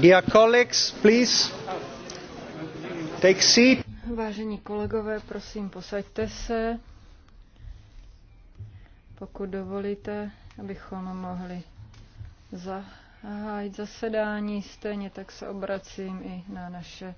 Dear colleagues, please take seat. Vážení kolegové, prosím, posaďte se. Pokud dovolíte, abychom mohli zahájit zasedání, stejně tak se obracím i na naše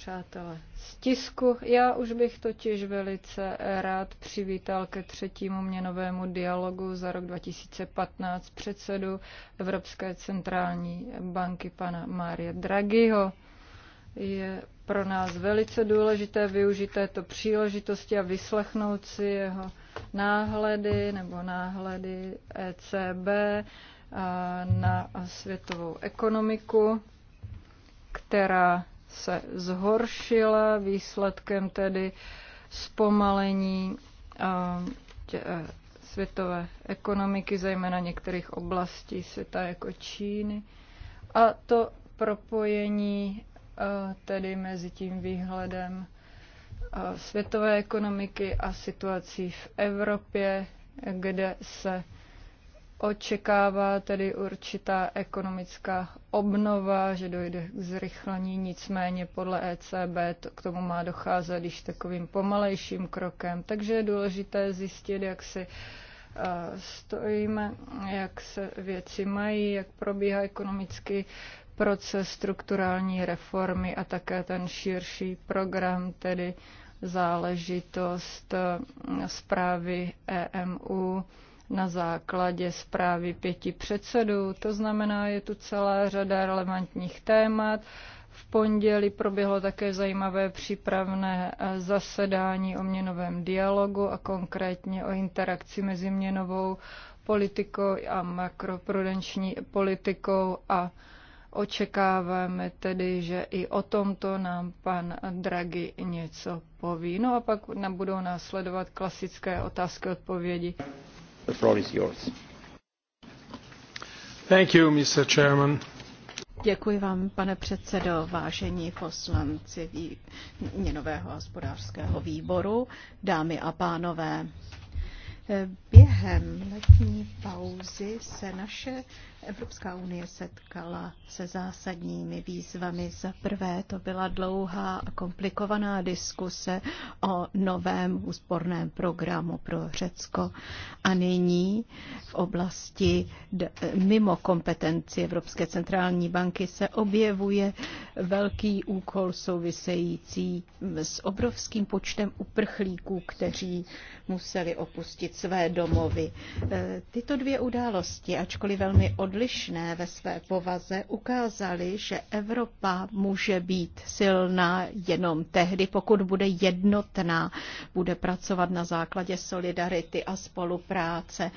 přátelé stisku. tisku. Já už bych totiž velice rád přivítal ke třetímu měnovému dialogu za rok 2015 předsedu Evropské centrální banky pana Mária Draghiho. Je pro nás velice důležité využít této příležitosti a vyslechnout si jeho náhledy nebo náhledy ECB na světovou ekonomiku, která se zhoršila, výsledkem tedy zpomalení eh, eh, světové ekonomiky, zejména některých oblastí světa jako Číny. A to propojení eh, tedy mezi tím výhledem světové ekonomiky a situací v Evropě, kde se očekává tedy určitá ekonomická obnova, že dojde k zrychlení, nicméně podle ECB to, k tomu má docházet již takovým pomalejším krokem. Takže je důležité zjistit, jak si eh, stojíme, jak se věci mají, jak probíhá ekonomický proces strukturální reformy a také ten širší program, tedy záležitost eh, zprávy EMU na základě zprávy pěti předsedů. To znamená, je tu celá řada relevantních témat. V pondělí proběhlo také zajímavé přípravné eh, zasedání o měnovém dialogu a konkrétně o interakci mezi měnovou politikou a makroprudenční politikou a očekáváme tedy, že i o tomto nám pan Draghi něco poví. No a pak budou následovat klasické otázky odpovědi. The floor is yours. Thank you, Mr. Chairman. Děkuji vám, pane předsedo, vážení poslanci měnového hospodářského výboru, dámy a pánové. Během letní pauzy se naše Evropská unie setkala se zásadními výzvami. Za prvé to byla dlouhá a komplikovaná diskuse o novém úsporném programu pro Řecko a nyní v oblasti mimo kompetenci Evropské centrální banky se objevuje velký úkol související s obrovským počtem uprchlíků, kteří museli opustit své domovy. E, tyto dvě události, ačkoliv velmi od odlišné ve své povaze, ukázaly, že Evropa může být silná jenom tehdy, pokud bude jednotná, bude pracovat na základě solidarity a spolupráce.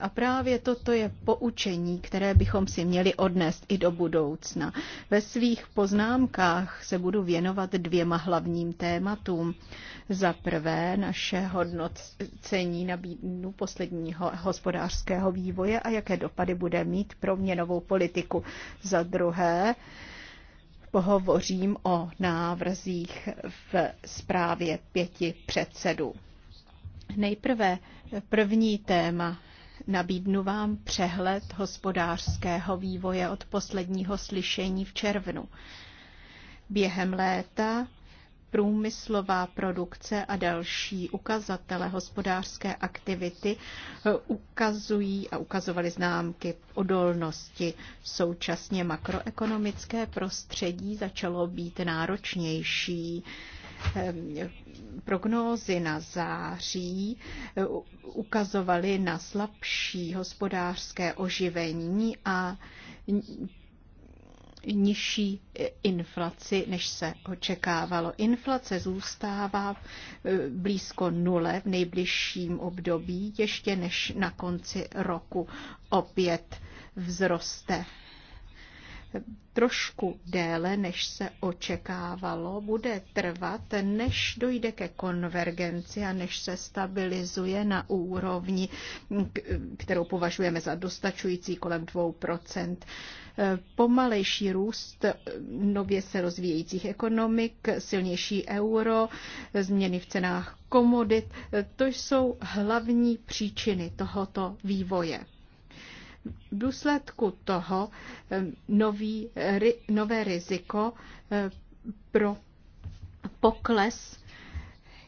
A právě toto je poučení, které bychom si měli odnést i do budoucna. Ve svých poznámkách se budu věnovat dvěma hlavním tématům. Za prvé naše hodnocení nabídnu posledního hospodářského vývoje a jaké dopady bude mít pro měnovou politiku. Za druhé pohovořím o návrzích v zprávě pěti předsedů. Nejprve první téma Nabídnu vám přehled hospodářského vývoje od posledního slyšení v červnu. Během léta průmyslová produkce a další ukazatele hospodářské aktivity eh, ukazují a ukazovaly známky odolnosti. Současně makroekonomické prostředí začalo být náročnější. Ehm, prognózy na září eh, ukazovaly na slabší hospodářské oživení a nižší eh, inflaci, než se očekávalo. Inflace zůstává eh, blízko nule v nejbližším období, ještě než na konci roku opět vzroste trošku déle, než se očekávalo, bude trvat, než dojde ke konvergenci a než se stabilizuje na úrovni, kterou považujeme za dostačující kolem 2%. Pomalejší růst nově se rozvíjejících ekonomik, silnější euro, změny v cenách komodit, to jsou hlavní příčiny tohoto vývoje. V důsledku toho eh, nový, eh, nové riziko eh, pro pokles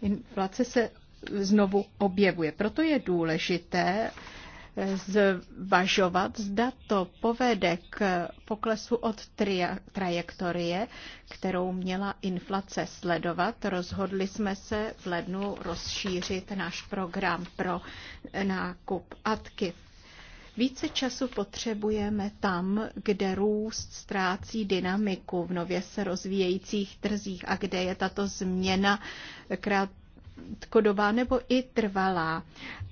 inflace se znovu objevuje. Proto je důležité zvažovat, zda to povede k poklesu od trajektorie, kterou měla inflace sledovat. Rozhodli jsme se v lednu rozšířit náš program pro nákup ATKIV více času potřebujeme tam, kde růst ztrácí dynamiku v nově se rozvíjejících trzích a kde je tato změna krát krátkodobá nebo i trvalá.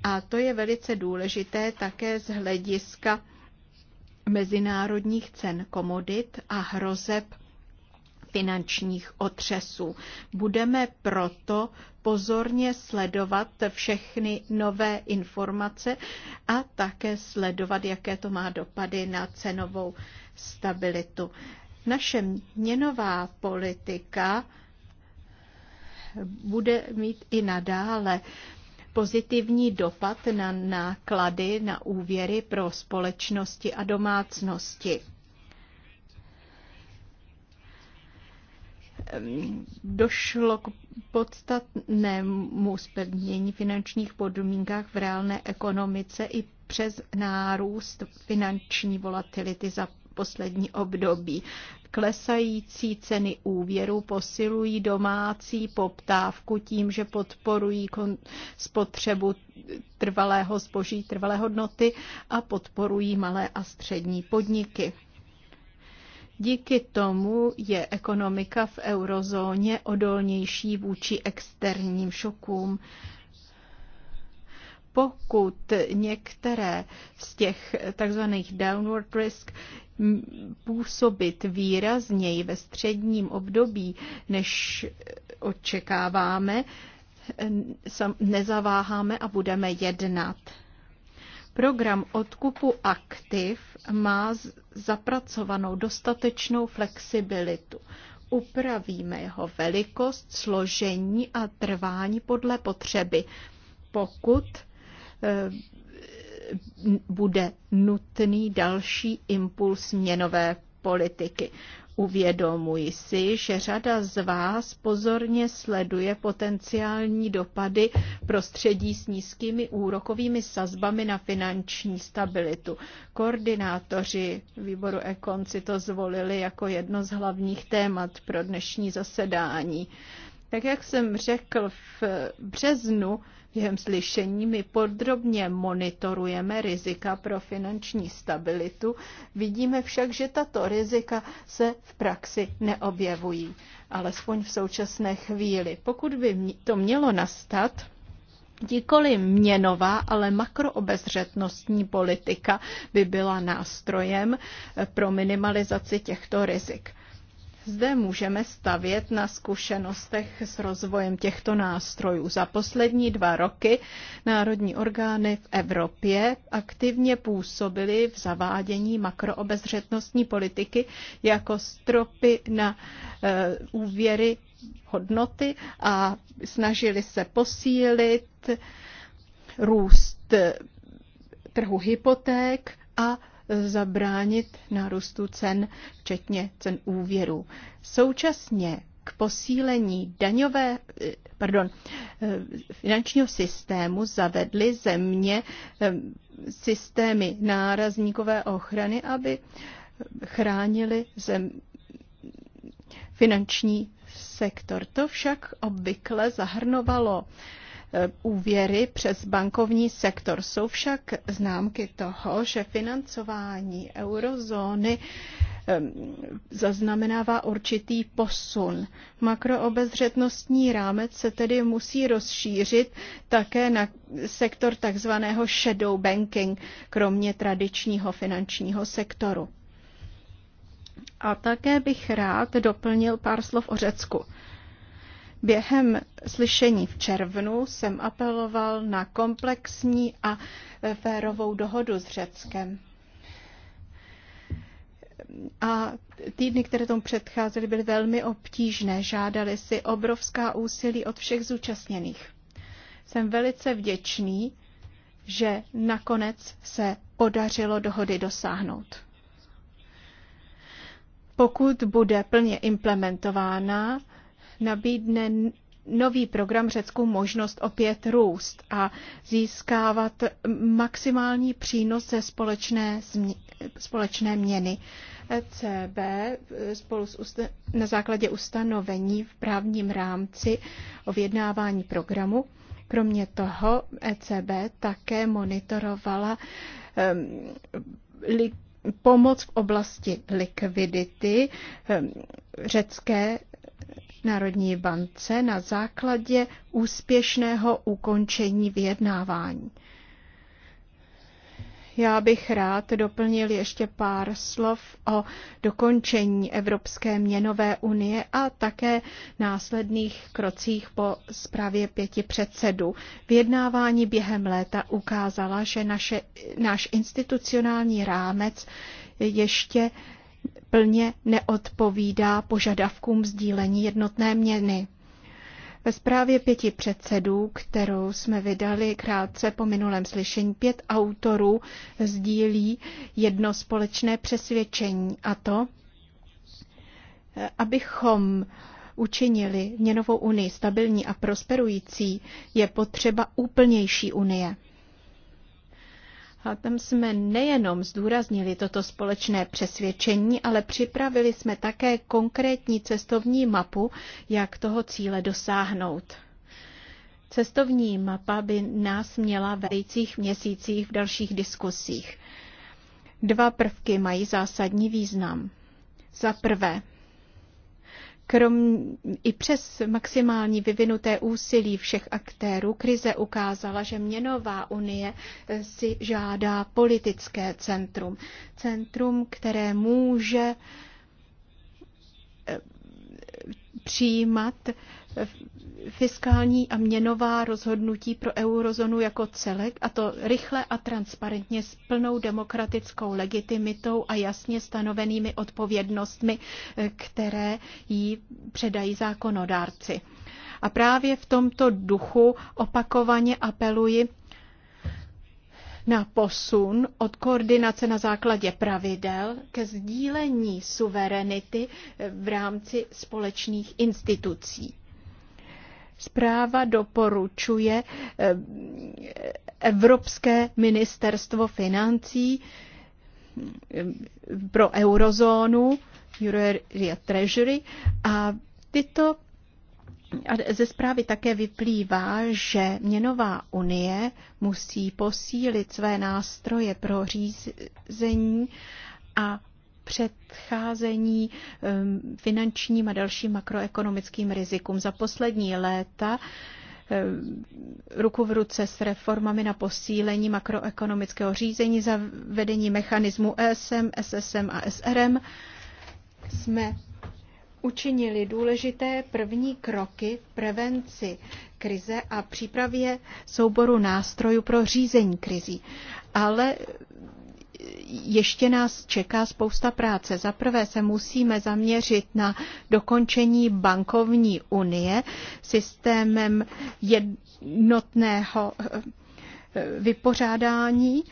A to je velice důležité také z hlediska mezinárodních cen komodit a hrozeb finančních otřesů. Budeme proto pozorně sledovat všechny nové informace a také sledovat, jaké to má dopady na cenovou stabilitu. Naše měnová politika bude mít i nadále pozitivní dopad na náklady na úvěry pro společnosti a domácnosti. došlo k podstatnému zpevnění finančních podmínkách v reálné ekonomice i přes nárůst finanční volatility za poslední období. Klesající ceny úvěru posilují domácí poptávku tím, že podporují spotřebu trvalého zboží, trvalé hodnoty a podporují malé a střední podniky. Díky tomu je ekonomika v eurozóně odolnější vůči externím šokům. Pokud některé z těch tzv. downward risk působit výrazněji ve středním období, než očekáváme, nezaváháme a budeme jednat. Program odkupu aktiv má zapracovanou dostatečnou flexibilitu. Upravíme jeho velikost, složení a trvání podle potřeby, pokud eh, bude nutný další impuls měnové politiky. Uvědomuji si, že řada z vás pozorně sleduje potenciální dopady prostředí s nízkými úrokovými sazbami na finanční stabilitu. Koordinátoři výboru Ekon si to zvolili jako jedno z hlavních témat pro dnešní zasedání. Tak jak jsem řekl v březnu, Během slyšení my podrobně monitorujeme rizika pro finanční stabilitu, vidíme však, že tato rizika se v praxi neobjevují, alespoň v současné chvíli. Pokud by to mělo nastat, Nikoli měnová, ale makroobezřetnostní politika by byla nástrojem pro minimalizaci těchto rizik. Zde můžeme stavět na zkušenostech s rozvojem těchto nástrojů. Za poslední dva roky národní orgány v Evropě aktivně působily v zavádění makroobezřetnostní politiky jako stropy na e, úvěry hodnoty a snažili se posílit růst trhu hypoték a zabránit nárůstu cen, včetně cen úvěru. Současně k posílení daňové, eh, pardon, eh, finančního systému zavedly země eh, systémy nárazníkové ochrany, aby chránili zem, finanční sektor. To však obvykle zahrnovalo Eh, úvěry přes bankovní sektor. Jsou však známky toho, že financování eurozóny zaznamenává určitý posun. Makroobezřetnostní rámec se tedy musí rozšířit také na sektor takzvaného shadow banking, kromě tradičního finančního sektoru. A také bych rád doplnil pár slov o Řecku. Během slyšení v červnu jsem apeloval na komplexní a férovou dohodu s Řeckem. A týdny, které tomu předcházely, byly velmi obtížné. Žádali si obrovská úsilí od všech zúčastněných. Jsem velice vděčný, že nakonec se podařilo dohody dosáhnout. Pokud bude plně implementována, nabídne nový program Řecku možnost opět růst a získávat maximální přínos ze společné, společné měny. ECB e, spolu s na základě ustanovení v právním rámci o vyjednávání programu. Kromě toho ECB také monitorovala um, pomoc v oblasti likvidity um, řecké Národní bance na základě úspěšného ukončení vyjednávání. Já bych rád doplnil ještě pár slov o dokončení Evropské měnové unie a také následných krocích po zprávě pěti předsedů. Vyjednávání během léta ukázala, že naše, náš institucionální rámec ještě plně neodpovídá požadavkům sdílení jednotné měny. Ve zprávě pěti předsedů, kterou jsme vydali krátce po minulém slyšení, pět autorů sdílí jedno společné přesvědčení a to, abychom učinili měnovou unii stabilní a prosperující, je potřeba úplnější unie. A tam jsme nejenom zdůraznili toto společné přesvědčení, ale připravili jsme také konkrétní cestovní mapu, jak toho cíle dosáhnout. Cestovní mapa by nás měla v ve měsících v dalších diskusích. Dva prvky mají zásadní význam. Za prvé, Krom, I přes maximální vyvinuté úsilí všech aktérů krize ukázala, že měnová unie si žádá politické centrum. Centrum, které může eh, přijímat fiskální a měnová rozhodnutí pro eurozonu jako celek, a to rychle a transparentně s plnou demokratickou legitimitou a jasně stanovenými odpovědnostmi, eh, které jí předají zákonodárci. A právě v tomto duchu opakovaně apeluji na posun od koordinace na základě pravidel ke sdílení suverenity eh, v rámci společných institucí. Zpráva doporučuje eh, Evropské ministerstvo financí eh, pro eurozónu, Euro Treasury, a tyto a ze zprávy také vyplývá, že měnová unie musí posílit své nástroje pro řízení a předcházení ehm, finančním a dalším makroekonomickým rizikům. Za poslední léta ehm, ruku v ruce s reformami na posílení makroekonomického řízení, za vedení mechanismu ESM, SSM a SRM, jsme učinili důležité první kroky v prevenci krize a přípravě souboru nástrojů pro řízení krizí. Ale ještě nás čeká spousta práce. Za prvé se musíme zaměřit na dokončení bankovní unie systémem jednotného eh, vypořádání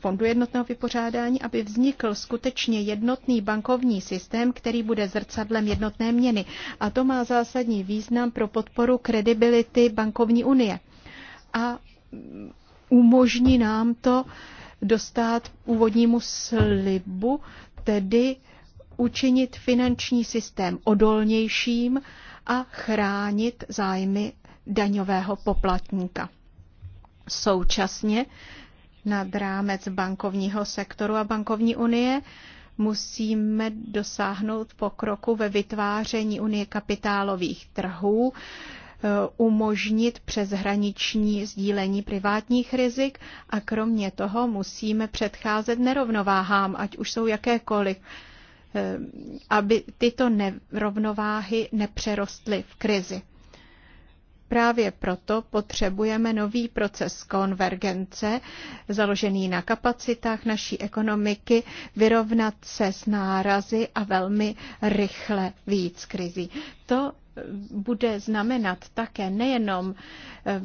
fondu jednotného vypořádání, aby vznikl skutečně jednotný bankovní systém, který bude zrcadlem jednotné měny. A to má zásadní význam pro podporu kredibility bankovní unie. A umožní nám to dostat úvodnímu slibu, tedy učinit finanční systém odolnějším a chránit zájmy daňového poplatníka. Současně nad rámec bankovního sektoru a bankovní unie musíme dosáhnout pokroku ve vytváření unie kapitálových trhů, Eh, umožnit přeshraniční sdílení privátních rizik a kromě toho musíme předcházet nerovnováhám, ať už jsou jakékoliv eh, aby tyto nerovnováhy nepřerostly v krizi. Právě proto potřebujeme nový proces konvergence, založený na kapacitách naší ekonomiky, vyrovnat se s nárazy a velmi rychle víc krizí. To bude znamenat také nejenom eh,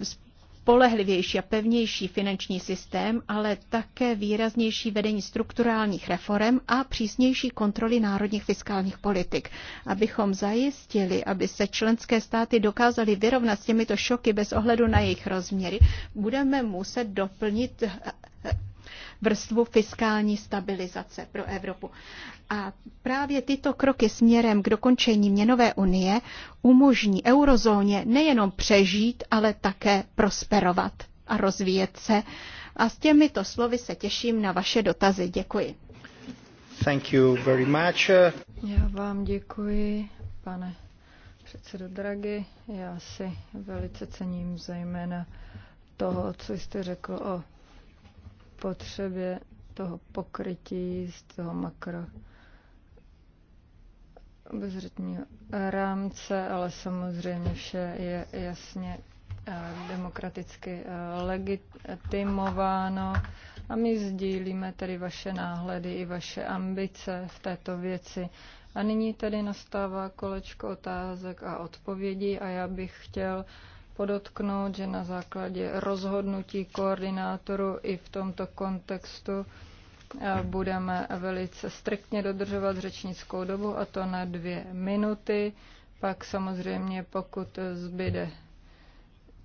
spolehlivější a pevnější finanční systém, ale také výraznější vedení strukturálních reform a přísnější kontroly národních fiskálních politik. Abychom zajistili, aby se členské státy dokázaly vyrovnat s těmito šoky bez ohledu na jejich rozměry, budeme muset doplnit eh, eh, vrstvu fiskální stabilizace pro Evropu. A právě tyto kroky směrem k dokončení měnové unie umožní eurozóně nejenom přežít, ale také prosperovat a rozvíjet se. A s těmito slovy se těším na vaše dotazy. Děkuji. Thank you very much. Já vám děkuji, pane předsedo Draghi. Já si velice cením zejména toho, co jste řekl o potřebě toho pokrytí z toho makro obezřetního rámce, ale samozřejmě vše je jasně eh, demokraticky eh, legitimováno a my sdílíme tedy vaše náhledy i vaše ambice v této věci. A nyní tedy nastává kolečko otázek a odpovědí a já bych chtěl uh, podotknout, že na základě rozhodnutí koordinátoru i v tomto kontextu eh, budeme velice striktně dodržovat řečnickou dobu, a to na dvě minuty. Pak samozřejmě, pokud zbyde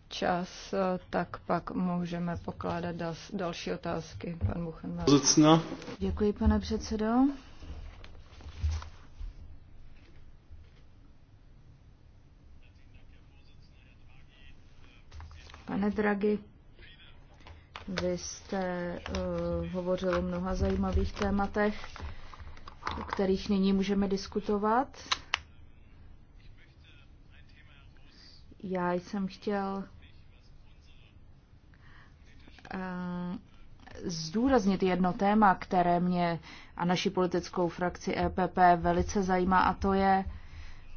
čas, eh, tak pak můžeme pokládat další otázky. Pan Buchenberg. Děkuji, pane předsedo. Pane Dragi, vy jste uh, hovořil o mnoha zajímavých tématech, o kterých nyní můžeme diskutovat. Já jsem chtěl uh, zdůraznit jedno téma, které mě a naši politickou frakci EPP velice zajímá, a to je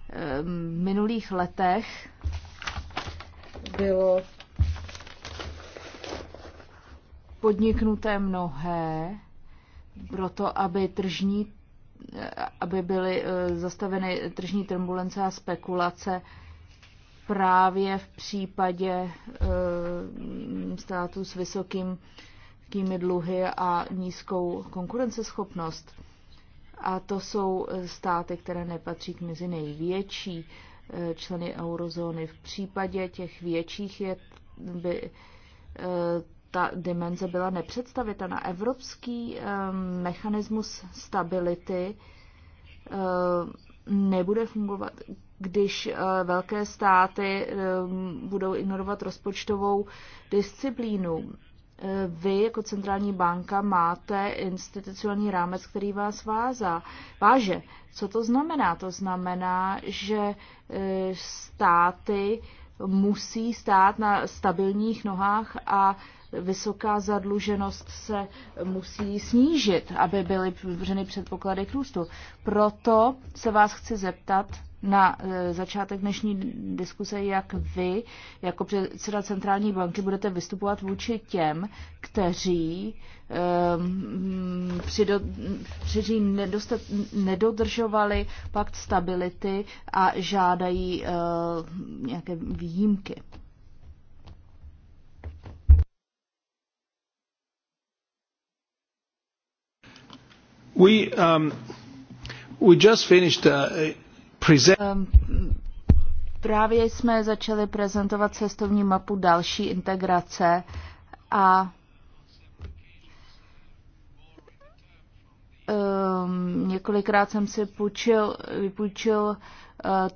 eh, v minulých letech bylo podniknuté mnohé proto, aby tržní aby byly eh, zastaveny tržní turbulence a spekulace právě v případě eh, státu s vysokými dluhy a nízkou konkurenceschopnost. A to jsou eh, státy, které nepatří k mezi největší členy eurozóny. V případě těch větších je, by ta dimenze byla nepředstavitelná. Evropský e, mechanismus stability e, nebude fungovat, když e, velké státy e, budou ignorovat rozpočtovou disciplínu. Eh, vy jako centrální banka máte institucionální rámec, který vás vázá. Váže, co to znamená? To znamená, že eh, státy musí stát na stabilních nohách a vysoká zadluženost se musí snížit, aby byly vřeny předpoklady k růstu. Proto se vás chci zeptat na e, začátek dnešní diskuse, jak vy, jako předseda centrální banky, budete vystupovat vůči těm, kteří um, ehm, do, kteří nedostat, nedodržovali pakt stability a žádají uh, nějaké výjimky. Um, uh, um, právě jsme začali prezentovat cestovní mapu další integrace a um, několikrát jsem si půjčil, vypůjčil uh,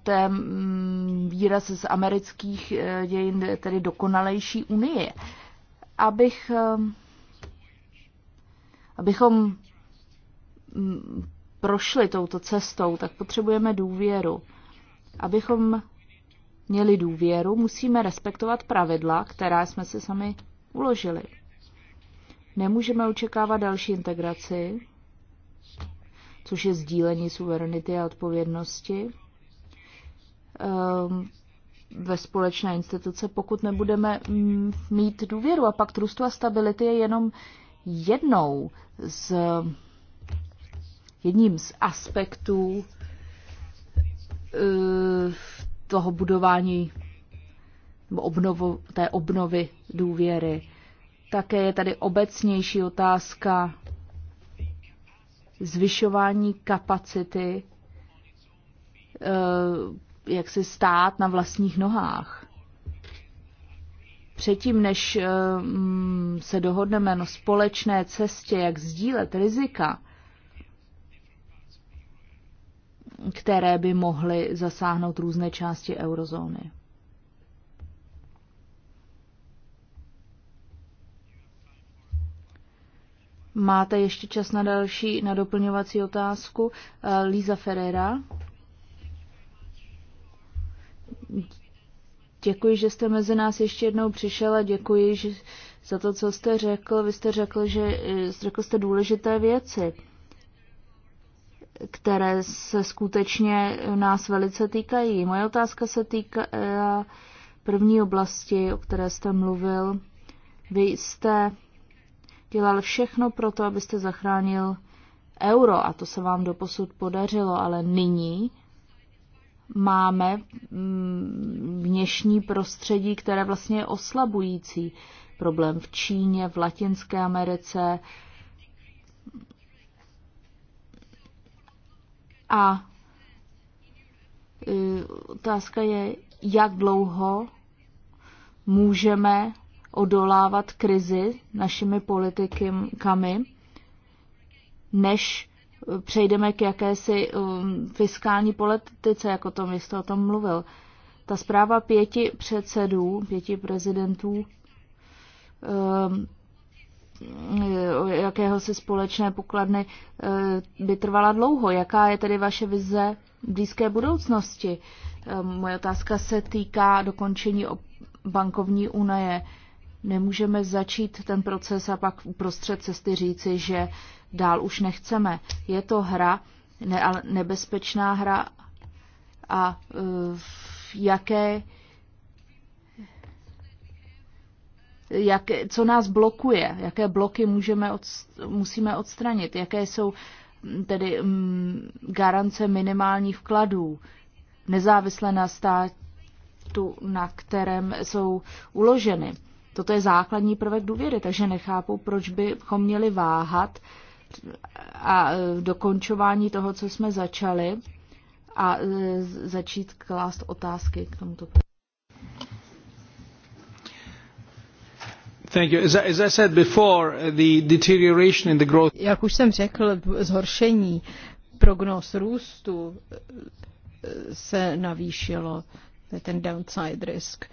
ten um, výraz z amerických uh, dějin, tedy dokonalejší unie. Abych, um, abychom prošli touto cestou, tak potřebujeme důvěru. Abychom měli důvěru, musíme respektovat pravidla, která jsme si sami uložili. Nemůžeme očekávat další integraci, což je sdílení suverenity a odpovědnosti ehm, ve společné instituce, pokud nebudeme mm, mít důvěru. A pak trustu a stability je jenom jednou z jedním z aspektů eh, toho budování nebo obnovu, té obnovy důvěry. Také je tady obecnější otázka zvyšování kapacity, eh, jak si stát na vlastních nohách. Předtím, než eh, mm, se dohodneme na společné cestě, jak sdílet rizika, které by mohly zasáhnout různé části eurozóny. Máte ještě čas na další, na doplňovací otázku. Eh, Líza Ferreira. Děkuji, že jste mezi nás ještě jednou přišel a děkuji že za to, co jste řekl. Vy jste řekl, že řekl jste důležité věci které se skutečně nás velice týkají. Moje otázka se týká první oblasti, o které jste mluvil. Vy jste dělal všechno pro to, abyste zachránil euro a to se vám doposud podařilo, ale nyní máme dnešní mm, prostředí, které vlastně je oslabující. Problém v Číně, v Latinské Americe, A e, otázka je, jak dlouho můžeme odolávat krizi našimi politikami, než přejdeme k jakési e, fiskální politice, jako to jste o tom mluvil. Ta zpráva pěti předsedů, pěti prezidentů, e, Eh, jakéhosi společné pokladny eh, by trvala dlouho. Jaká je tedy vaše vize blízké budoucnosti? Eh, moje otázka se týká dokončení bankovní unie. Nemůžeme začít ten proces a pak uprostřed cesty říci, že dál už nechceme. Je to hra, ne, nebezpečná hra a jaké jak, co nás blokuje, jaké bloky můžeme od, musíme odstranit, jaké jsou tedy mm, garance minimálních vkladů, nezávisle na státu, na kterém jsou uloženy. Toto je základní prvek důvěry, takže nechápu, proč bychom měli váhat a e, dokončování toho, co jsme začali a e, začít klást otázky k tomuto. Jak už jsem řekl, zhoršení prognóz růstu uh, se navýšilo, to je ten downside risk.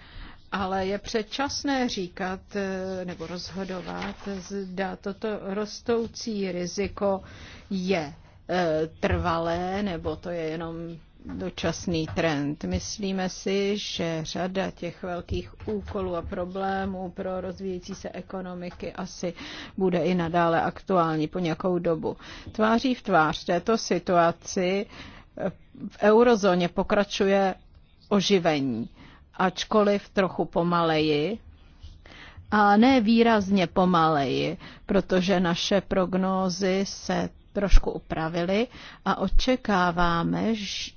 Ale je předčasné říkat uh, nebo rozhodovat, zda toto rostoucí riziko je uh, trvalé, nebo to je jenom dočasný trend. Myslíme si, že řada těch velkých úkolů a problémů pro rozvíjející se ekonomiky asi bude i nadále aktuální po nějakou dobu. Tváří v tvář této situaci eh, v eurozóně pokračuje oživení, ačkoliv trochu pomaleji, a ne výrazně pomaleji, protože naše prognózy se trošku upravily a očekáváme, že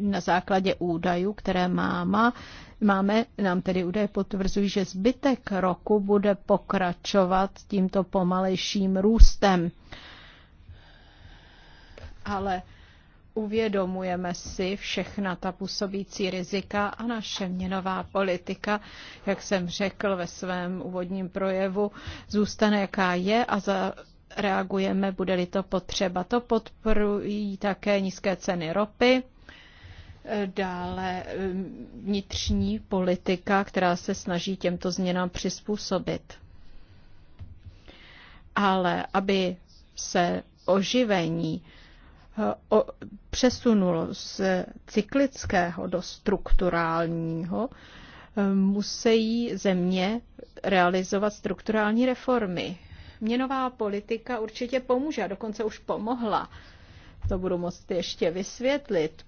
na základě údajů, které máma, máme, nám tedy údaje potvrzují, že zbytek roku bude pokračovat tímto pomalejším růstem. Ale uvědomujeme si všechna ta působící rizika a naše měnová politika, jak jsem řekl ve svém úvodním projevu, zůstane jaká je a za reagujeme, bude-li to potřeba. To podporují také nízké ceny ropy, Dále um, vnitřní politika, která se snaží těmto změnám přizpůsobit. Ale aby se oživení uh, přesunulo z cyklického do strukturálního, um, musí země realizovat strukturální reformy. Měnová politika určitě pomůže, a dokonce už pomohla. To budu moct ještě vysvětlit,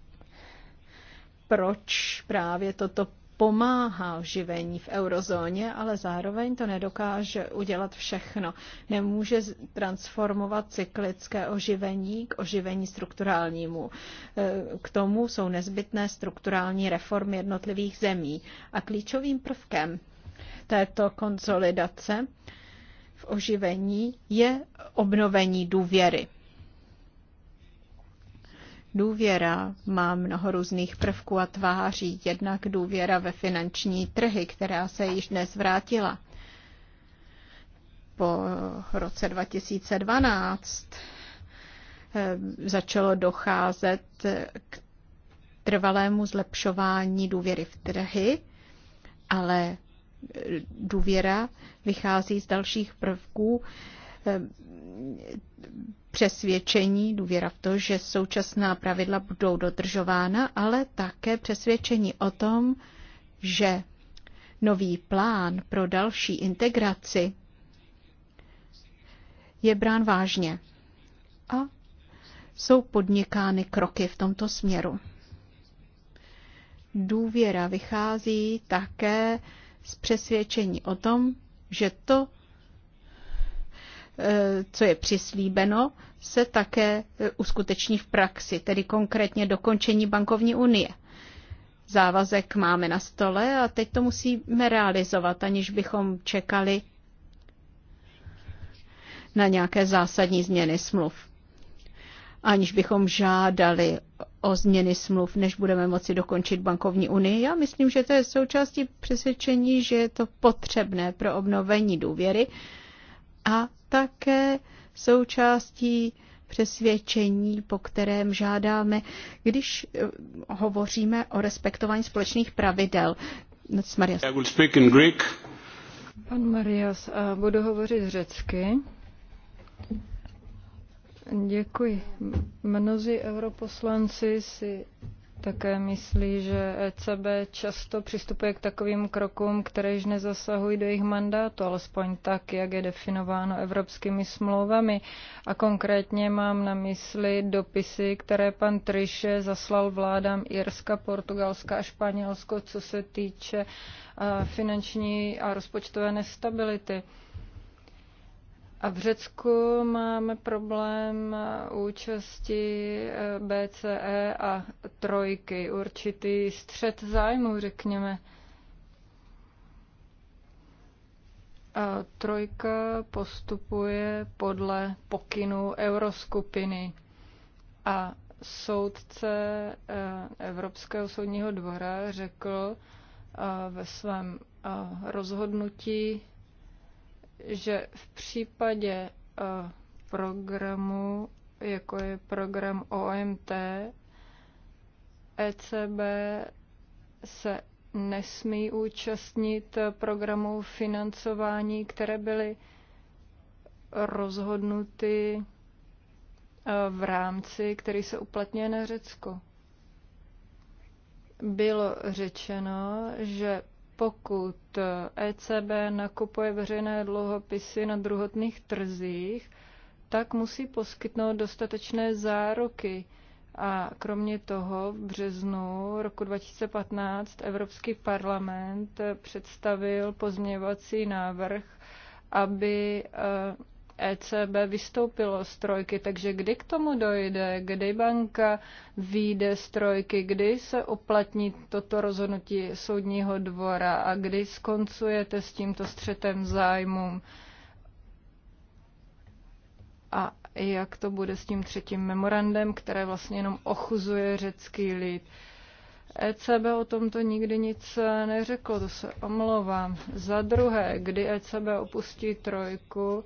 proč právě toto pomáhá živení v eurozóně, ale zároveň to nedokáže udělat všechno. Nemůže transformovat cyklické oživení k oživení strukturálnímu. E, k tomu jsou nezbytné strukturální reformy jednotlivých zemí. A klíčovým prvkem této konsolidace v oživení je obnovení důvěry. Důvěra má mnoho různých prvků a tváří, jednak důvěra ve finanční trhy, která se již dnes vrátila. Po roce 2012 eh, začalo docházet k trvalému zlepšování důvěry v trhy, ale eh, důvěra vychází z dalších prvků, přesvědčení, důvěra v to, že současná pravidla budou dodržována, ale také přesvědčení o tom, že nový plán pro další integraci je brán vážně a jsou podnikány kroky v tomto směru. Důvěra vychází také z přesvědčení o tom, že to, Eh, co je přislíbeno, se také eh, uskuteční v praxi, tedy konkrétně dokončení bankovní unie. Závazek máme na stole a teď to musíme realizovat, aniž bychom čekali na nějaké zásadní změny smluv. Aniž bychom žádali o změny smluv, než budeme moci dokončit bankovní unii. Já myslím, že to je součástí přesvědčení, že je to potřebné pro obnovení důvěry a také součástí přesvědčení, po kterém žádáme, když eh, hovoříme o respektování společných pravidel. Marias. I will speak in Greek. Pan Marias, budu hovořit řecky. Děkuji. Mnozí europoslanci si také myslí, že ECB často přistupuje k takovým krokům, které již nezasahují do jejich mandátu, alespoň tak, jak je definováno evropskými smlouvami. A konkrétně mám na mysli dopisy, které pan Triše zaslal vládám Irska, Portugalska a Španělsko, co se týče finanční a rozpočtové nestability. A v Řecku máme problém účasti eh, BCE a trojky, určitý střed zájmu, řekněme. A trojka postupuje podle pokynů euroskupiny a soudce eh, Evropského soudního dvora řekl eh, ve svém rozhodnutí, že v případě eh, programu, jako je program OMT, ECB se nesmí účastnit programů financování, které byly rozhodnuty eh, v rámci, který se uplatňuje na Řecko. Bylo řečeno, že pokud ECB nakupuje veřejné dluhopisy na druhotných trzích, tak musí poskytnout dostatečné záruky. A kromě toho v březnu roku 2015 Evropský parlament představil pozměňovací návrh, aby eh, ECB vystoupilo z trojky, takže kdy k tomu dojde, kdy banka výjde z trojky, kdy se uplatní toto rozhodnutí soudního dvora a kdy skoncujete s tímto střetem zájmů a jak to bude s tím třetím memorandem, které vlastně jenom ochuzuje řecký lid. ECB o tomto nikdy nic neřeklo, to se omlouvám. Za druhé, kdy ECB opustí trojku,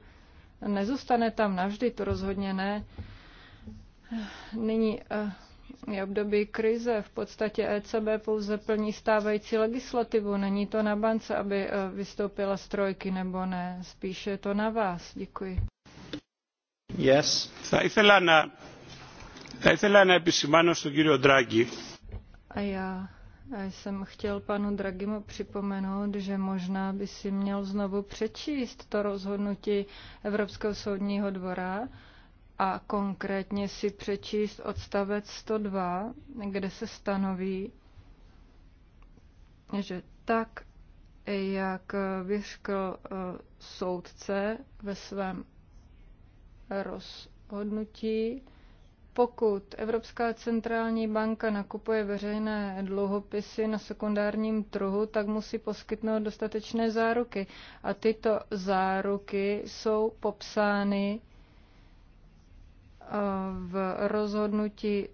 nezůstane tam navždy, to rozhodně ne. Nyní eh, je období krize, v podstatě ECB pouze plní stávající legislativu, není to na bance, aby eh, vystoupila z trojky nebo ne, spíše je to na vás. Děkuji. Yes. Θα ήθελα να, θα ήθελα να επισημάνω στον κύριο Ντράγκη. Já jsem chtěl panu Dragimu připomenout, že možná by si měl znovu přečíst to rozhodnutí Evropského soudního dvora a konkrétně si přečíst odstavec 102, kde se stanoví, že tak, jak vyřkl eh, soudce ve svém rozhodnutí, pokud Evropská centrální banka nakupuje veřejné dluhopisy na sekundárním trhu, tak musí poskytnout dostatečné záruky. A tyto záruky jsou popsány eh, v rozhodnutí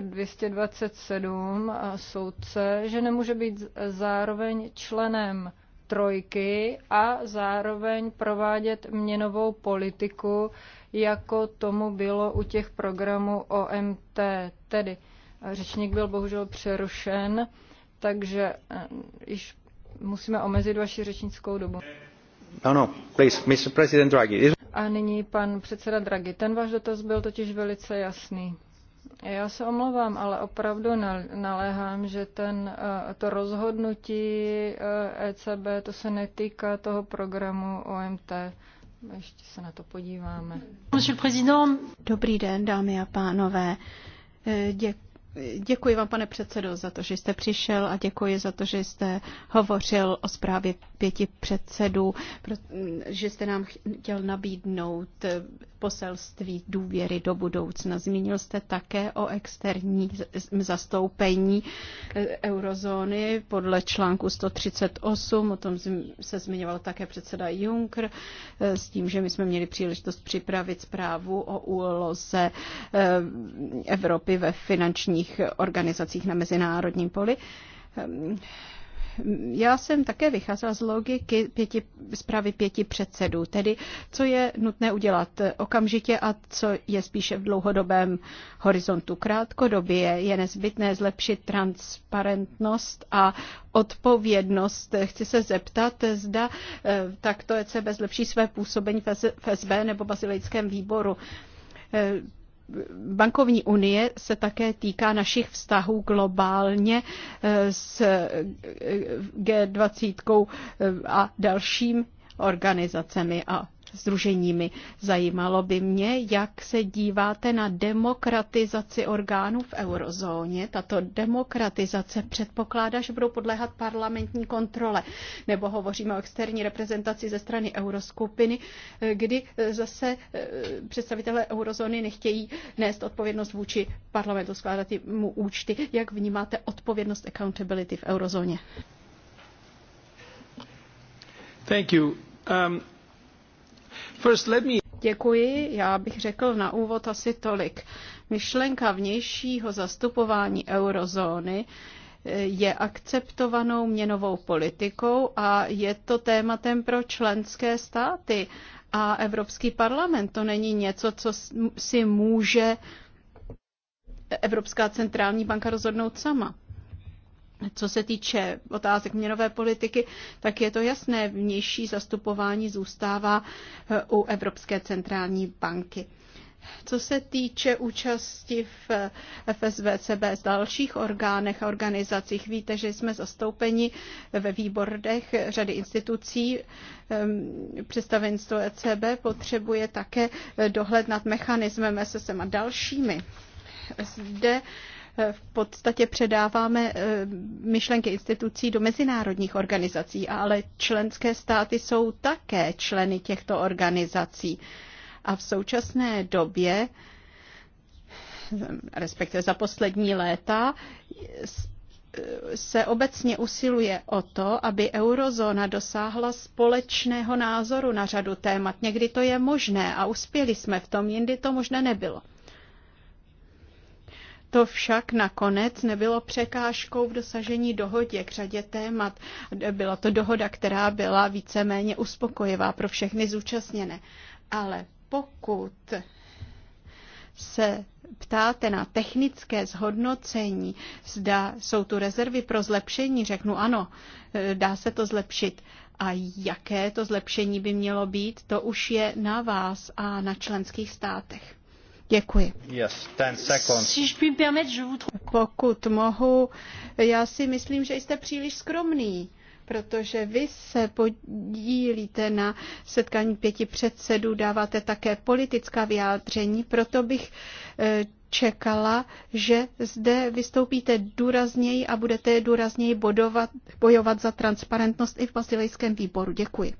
227 soudce, že nemůže být zároveň členem trojky a zároveň provádět měnovou politiku, jako tomu bylo u těch programů OMT. Tedy eh, řečník byl bohužel přerušen, takže eh, již musíme omezit vaši řečnickou dobu. No, no, please, Mr. President Draghi. A nyní pan předseda Draghi. Ten váš dotaz byl totiž velice jasný. Já se omlouvám, ale opravdu naléhám, že ten, eh, to rozhodnutí ECB, e to se netýká toho programu OMT. Ještě se na to podíváme. Dobrý den, dámy a pánové. Eh, děkuji. Děkuji vám, pane předsedo, za to, že jste přišel a děkuji za to, že jste hovořil o zprávě pěti předsedů, že jste nám chtěl nabídnout eh, poselství důvěry do budoucna. Zmínil jste také o externí zastoupení e, eurozóny podle článku 138, o tom se zmiňoval také předseda Juncker, e, s tím, že my jsme měli příležitost připravit zprávu o úloze e, Evropy ve finančních organizacích na mezinárodním poli ehm, já jsem také vycházela z logiky pěti, zprávy pěti předsedů, tedy co je nutné udělat okamžitě a co je spíše v dlouhodobém horizontu. Krátkodobě je nezbytné zlepšit transparentnost a odpovědnost. Chci se zeptat, zda eh, takto ECB zlepší své působení v SB nebo Bazilejském výboru eh, bankovní unie se také týká našich vztahů globálně eh, s eh, G20 eh, a dalším organizacemi a združeními. Zajímalo by mě, jak se díváte na demokratizaci orgánů v eurozóně. Tato demokratizace předpokládá, že budou podléhat parlamentní kontrole. Nebo hovoříme o externí reprezentaci ze strany euroskupiny, kdy zase eh, představitelé eurozóny nechtějí nést odpovědnost vůči parlamentu, skládat mu účty. Jak vnímáte odpovědnost accountability v eurozóně? Thank you. Um... Děkuji. Já bych řekl na úvod asi tolik. Myšlenka vnějšího zastupování eurozóny eh, je akceptovanou měnovou politikou a je to tématem pro členské státy. A Evropský parlament to není něco, co si může Evropská centrální banka rozhodnout sama. Co se týče otázek měnové politiky, tak je to jasné, vnější zastupování zůstává eh, u Evropské centrální banky. Co se týče účasti v FSVCB eh, z dalších orgánech a organizacích, víte, že jsme zastoupeni ve výbordech řady institucí. Ehm, představenstvo ECB potřebuje také eh, dohled nad mechanismem SSM a dalšími. Zde v podstatě předáváme eh, myšlenky institucí do mezinárodních organizací, ale členské státy jsou také členy těchto organizací. A v současné době, respektive za poslední léta, se obecně usiluje o to, aby eurozóna dosáhla společného názoru na řadu témat. Někdy to je možné a uspěli jsme v tom, jindy to možné nebylo. To však nakonec nebylo překážkou v dosažení dohodě k řadě témat. Byla to dohoda, která byla víceméně uspokojivá pro všechny zúčastněné. Ale pokud se ptáte na technické zhodnocení, zda jsou tu rezervy pro zlepšení, řeknu ano, dá se to zlepšit. A jaké to zlepšení by mělo být, to už je na vás a na členských státech. Děkuji. Yes, ten Pokud mohu, já si myslím, že jste příliš skromný protože vy se podílíte na setkání pěti předsedů, dáváte také politická vyjádření, proto bych eh, čekala, že zde vystoupíte důrazněji a budete důrazněji bodovat, bojovat za transparentnost i v Basilejském výboru. Děkuji.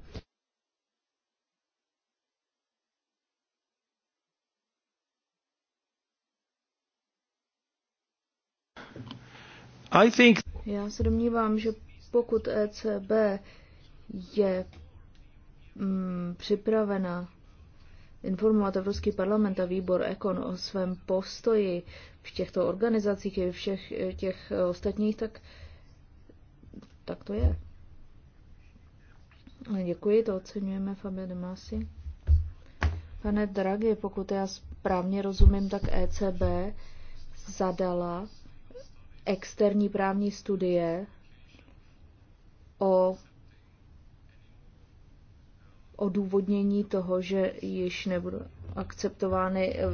I think... Já se domnívám, že pokud ECB je mm, připravena informovat Evropský parlament a výbor Ekon o svém postoji v těchto organizacích i všech e, těch e, ostatních, tak, tak to je. Děkuji, to oceňujeme, Fabio de Masi. Pane Draghi, pokud já správně rozumím, tak ECB zadala externí právní studie o odůvodnění toho, že již nebudou akceptovány eh,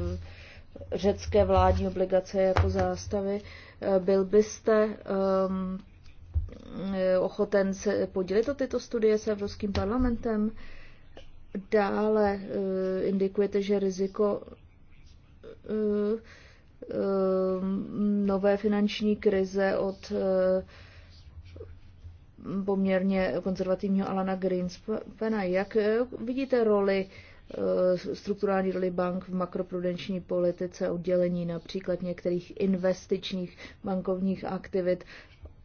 řecké vládní obligace jako zástavy. Eh, byl byste um, ochoten se podělit o tyto studie s Evropským parlamentem? Dále uh, indikujete, že riziko uh, Ehm, nové finanční krize od ehm, poměrně konzervativního Alana Greenspana. Jak eh, vidíte roli, eh, strukturální roli bank v makroprudenční politice, oddělení například některých investičních bankovních aktivit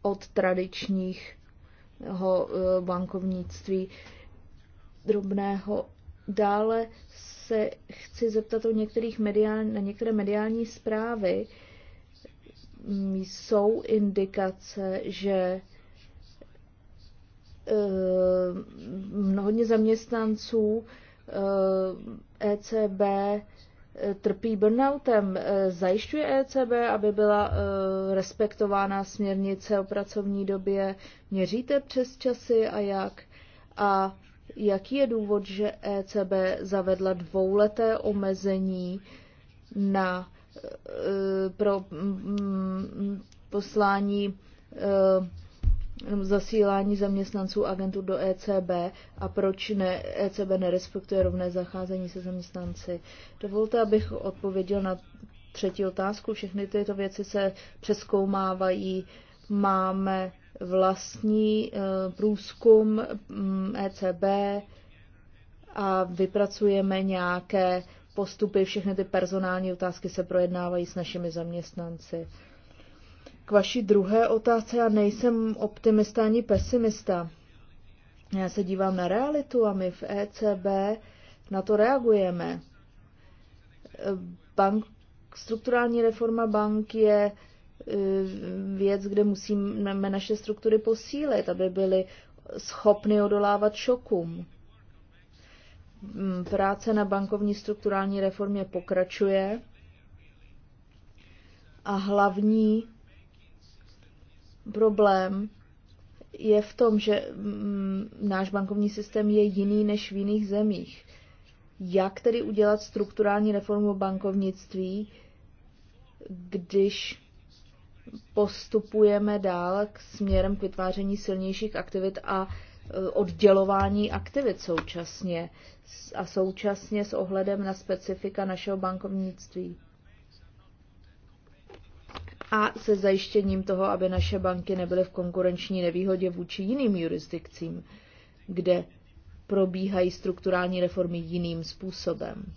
od tradičních eh, bankovnictví drobného. Dále se chci zeptat o některých mediál, na některé mediální zprávy. Mm, jsou indikace, že eh, hodně zaměstnanců ECB eh, e eh, trpí burnoutem. Zajišťuje ECB, aby byla respektována směrnice o pracovní době? Měříte přes časy a jak? A Jaký je důvod, že ECB zavedla dvouleté omezení na, eh, pro mm, mm, poslání eh, zasílání zaměstnanců agentů do ECB a proč ne, ECB nerespektuje rovné zacházení se zaměstnanci. Dovolte, abych odpověděl na třetí otázku. Všechny tyto věci se přeskoumávají. Máme vlastní eh, průzkum mm, ECB a vypracujeme nějaké postupy, všechny ty personální otázky se projednávají s našimi zaměstnanci. K vaší druhé otázce, já nejsem optimista ani pesimista. Já se dívám na realitu a my v ECB na to reagujeme. Eh, bank, strukturální reforma bank je E, věc, kde musíme naše struktury posílit, aby byly schopny odolávat šokům. Mm, práce na bankovní strukturální reformě pokračuje a hlavní problém je v tom, že mm, náš bankovní systém je jiný než v jiných zemích. Jak tedy udělat strukturální reformu bankovnictví, když postupujeme dál k směrem k vytváření silnějších aktivit a e, oddělování aktivit současně a současně s ohledem na specifika našeho bankovnictví a se zajištěním toho, aby naše banky nebyly v konkurenční nevýhodě vůči jiným jurisdikcím, kde probíhají strukturální reformy jiným způsobem.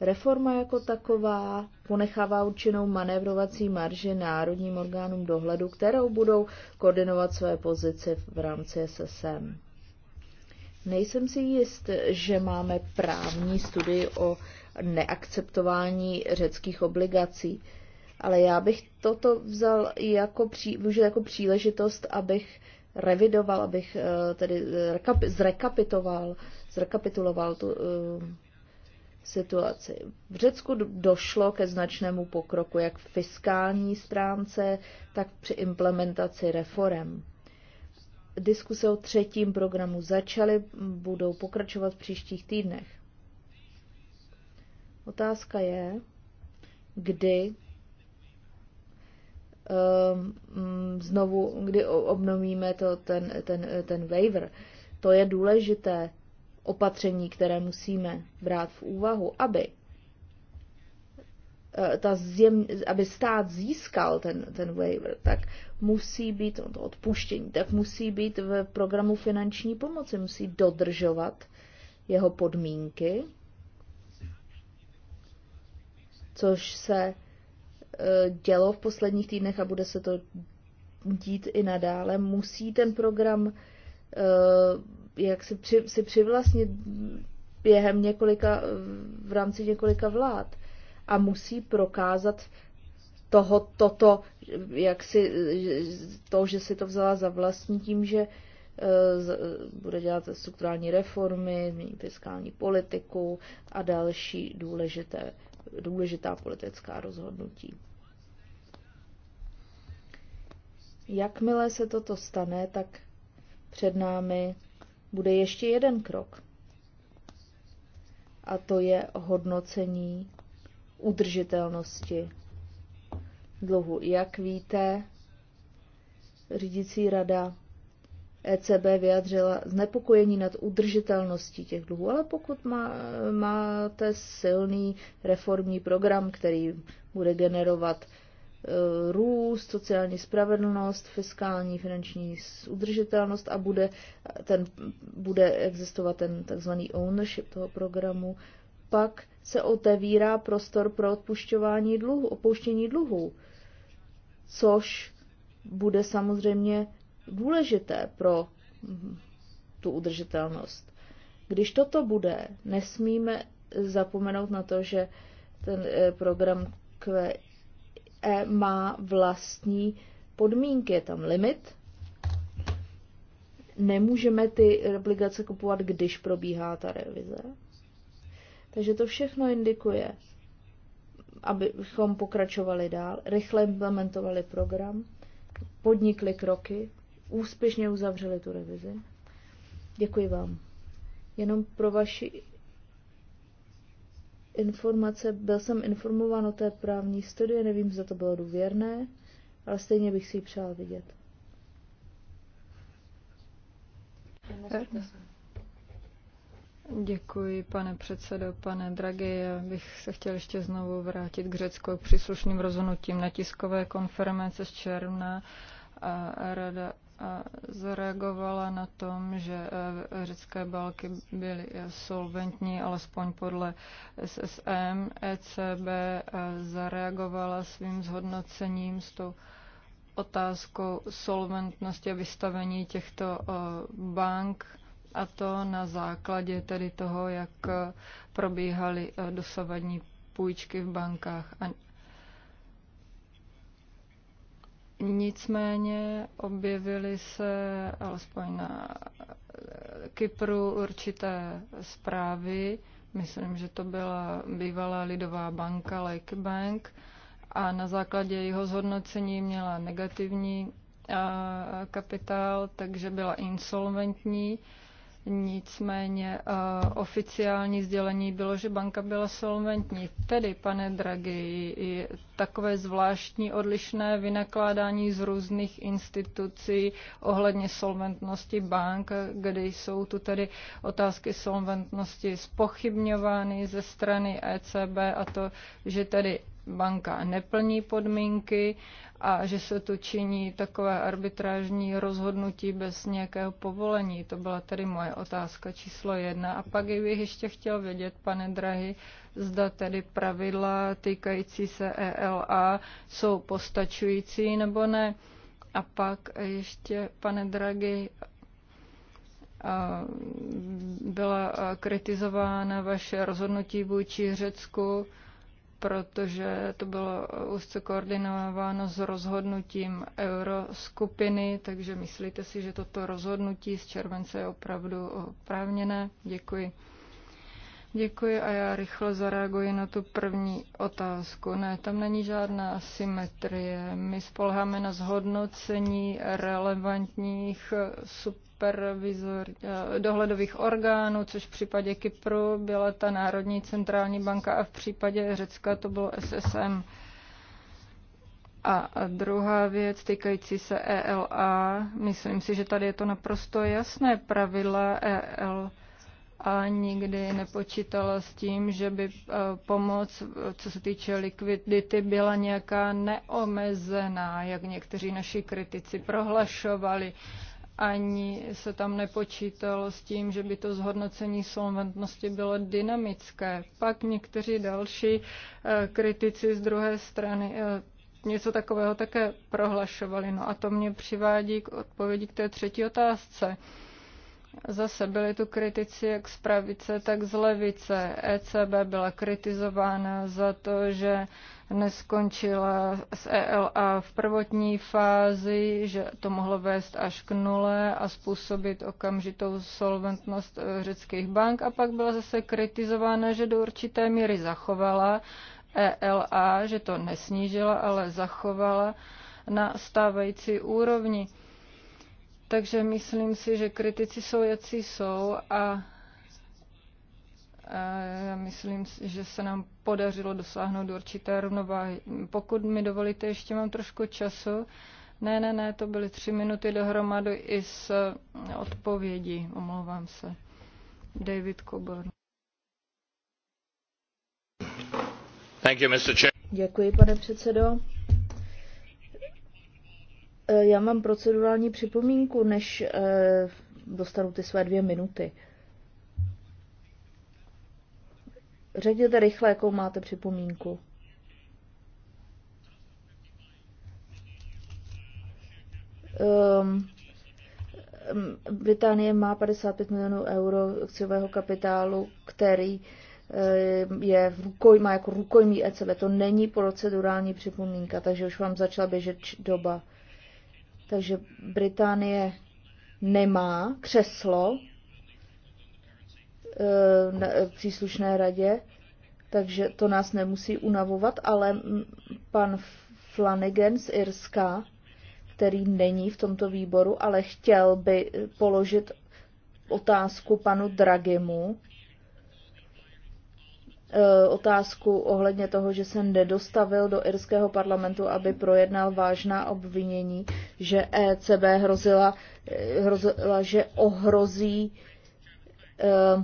Reforma jako taková ponechává určenou manévrovací marži národním orgánům dohledu, kterou budou koordinovat své pozici v rámci SSM. Nejsem si jist, že máme právní studii o neakceptování řeckých obligací, ale já bych toto vzal jako, pří, jako příležitost, abych revidoval, abych eh, tedy eh, zrekapitoval, zrekapituloval tu eh, situaci. V Řecku došlo ke značnému pokroku jak v fiskální stránce, tak při implementaci reform. Diskuse o třetím programu začaly, budou pokračovat v příštích týdnech. Otázka je, kdy um, znovu, kdy obnovíme to, ten, ten, ten waiver. To je důležité opatření, které musíme brát v úvahu, aby eh, ta zjem, aby stát získal ten, ten waiver, tak musí být no, to odpuštění, tak musí být v programu finanční pomoci, musí dodržovat jeho podmínky, což se eh, dělo v posledních týdnech a bude se to dít i nadále. Musí ten program eh, jak si, při, si přivlastnit během několika, v rámci několika vlád a musí prokázat toho, toto, jak si, to, že si to vzala za vlastní tím, že eh, bude dělat strukturální reformy, mění fiskální politiku a další důležité, důležitá politická rozhodnutí. Jakmile se toto stane, tak před námi bude ještě jeden krok. A to je hodnocení udržitelnosti dluhu. Jak víte, řídící rada ECB vyjadřila znepokojení nad udržitelností těch dluhů, ale pokud má, máte silný reformní program, který bude generovat Eh, růst, sociální spravedlnost, fiskální, finanční udržitelnost a bude, ten, bude existovat ten takzvaný ownership toho programu, pak se otevírá prostor pro odpušťování dluhu, opouštění dluhu, což bude samozřejmě důležité pro hm, tu udržitelnost. Když toto bude, nesmíme zapomenout na to, že ten eh, program QI E, má vlastní podmínky, je tam limit. Nemůžeme ty obligace kupovat, když probíhá ta revize. Takže to všechno indikuje, abychom pokračovali dál, rychle implementovali program, podnikli kroky, úspěšně uzavřeli tu revizi. Děkuji vám. Jenom pro vaši informace, byl jsem informován o té právní studie, nevím, zda to bylo důvěrné, ale stejně bych si ji přál vidět. Děkuji, pane předsedo, pane Dragi, Já bych se chtěl ještě znovu vrátit k Řecku k příslušným rozhodnutím na tiskové konference z června. A rada zareagovala na tom, že e, řecké balky byly e, solventní, alespoň podle SSM. ECB e, zareagovala svým zhodnocením s tou otázkou solventnosti a vystavení těchto bank a to na základě tedy toho, jak probíhaly dosavadní půjčky v bankách. A Nicméně objevily se alespoň na Kypru určité zprávy, myslím, že to byla bývalá Lidová banka, Lake Bank, a na základě jeho zhodnocení měla negativní kapitál, takže byla insolventní Nicméně eh, oficiální sdělení bylo, že banka byla solventní. Tedy, pane Draghi, je takové zvláštní odlišné vynakládání z různých institucí ohledně solventnosti bank, kde jsou tu tedy otázky solventnosti spochybňovány ze strany ECB a to, že tedy banka neplní podmínky a že se tu činí takové arbitrážní rozhodnutí bez nějakého povolení. To byla tedy moje otázka číslo jedna. A pak bych ještě chtěl vědět, pane Drahy, zda tedy pravidla týkající se ELA jsou postačující nebo ne. A pak ještě, pane Draghi, byla kritizována vaše rozhodnutí vůči Řecku protože to bylo úzce koordinováno s rozhodnutím euroskupiny, takže myslíte si, že toto rozhodnutí z července je opravdu oprávněné? Děkuji. Děkuji a já rychle zareaguji na tu první otázku. Ne, tam není žádná asymetrie. My spolháme na zhodnocení relevantních sub supervizor, eh, dohledových orgánů, což v případě Kypru byla ta Národní centrální banka a v případě Řecka to bylo SSM. A druhá věc týkající se ELA, myslím si, že tady je to naprosto jasné pravidla ELA a nikdy nepočítala s tím, že by eh, pomoc, co se týče likvidity, byla nějaká neomezená, jak někteří naši kritici prohlašovali ani se tam nepočítalo s tím, že by to zhodnocení solventnosti bylo dynamické. Pak někteří další eh, kritici z druhé strany eh, něco takového také prohlašovali. No a to mě přivádí k odpovědi k té třetí otázce. Zase byli tu kritici jak z pravice, tak z levice. ECB byla kritizována za to, že neskončila s ELA v prvotní fázi, že to mohlo vést až k nule a způsobit okamžitou solventnost eh, řeckých bank. A pak byla zase kritizována, že do určité míry zachovala ELA, že to nesnížila, ale zachovala na stávající úrovni. Takže myslím si, že kritici jsou, jací jsou a já myslím, že se nám podařilo dosáhnout určité rovnováhy. Pokud mi dovolíte, ještě mám trošku času. Ne, ne, ne, to byly tři minuty dohromady i s eh, odpovědí, omlouvám se. David Coburn. Děkuji, pane předsedo. E, já mám procedurální připomínku, než e, dostanu ty své dvě minuty. Řekněte rychle, jakou máte připomínku. Um, Británie má 55 milionů euro akciového kapitálu, který ehm, je v rukoj, má jako rukojmí ECB. To není procedurální připomínka, takže už vám začala běžet doba. Takže Británie nemá křeslo eh, eh, v příslušné radě, takže to nás nemusí unavovat, ale pan Flanagan z Irska, který není v tomto výboru, ale chtěl by položit otázku panu Dragimu, Eh, otázku ohledně toho, že se nedostavil do irského parlamentu, aby projednal vážná obvinění, že ECB hrozila, eh, hrozila že ohrozí uh,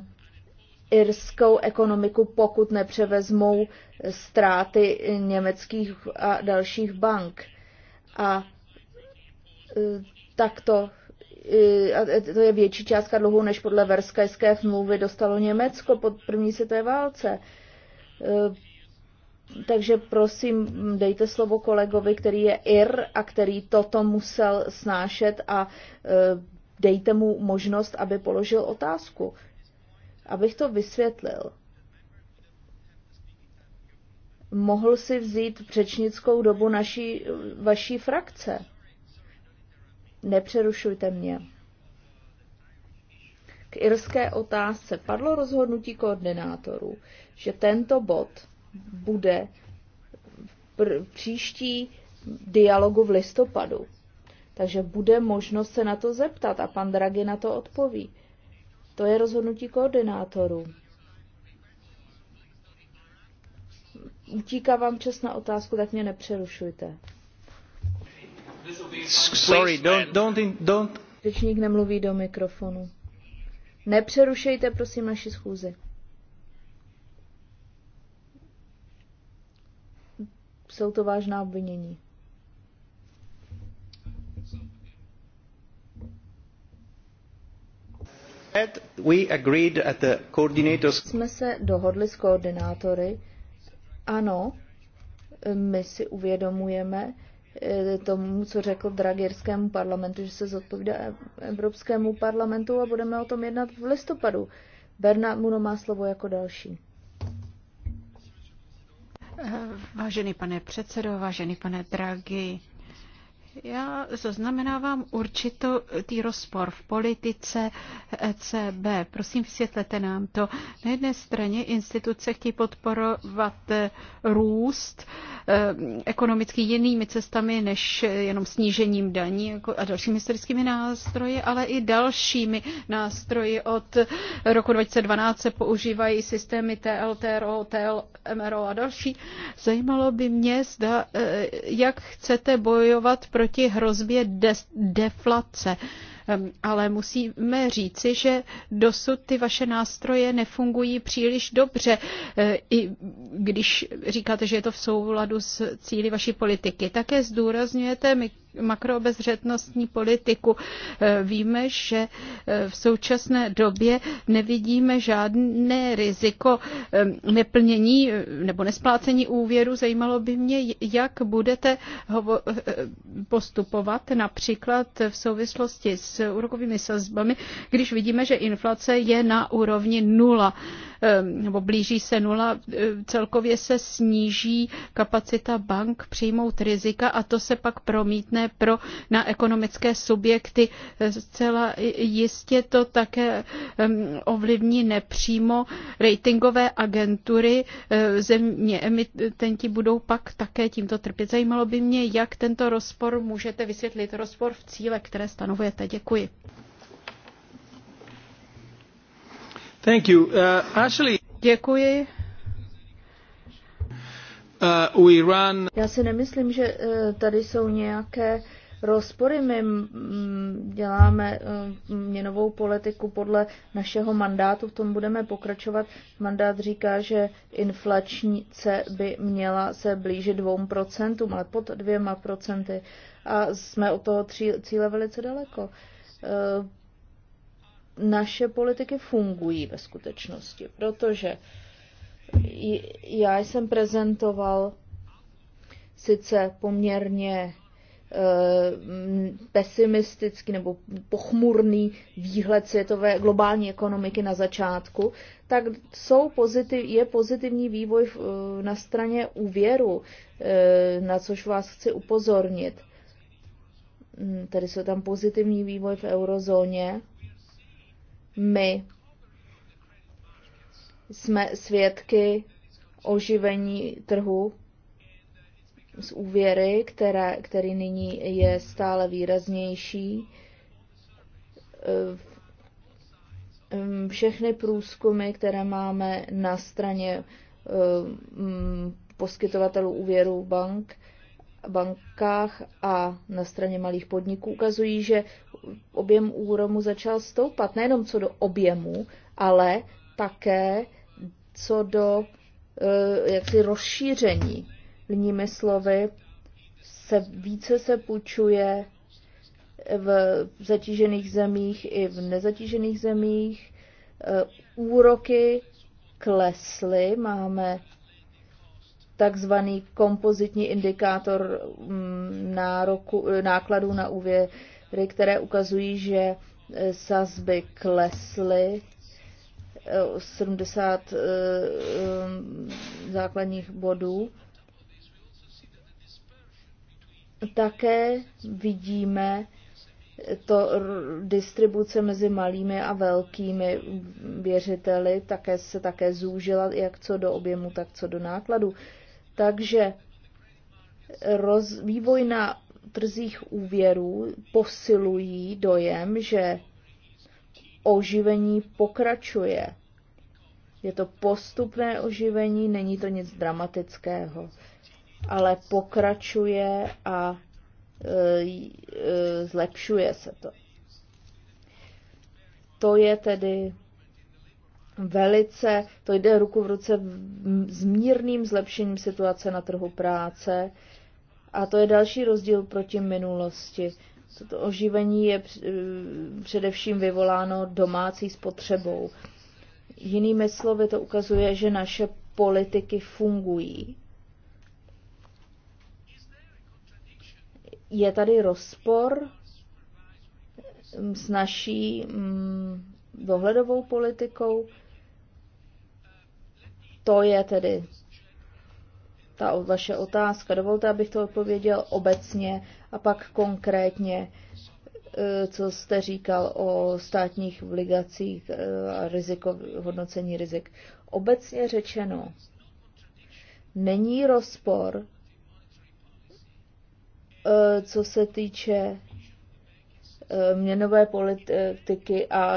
irskou ekonomiku, pokud nepřevezmou ztráty německých a dalších bank. A uh, takto a to je větší částka dluhu, než podle Verskajské smlouvy dostalo Německo pod první světové válce. E, takže prosím, dejte slovo kolegovi, který je IR a který toto musel snášet a e, dejte mu možnost, aby položil otázku. Abych to vysvětlil. Mohl si vzít přečnickou dobu naší, vaší frakce nepřerušujte mě. K irské otázce padlo rozhodnutí koordinátorů, že tento bod bude v příští dialogu v listopadu. Takže bude možnost se na to zeptat a pan Draghi na to odpoví. To je rozhodnutí koordinátorů. Utíká vám čas na otázku, tak mě nepřerušujte. Sorry, don't, don't, don't. Řečník nemluví do mikrofonu. Nepřerušejte, prosím, naši schůzi. Jsou to vážná obvinění. We agreed at the coordinators. Jsme se dohodli s koordinátory. Ano, my si uvědomujeme, Eh, tomu, co řekl Dragirskému parlamentu, že se zodpovídá Evropskému parlamentu a budeme o tom jednat v listopadu. Bernard Muno má slovo jako další. Eh, vážený pane předsedo, vážený pane Draghi, já zaznamenávám určitý rozpor v politice ECB. Prosím, vysvětlete nám to. Na jedné straně instituce chtějí podporovat eh, růst eh, ekonomicky jinými cestami než jenom snížením daní jako, a dalšími historickými nástroji, ale i dalšími nástroji. Od roku 2012 se používají systémy TLTRO, TLMRO a další. Zajímalo by mě, zda, eh, jak chcete bojovat pro proti hrozbě de- deflace. Ale musíme říci, že dosud ty vaše nástroje nefungují příliš dobře, e, i když říkáte, že je to v souladu s cíly vaší politiky. Také zdůrazňujete makroobezřetnostní politiku. Eh, víme, že eh, v současné době nevidíme žádné riziko eh, neplnění nebo nesplácení úvěru. Zajímalo by mě, jak budete postupovat například v souvislosti s úrokovými sazbami, když vidíme, že inflace je na úrovni nula nebo blíží se nula, celkově se sníží kapacita bank přijmout rizika a to se pak promítne pro na ekonomické subjekty. Zcela jistě to také ovlivní nepřímo ratingové agentury. Eh, země emitenti budou pak také tímto trpět. Zajímalo by mě, jak tento rozpor můžete vysvětlit, rozpor v cíle, které stanovujete. Děkuji. Thank you. Uh, Ashley. Děkuji. Uh, Já si nemyslím, že eh, tady jsou nějaké rozpory. My mm, děláme eh, měnovou politiku podle našeho mandátu, v tom budeme pokračovat. Mandát říká, že inflační by měla se blížit dvou procentům, ale pod procenty, A jsme od toho cíle velice daleko. Eh, naše politiky fungují ve skutečnosti, protože já jsem prezentoval sice poměrně e, pesimistický nebo pochmurný výhled světové globální ekonomiky na začátku, tak jsou pozitiv, je pozitivní vývoj e, na straně úvěru, e, na což vás chci upozornit. Tady jsou tam pozitivní vývoj v eurozóně. My jsme svědky oživení trhu z úvěry, které, který nyní je stále výraznější. Ehm, ehm, všechny průzkumy, které máme na straně ehm, poskytovatelů úvěru bank, bankách a na straně malých podniků ukazují, že objem úromu začal stoupat. Nejenom co do objemu, ale také co do eh, jaksi rozšíření. Jinými slovy, se více se půjčuje v zatížených zemích i v nezatížených zemích. Eh, úroky klesly, máme takzvaný kompozitní indikátor mm, nároku, eh, nákladů na úvěry, které ukazují, že sazby klesly 70 eh, eh, základních bodů. Také vidíme to distribuce mezi malými a velkými věřiteli také se také zúžila, jak co do objemu, tak co do nákladu. Takže roz, vývoj na trzích úvěrů posilují dojem, že oživení pokračuje. Je to postupné oživení, není to nic dramatického, ale pokračuje a e, e, zlepšuje se to. To je tedy velice, to jde ruku v ruce s mírným zlepšením situace na trhu práce a to je další rozdíl proti minulosti to oživení je především vyvoláno domácí spotřebou. Jinými slovy to ukazuje, že naše politiky fungují. Je tady rozpor mm, s naší mm, dohledovou politikou. To je tedy ta vaše otázka. Dovolte, abych to odpověděl obecně a pak konkrétně, e, co jste říkal o státních obligacích e, a riziko, hodnocení rizik. Obecně řečeno, není rozpor, e, co se týče Eh, měnové politiky a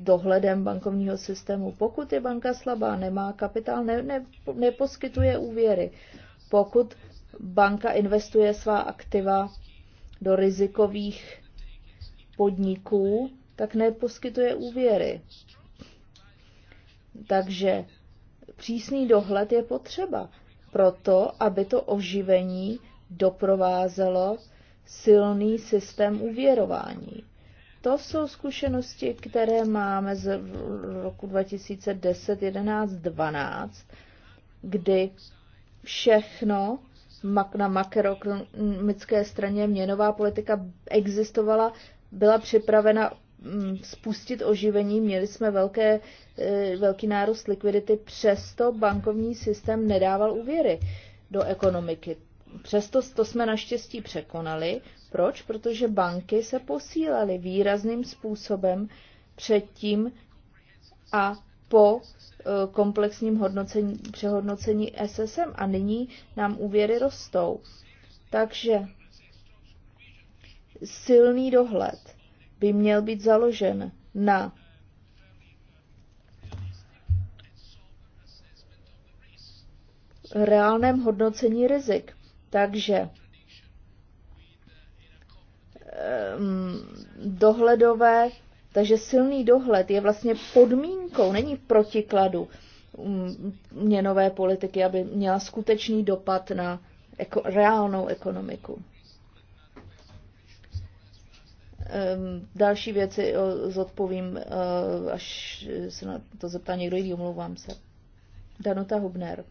dohledem bankovního systému. Pokud je banka slabá, nemá kapitál, ne, ne, neposkytuje úvěry. Pokud banka investuje svá aktiva do rizikových podniků, tak neposkytuje úvěry. Takže přísný dohled je potřeba proto, aby to oživení doprovázelo silný systém uvěrování. To jsou zkušenosti, které máme z roku 2010, 11, 12, kdy všechno na makroekonomické straně měnová politika existovala, byla připravena mm, spustit oživení, měli jsme velké, e, velký nárůst likvidity, přesto bankovní systém nedával úvěry do ekonomiky přesto to jsme naštěstí překonali. Proč? Protože banky se posílaly výrazným způsobem předtím a po eh, komplexním hodnocení, přehodnocení SSM a nyní nám úvěry rostou. Takže silný dohled by měl být založen na reálném hodnocení rizik. Takže ehm, dohledové, takže silný dohled je vlastně podmínkou, není v protikladu mm, měnové politiky, aby měla skutečný dopad na eko, reálnou ekonomiku. Ehm, další věci zodpovím, e, až se na to zeptá někdo jiný, omlouvám se. Danuta Hubner.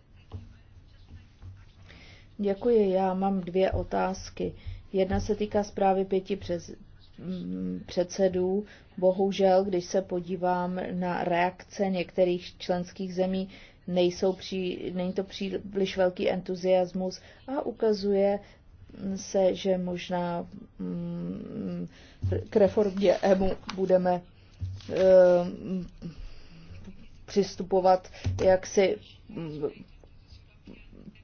Děkuji, já mám dvě otázky. Jedna se týká zprávy pěti přes, mm, předsedů. Bohužel, když se podívám na reakce některých členských zemí, nejsou pří, není to příliš velký entuziasmus a ukazuje se, že možná mm, k reformě EMU budeme eh, přistupovat jaksi mm,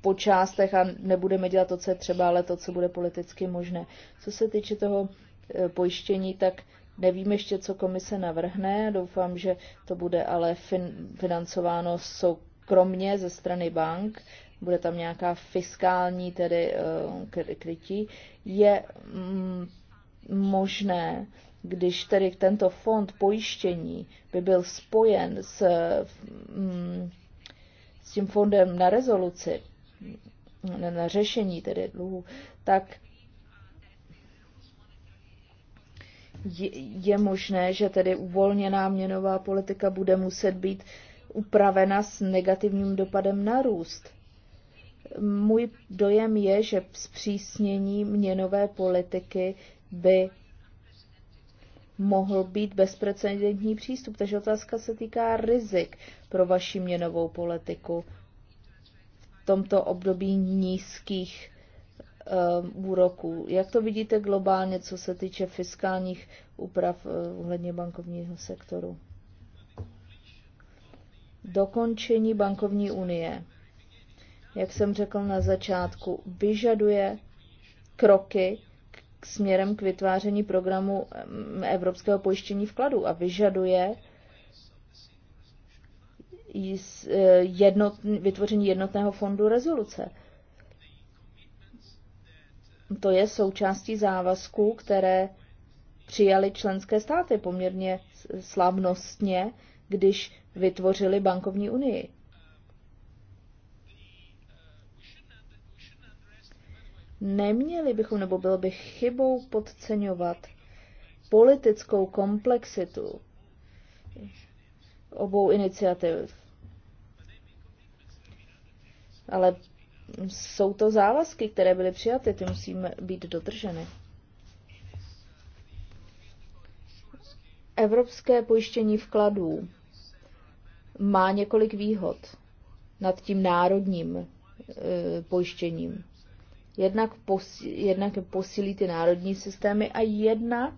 po částech a nebudeme dělat to, co je třeba, ale to, co bude politicky možné. Co se týče toho e, pojištění, tak nevím ještě, co komise navrhne. Doufám, že to bude ale fin- financováno soukromně ze strany bank. Bude tam nějaká fiskální tedy e, krytí. Je mm, možné, když tedy tento fond pojištění by byl spojen s, mm, s tím fondem na rezoluci, na řešení tedy dluhu, tak je možné, že tedy uvolněná měnová politika bude muset být upravena s negativním dopadem na růst. Můj dojem je, že zpřísnění měnové politiky by mohl být bezprecedentní přístup. Takže otázka se týká rizik pro vaši měnovou politiku tomto období nízkých uh, úroků. Jak to vidíte globálně, co se týče fiskálních úprav uh, ohledně bankovního sektoru? Dokončení bankovní unie, jak jsem řekl na začátku, vyžaduje kroky k směrem k vytváření programu mm, Evropského pojištění vkladů a vyžaduje Eh, jednotný, vytvoření jednotného fondu rezoluce. To je součástí závazků, které přijali členské státy poměrně slavnostně, když vytvořili bankovní unii. Neměli bychom, nebo bylo by chybou podceňovat politickou komplexitu obou iniciativ ale jsou to závazky, které byly přijaty, ty musíme být dodrženy. Evropské pojištění vkladů má několik výhod nad tím národním e, pojištěním. Jednak, pos, jednak posílí ty národní systémy a jednak,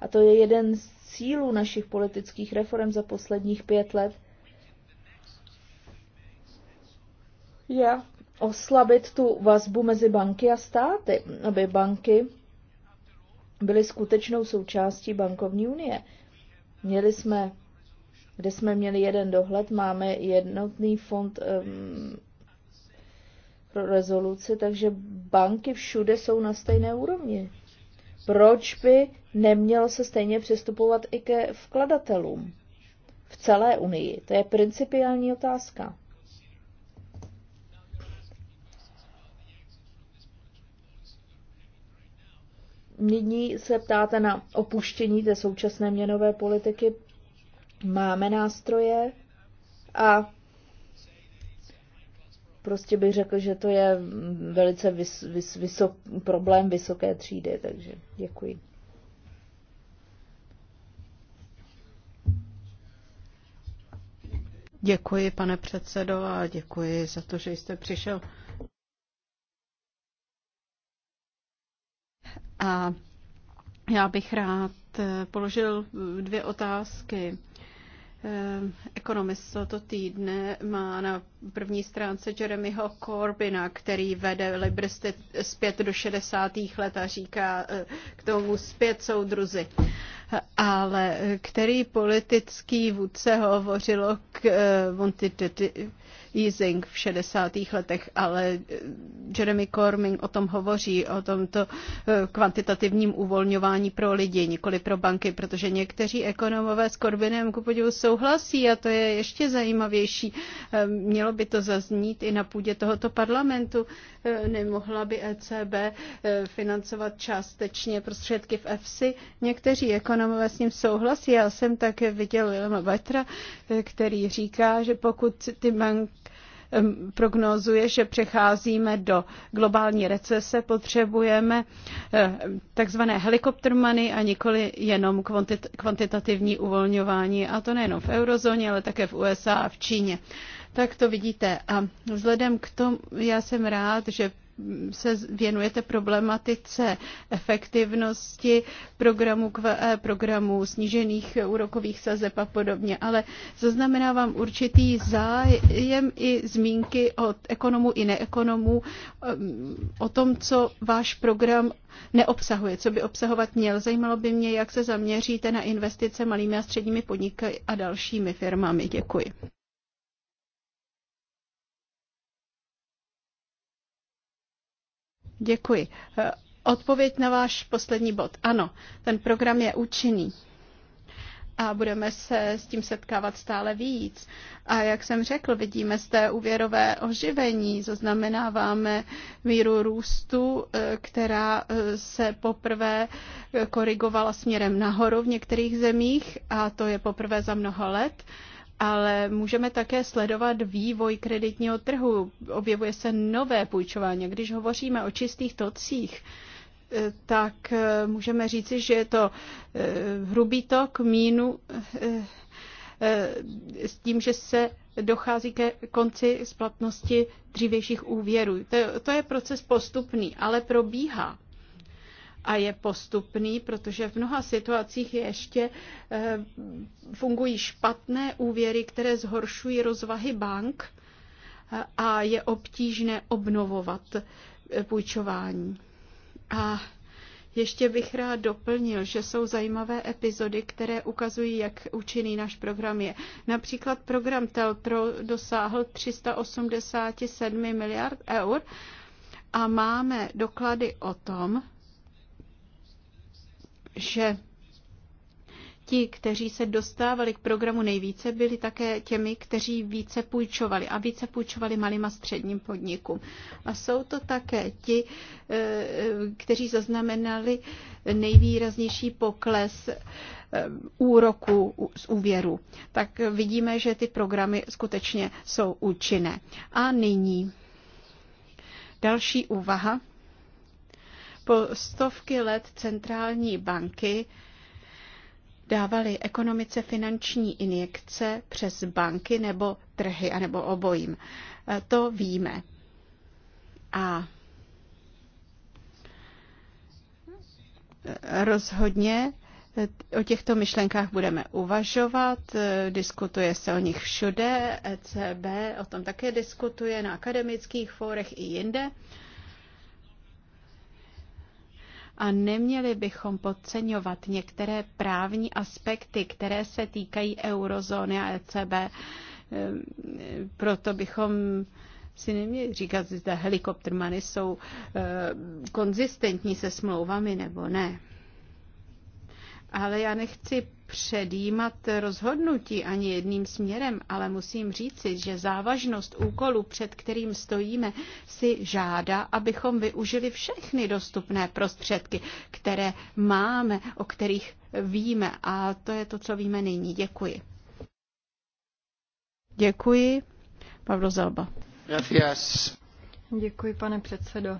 a to je jeden z cílů našich politických reform za posledních pět let, je oslabit tu vazbu mezi banky a státy, aby banky byly skutečnou součástí bankovní unie. Měli jsme, kde jsme měli jeden dohled, máme jednotný fond um, pro rezoluci, takže banky všude jsou na stejné úrovni. Proč by nemělo se stejně přistupovat i ke vkladatelům v celé Unii? To je principiální otázka. Nyní se ptáte na opuštění té současné měnové politiky. Máme nástroje a prostě bych řekl, že to je velice vys, vys, vysok, problém vysoké třídy, takže děkuji. Děkuji, pane předsedo, a děkuji za to, že jste přišel. A já bych rád eh, položil eh, dvě otázky. Eh, Ekonomist toto týdne má na první stránce Jeremyho Corbina, který vede libristy zpět do 60. let a říká k tomu zpět druzy, Ale který politický vůdce hovořilo k Montitetti? easing v 60. letech, ale eh, Jeremy Corming o tom hovoří, o tomto eh, kvantitativním uvolňování pro lidi, nikoli pro banky, protože někteří ekonomové s Corbynem ku podivu souhlasí a to je ještě zajímavější. Eh, mělo by to zaznít i na půdě tohoto parlamentu. Nemohla by ECB financovat částečně prostředky v EFSI. Někteří ekonomové s ním souhlasí. Já jsem také viděl Wilma Batra, který říká, že pokud ty banky prognozuje, že přecházíme do globální recese, potřebujeme takzvané helikoptermany a nikoli jenom kvantitativní uvolňování, a to nejenom v eurozóně, ale také v USA a v Číně. Tak to vidíte. A vzhledem k tomu, já jsem rád, že se věnujete problematice efektivnosti programů QE, snížených úrokových sazeb a podobně, ale zaznamenávám určitý zájem i zmínky od ekonomů i neekonomů um, o tom, co váš program neobsahuje, co by obsahovat měl. Zajímalo by mě, jak se zaměříte na investice malými a středními podniky a dalšími firmami. Děkuji. Děkuji. Eh, odpověď na váš poslední bod. Ano, ten program je účinný a budeme se s tím setkávat stále víc. A jak jsem řekl, vidíme zde úvěrové oživení, zaznamenáváme míru růstu, eh, která eh, se poprvé korigovala směrem nahoru v některých zemích a to je poprvé za mnoho let ale můžeme také sledovat vývoj kreditního trhu. Objevuje se nové půjčování. Když hovoříme o čistých tocích, eh, tak eh, můžeme říci, že je to eh, hrubý tok mínu s tím, že se dochází ke konci splatnosti dřívějších úvěrů. To, to je proces postupný, ale probíhá a je postupný, protože v mnoha situacích ještě eh, fungují špatné úvěry, které zhoršují rozvahy bank eh, a je obtížné obnovovat eh, půjčování. A ještě bych rád doplnil, že jsou zajímavé epizody, které ukazují, jak účinný náš program je. Například program Teltro dosáhl 387 miliard eur a máme doklady o tom, že ti, kteří se dostávali k programu nejvíce, byli také těmi, kteří více půjčovali a více půjčovali malým a středním podnikům. A jsou to také ti, eh, kteří zaznamenali nejvýraznější pokles eh, úroku z úvěru. Tak vidíme, že ty programy skutečně jsou účinné. A nyní další úvaha po stovky let centrální banky dávaly ekonomice finanční injekce přes banky nebo trhy, anebo obojím. E, to víme. A rozhodně e, O těchto myšlenkách budeme uvažovat, e, diskutuje se o nich všude, ECB o tom také diskutuje na akademických fórech i jinde a neměli bychom podceňovat některé právní aspekty, které se týkají eurozóny a ECB. Ehm, proto bychom si neměli říkat, zda helikoptermany jsou eh, konzistentní se smlouvami nebo ne. Ale já nechci předjímat rozhodnutí ani jedným směrem, ale musím říci, že závažnost úkolu, před kterým stojíme, si žádá, abychom využili všechny dostupné prostředky, které máme, o kterých víme. A to je to, co víme nyní. Děkuji. Děkuji. Pavlo Zalba. Děkuji, pane předsedo.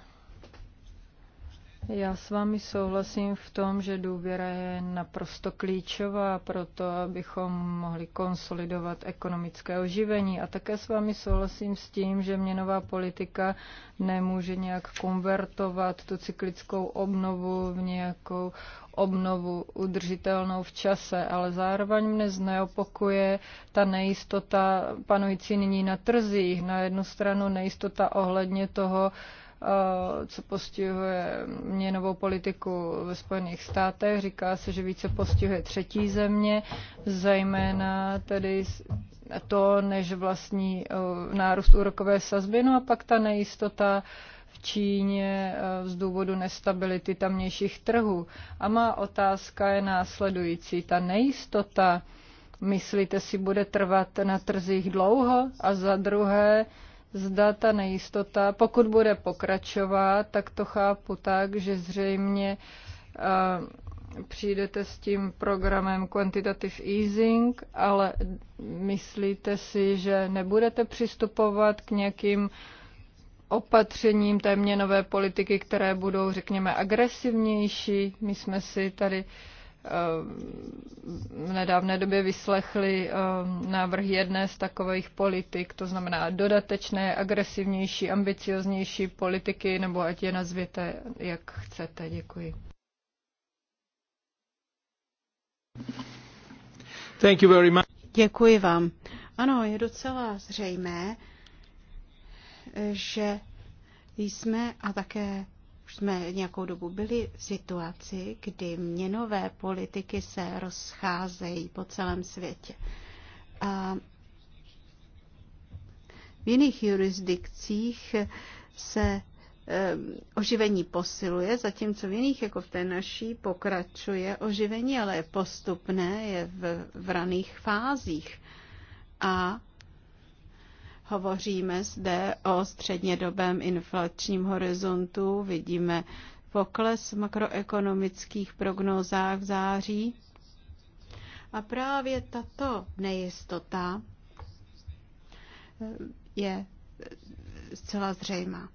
Já s vámi souhlasím v tom, že důvěra je naprosto klíčová pro to, abychom mohli konsolidovat ekonomické oživení. A také s vámi souhlasím s tím, že měnová politika nemůže nějak konvertovat tu cyklickou obnovu v nějakou obnovu udržitelnou v čase, ale zároveň mne zneopokuje ta nejistota panující nyní na trzích. Na jednu stranu nejistota ohledně toho, Eh, co postihuje měnovou politiku ve Spojených státech. Říká se, že více postihuje třetí země, zejména tedy to, než vlastní eh, nárůst úrokové sazby. No a pak ta nejistota v Číně eh, z důvodu nestability tamnějších trhů. A má otázka je následující. Ta nejistota, myslíte si, bude trvat na trzích dlouho? A za druhé, zda ta nejistota, pokud bude pokračovat, tak to chápu tak, že zřejmě přijdete s tím programem Quantitative Easing, ale myslíte si, že nebudete přistupovat k nějakým opatřením té měnové politiky, které budou, řekněme, agresivnější. My jsme si tady uh, Eh, v nedávné době vyslechli eh, návrh jedné z takových politik, to znamená dodatečné, agresivnější, ambicioznější politiky, nebo ať je nazvěte, jak chcete. Děkuji. Thank you very much. Děkuji vám. Ano, je docela zřejmé, že jsme a také už jsme nějakou dobu byli v situaci, kdy měnové politiky se rozcházejí po celém světě. A v jiných jurisdikcích se oživení posiluje, zatímco v jiných, jako v té naší, pokračuje oživení, ale je postupné, je v, v raných fázích. A Hovoříme zde o střednědobém inflačním horizontu, vidíme pokles v makroekonomických prognózách v září. A právě tato nejistota eh, je eh, zcela zřejmá.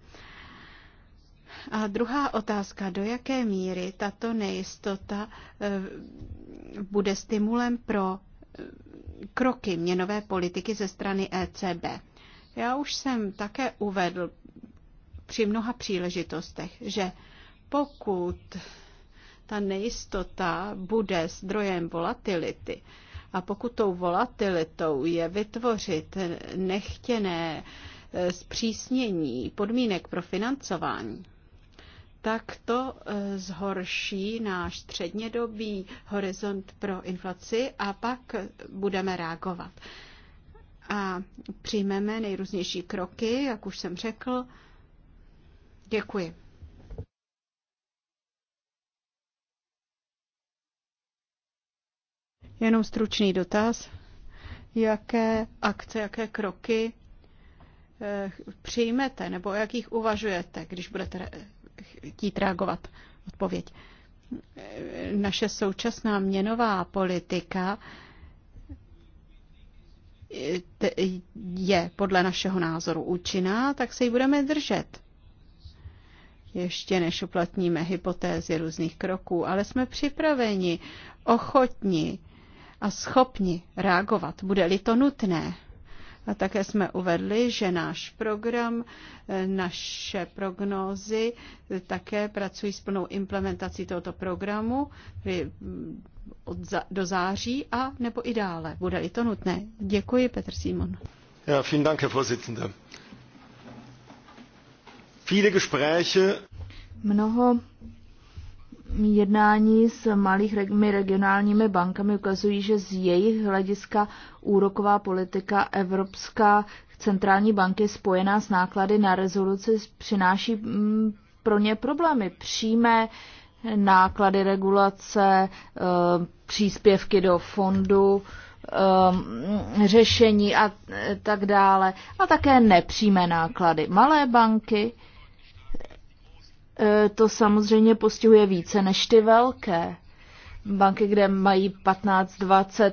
A druhá otázka, do jaké míry tato nejistota eh, bude stimulem pro kroky měnové politiky ze strany ECB. Já už jsem také uvedl při mnoha příležitostech, že pokud ta nejistota bude zdrojem volatility, a pokud tou volatilitou je vytvořit nechtěné eh, zpřísnění podmínek pro financování, tak to eh, zhorší náš střednědobý horizont pro inflaci a pak budeme reagovat a přijmeme nejrůznější kroky, jak už jsem řekl. Děkuji. Jenom stručný dotaz. Jaké akce, jaké kroky eh, přijmete nebo o jakých uvažujete, když budete eh, chtít reagovat? Odpověď. Eh, naše současná měnová politika je podle našeho názoru účinná, tak se ji budeme držet. Ještě než uplatníme hypotézy různých kroků, ale jsme připraveni, ochotni a schopni reagovat, bude-li to nutné. A také jsme uvedli, že náš program, naše prognózy také pracují s plnou implementací tohoto programu, od za, do září a nebo i dále, bude i to nutné. Děkuji, Petr Simon. Ja, vielen Dank, Herr Vorsitzender. Viele Gespräche. Mnoho jednání s malými regionálními bankami ukazují, že z jejich hlediska úroková politika Evropská centrální banky spojená s náklady na rezoluci přináší mm, pro ně problémy. Přímé uh, náklady regulace, eh, příspěvky do fondu, eh, řešení a eh, tak dále. A také nepřímé náklady. Malé banky to samozřejmě postihuje více než ty velké. Banky, kde mají 15-20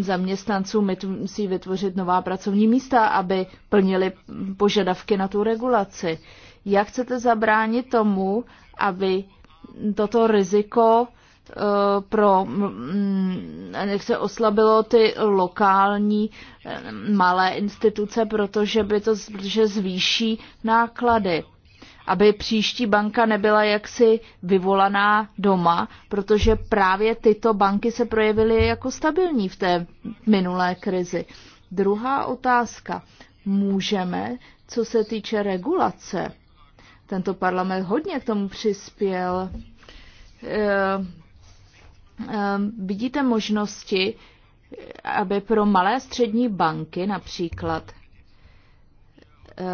zaměstnanců, musí vytvořit nová pracovní místa, aby plnili požadavky na tu regulaci. Jak chcete zabránit tomu, aby toto riziko eh, pro, mm, jak se oslabilo ty lokální eh, malé instituce, protože by to že zvýší náklady. Aby příští banka nebyla jaksi vyvolaná doma, protože právě tyto banky se projevily jako stabilní v té minulé krizi. Druhá otázka. Můžeme, co se týče regulace, tento parlament hodně k tomu přispěl. Eh, eh, vidíte možnosti, aby pro malé střední banky například, eh,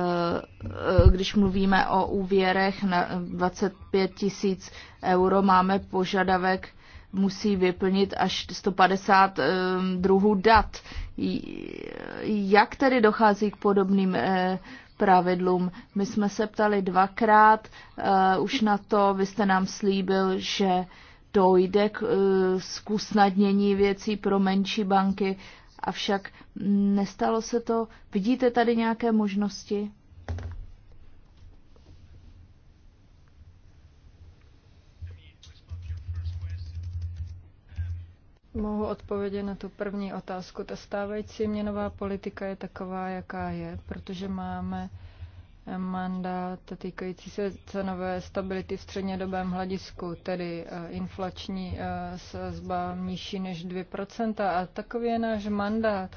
když mluvíme o úvěrech na 25 tisíc euro, máme požadavek musí vyplnit až 150 druhů dat. Jak tedy dochází k podobným pravidlům. My jsme se ptali dvakrát uh, už na to, vy jste nám slíbil, že dojde k, uh, k usnadnění věcí pro menší banky, avšak nestalo se to. Vidíte tady nějaké možnosti? Mohu odpovědět na tu první otázku. Ta stávající měnová politika je taková, jaká je, protože máme eh, mandát týkající se cenové stability v střednědobém hledisku, tedy eh, inflační eh, sazba nižší než 2%. A takový je náš mandát.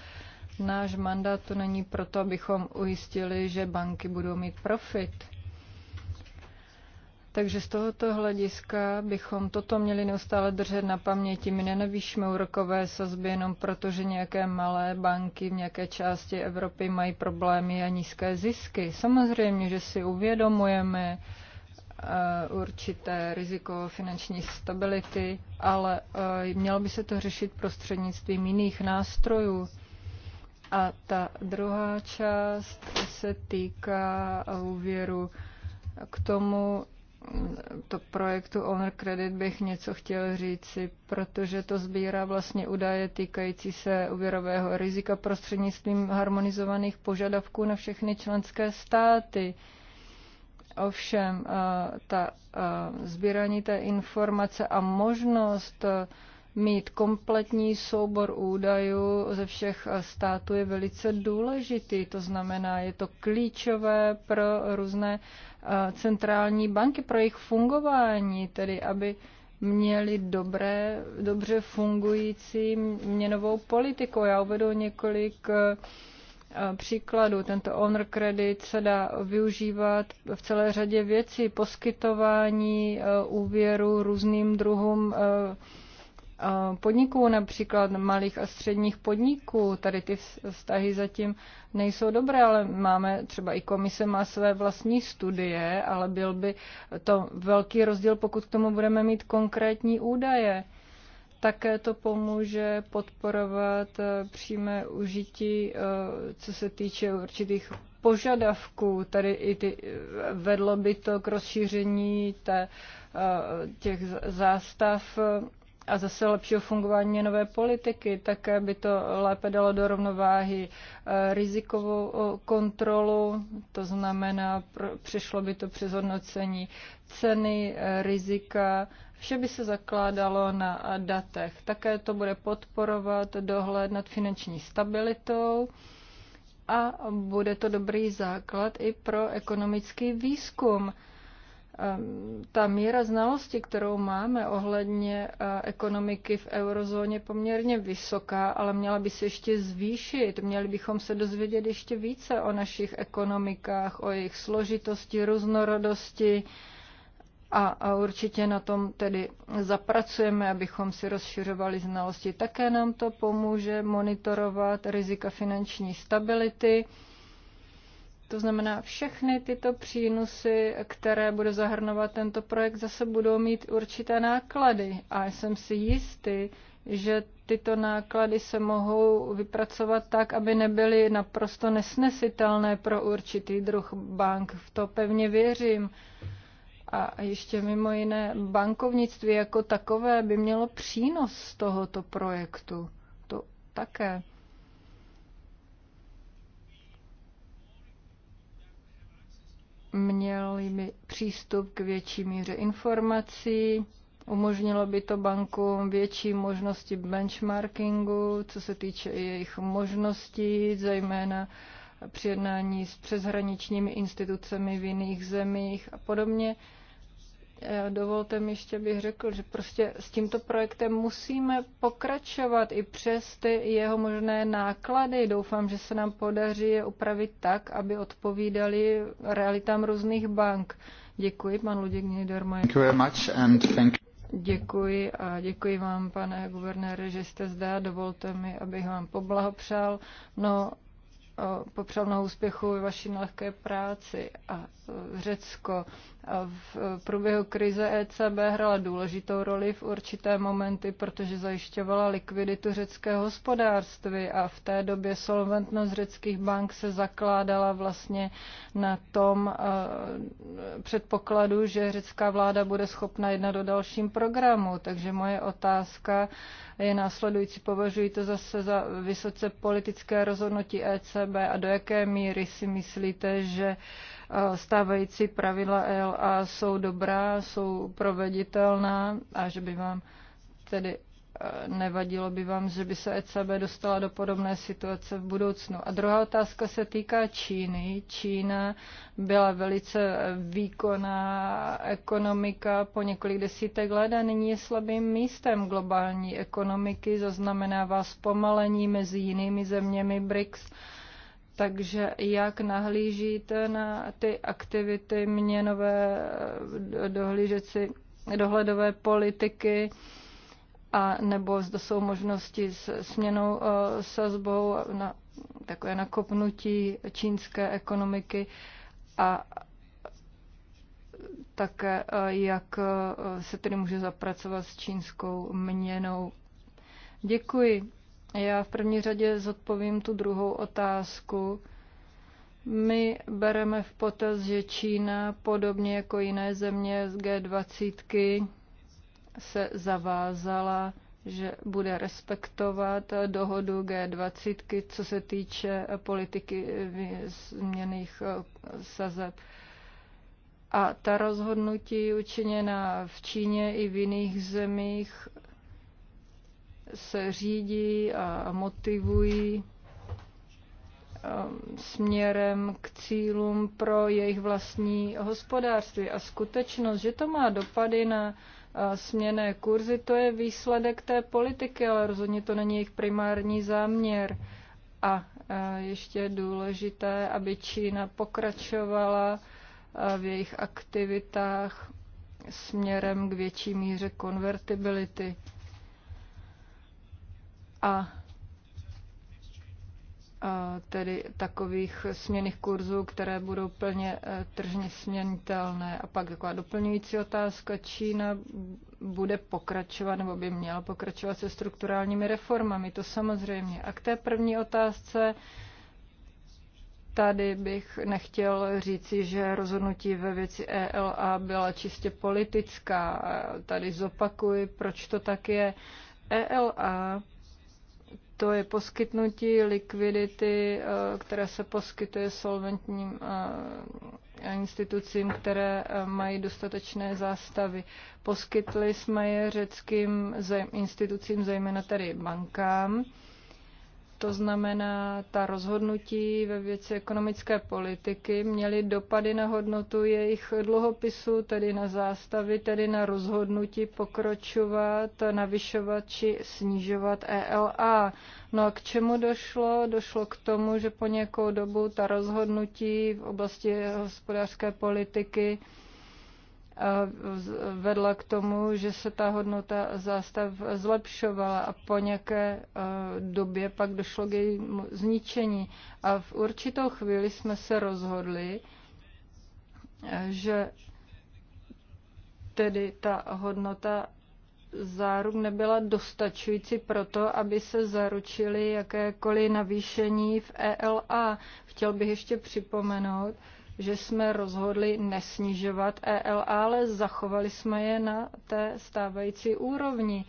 Náš mandát to není proto, abychom ujistili, že banky budou mít profit. Takže z tohoto hlediska bychom toto měli neustále držet na paměti. My nenavýšíme úrokové sazby jenom proto, že nějaké malé banky v nějaké části Evropy mají problémy a nízké zisky. Samozřejmě, že si uvědomujeme eh, určité riziko finanční stability, ale eh, mělo by se to řešit prostřednictvím jiných nástrojů. A ta druhá část se týká úvěru k tomu, to projektu Owner Credit bych něco chtěl říci, protože to sbírá vlastně údaje týkající se úvěrového rizika prostřednictvím harmonizovaných požadavků na všechny členské státy. Ovšem, eh, ta eh, sbírání té informace a možnost eh, mít kompletní soubor údajů ze všech států je velice důležitý. To znamená, je to klíčové pro různé centrální banky, pro jejich fungování, tedy aby měli dobré, dobře fungující měnovou politiku. Já uvedu několik příkladů. Tento owner credit se dá využívat v celé řadě věcí, poskytování úvěru různým druhům Eh, podniků, například malých a středních podniků. Tady ty vztahy zatím nejsou dobré, ale máme třeba i komise má své vlastní studie, ale byl by to velký rozdíl, pokud k tomu budeme mít konkrétní údaje. Také to pomůže podporovat eh, přímé užití, eh, co se týče určitých požadavků, tady i ty, vedlo by to k rozšíření té, těch zástav a zase lepšího fungování měnové politiky. Také by to lépe dalo do rovnováhy eh, rizikovou eh, kontrolu, to znamená, přišlo by to přes hodnocení ceny, eh, rizika, Vše by se zakládalo na datech. Také to bude podporovat dohled nad finanční stabilitou a bude to dobrý základ i pro ekonomický výzkum. Ehm, ta míra znalosti, kterou máme ohledně eh, ekonomiky v eurozóně, je poměrně vysoká, ale měla by se ještě zvýšit. Měli bychom se dozvědět ještě více o našich ekonomikách, o jejich složitosti, různorodosti a, a určitě na tom tedy zapracujeme, abychom si rozšiřovali znalosti. Také nám to pomůže monitorovat rizika finanční stability to znamená, všechny tyto přínosy, které bude zahrnovat tento projekt, zase budou mít určité náklady. A jsem si jistý, že tyto náklady se mohou vypracovat tak, aby nebyly naprosto nesnesitelné pro určitý druh bank. V to pevně věřím. A ještě mimo jiné, bankovnictví jako takové by mělo přínos z tohoto projektu. To také. měli by přístup k větší míře informací, umožnilo by to bankům větší možnosti benchmarkingu, co se týče jejich možností, zejména při jednání s přeshraničními institucemi v jiných zemích a podobně. Dovolte mi ještě, bych řekl, že prostě s tímto projektem musíme pokračovat i přes ty jeho možné náklady. Doufám, že se nám podaří je upravit tak, aby odpovídali realitám různých bank. Děkuji, pan Luděk Niedermayer. Děkuji a děkuji vám, pane guvernére, že jste zde dovolte mi, abych vám poblahopřál. No, popřál mnoho úspěchu ve vaší nelehké práci a e, Řecko v průběhu krize ECB hrála důležitou roli v určité momenty, protože zajišťovala likviditu řeckého hospodářství a v té době solventnost řeckých bank se zakládala vlastně na tom eh, předpokladu, že řecká vláda bude schopna jednat o dalším programu. Takže moje otázka je následující. Považuji to zase za vysoce politické rozhodnutí ECB a do jaké míry si myslíte, že stávající pravidla ELA jsou dobrá, jsou proveditelná a že by vám tedy e, nevadilo by vám, že by se ECB dostala do podobné situace v budoucnu. A druhá otázka se týká Číny. Čína byla velice výkonná ekonomika po několik desítek let a nyní je slabým místem globální ekonomiky, zaznamenává zpomalení mezi jinými zeměmi BRICS takže jak nahlížíte na ty aktivity měnové eh, dohlížeci, dohledové politiky, a nebo zda jsou možnosti s směnou eh, sazbou na takové nakopnutí čínské ekonomiky a také eh, jak se tedy může zapracovat s čínskou měnou. Děkuji. Já v první řadě zodpovím tu druhou otázku. My bereme v potaz, že Čína, podobně jako jiné země z G20, se zavázala, že bude respektovat dohodu G20, co se týče politiky změných sazeb. A ta rozhodnutí učiněná v Číně i v jiných zemích se řídí a motivují um, směrem k cílům pro jejich vlastní hospodářství. A skutečnost, že to má dopady na uh, směné kurzy, to je výsledek té politiky, ale rozhodně to není jejich primární záměr. A uh, ještě je důležité, aby Čína pokračovala uh, v jejich aktivitách směrem k větší míře konvertibility a tedy takových směných kurzů, které budou plně e, tržně směnitelné. A pak taková doplňující otázka, Čína bude pokračovat nebo by měla pokračovat se strukturálními reformami, to samozřejmě. A k té první otázce, Tady bych nechtěl říci, že rozhodnutí ve věci ELA byla čistě politická. Tady zopakuji, proč to tak je. ELA to je poskytnutí likvidity, eh, která se poskytuje solventním eh, institucím, které eh, mají dostatečné zástavy. Poskytli jsme je řeckým institucím, zejména tedy bankám to znamená, ta rozhodnutí ve věci ekonomické politiky měly dopady na hodnotu jejich dluhopisů, tedy na zástavy, tedy na rozhodnutí pokročovat, navyšovat či snižovat ELA. No a k čemu došlo? Došlo k tomu, že po nějakou dobu ta rozhodnutí v oblasti hospodářské politiky vedla k tomu, že se ta hodnota zástav zlepšovala a po nějaké době pak došlo k jejímu zničení. A v určitou chvíli jsme se rozhodli, že tedy ta hodnota záruk nebyla dostačující to, aby se zaručili jakékoliv navýšení v ELA. Chtěl bych ještě připomenout, že jsme rozhodli nesnižovat ELA, ale zachovali jsme je na té stávající úrovni,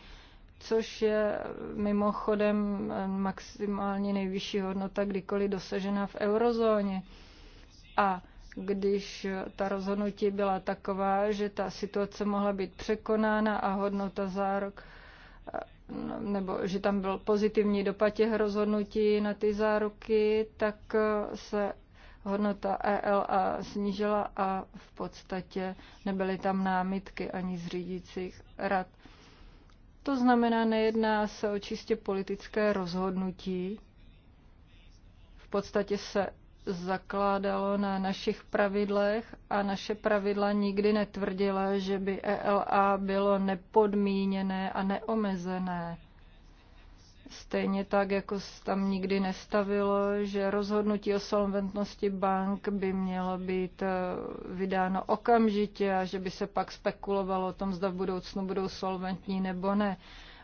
což je mimochodem maximálně nejvyšší hodnota kdykoliv dosažena v eurozóně. A když ta rozhodnutí byla taková, že ta situace mohla být překonána a hodnota za rok nebo že tam byl pozitivní dopad těch rozhodnutí na ty záruky, tak se hodnota ELA snížila a v podstatě nebyly tam námitky ani z řídících rad. To znamená, nejedná se o čistě politické rozhodnutí. V podstatě se zakládalo na našich pravidlech a naše pravidla nikdy netvrdila, že by ELA bylo nepodmíněné a neomezené. Stejně tak, jako se tam nikdy nestavilo, že rozhodnutí o solventnosti bank by mělo být eh, vydáno okamžitě a že by se pak spekulovalo o tom, zda v budoucnu budou solventní nebo ne.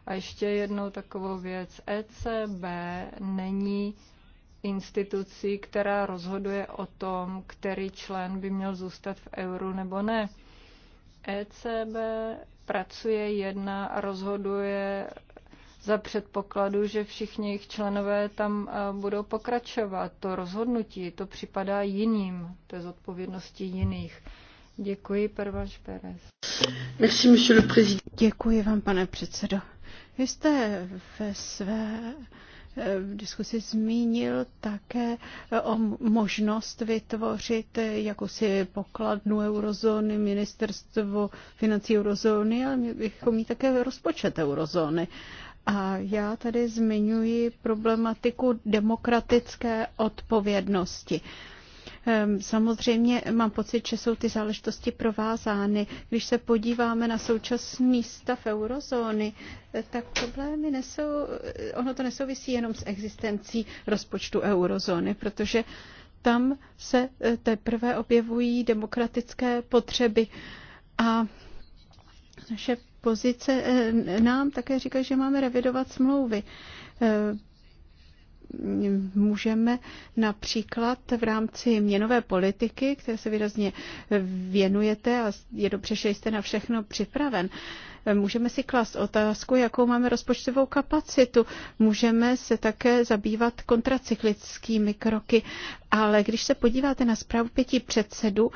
A ještě jednou takovou věc. ECB není institucí, která rozhoduje o tom, který člen by měl zůstat v euru nebo ne. ECB pracuje jedna a rozhoduje za předpokladu, že všichni jejich členové tam eh, budou pokračovat. To rozhodnutí, to připadá jiným, to je zodpovědnosti jiných. Děkuji, Pervaš Pérez. Merci, monsieur le président. Děkuji vám, pane předsedo. Vy jste ve své v eh, diskusi zmínil také eh, o možnost vytvořit jakousi pokladnu eurozóny, ministerstvo financí eurozóny, ale my bychom mít také rozpočet eurozóny. A já tady zmiňuji problematiku demokratické odpovědnosti. Ehm, samozřejmě mám pocit, že jsou ty záležitosti provázány. Když se podíváme na současný stav eurozóny, eh, tak problémy nesou, eh, ono to nesouvisí jenom s existencí rozpočtu eurozóny, protože tam se eh, teprve objevují demokratické potřeby. A naše pozice eh, nám také říkají, že máme revidovat smlouvy. Eh, můžeme například v rámci měnové politiky, které se výrazně věnujete a je dobře, že jste na všechno připraven, můžeme si klást otázku, jakou máme rozpočtovou kapacitu. Můžeme se také zabývat kontracyklickými kroky. Ale když se podíváte na zprávu pěti předsedů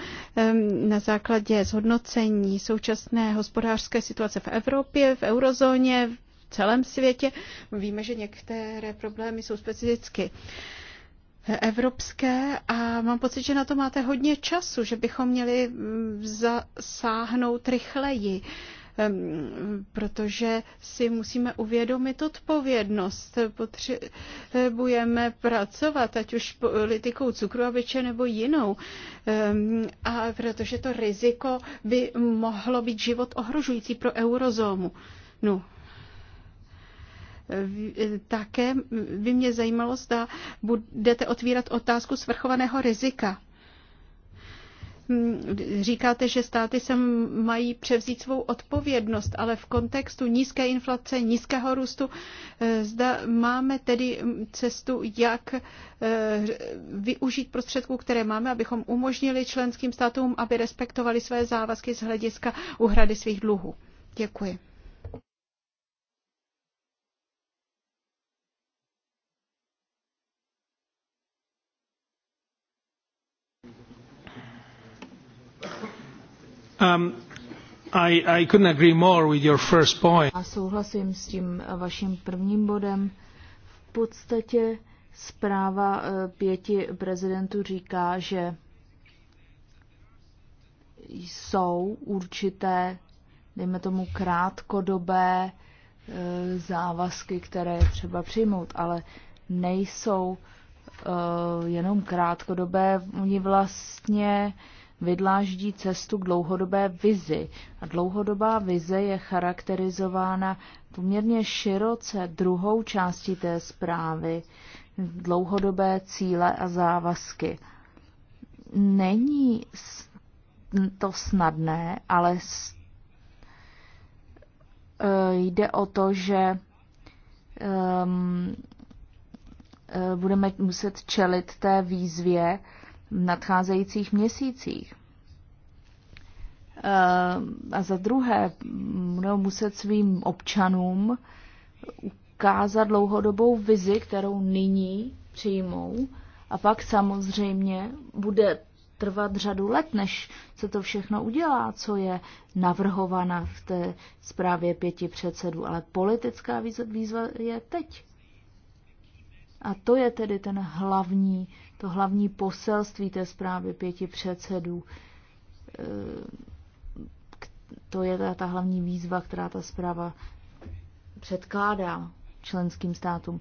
na základě zhodnocení současné hospodářské situace v Evropě, v eurozóně, celém světě. Víme, že některé problémy jsou specificky evropské a mám pocit, že na to máte hodně času, že bychom měli mm, zasáhnout rychleji mm, protože si musíme uvědomit odpovědnost. Potřebujeme pracovat, ať už politikou cukru a byče nebo jinou. Mm, a protože to riziko by mohlo být život ohrožující pro eurozómu. No, také by mě zajímalo, zda budete otvírat otázku svrchovaného rizika říkáte, že státy se mají převzít svou odpovědnost, ale v kontextu nízké inflace, nízkého růstu, eh, zda máme tedy cestu, jak eh, využít prostředků, které máme, abychom umožnili členským státům, aby respektovali své závazky z hlediska uhrady svých dluhů. Děkuji. Um, I, couldn't agree more with your first point. A souhlasím s tím vaším prvním bodem. V podstatě zpráva eh, pěti prezidentů říká, že jsou určité, dejme tomu, krátkodobé eh, závazky, které je třeba přijmout, ale nejsou eh, jenom krátkodobé, oni vlastně vydláždí cestu k dlouhodobé vizi. A dlouhodobá vize je charakterizována poměrně široce druhou částí té zprávy, dlouhodobé cíle a závazky. Není to snadné, ale eh, jde o to, že ehm, eh, budeme muset čelit té výzvě, nadcházejících měsících. Eh, a za druhé, budou muset svým občanům ukázat dlouhodobou vizi, kterou nyní přijmou, a pak samozřejmě bude trvat řadu let, než se to všechno udělá, co je navrhovaná v té zprávě pěti předsedů. Ale politická výzva je teď. A to je tedy ten hlavní, to hlavní poselství té zprávy pěti předsedů. E, to je ta, ta hlavní výzva, která ta zpráva předkládá členským státům.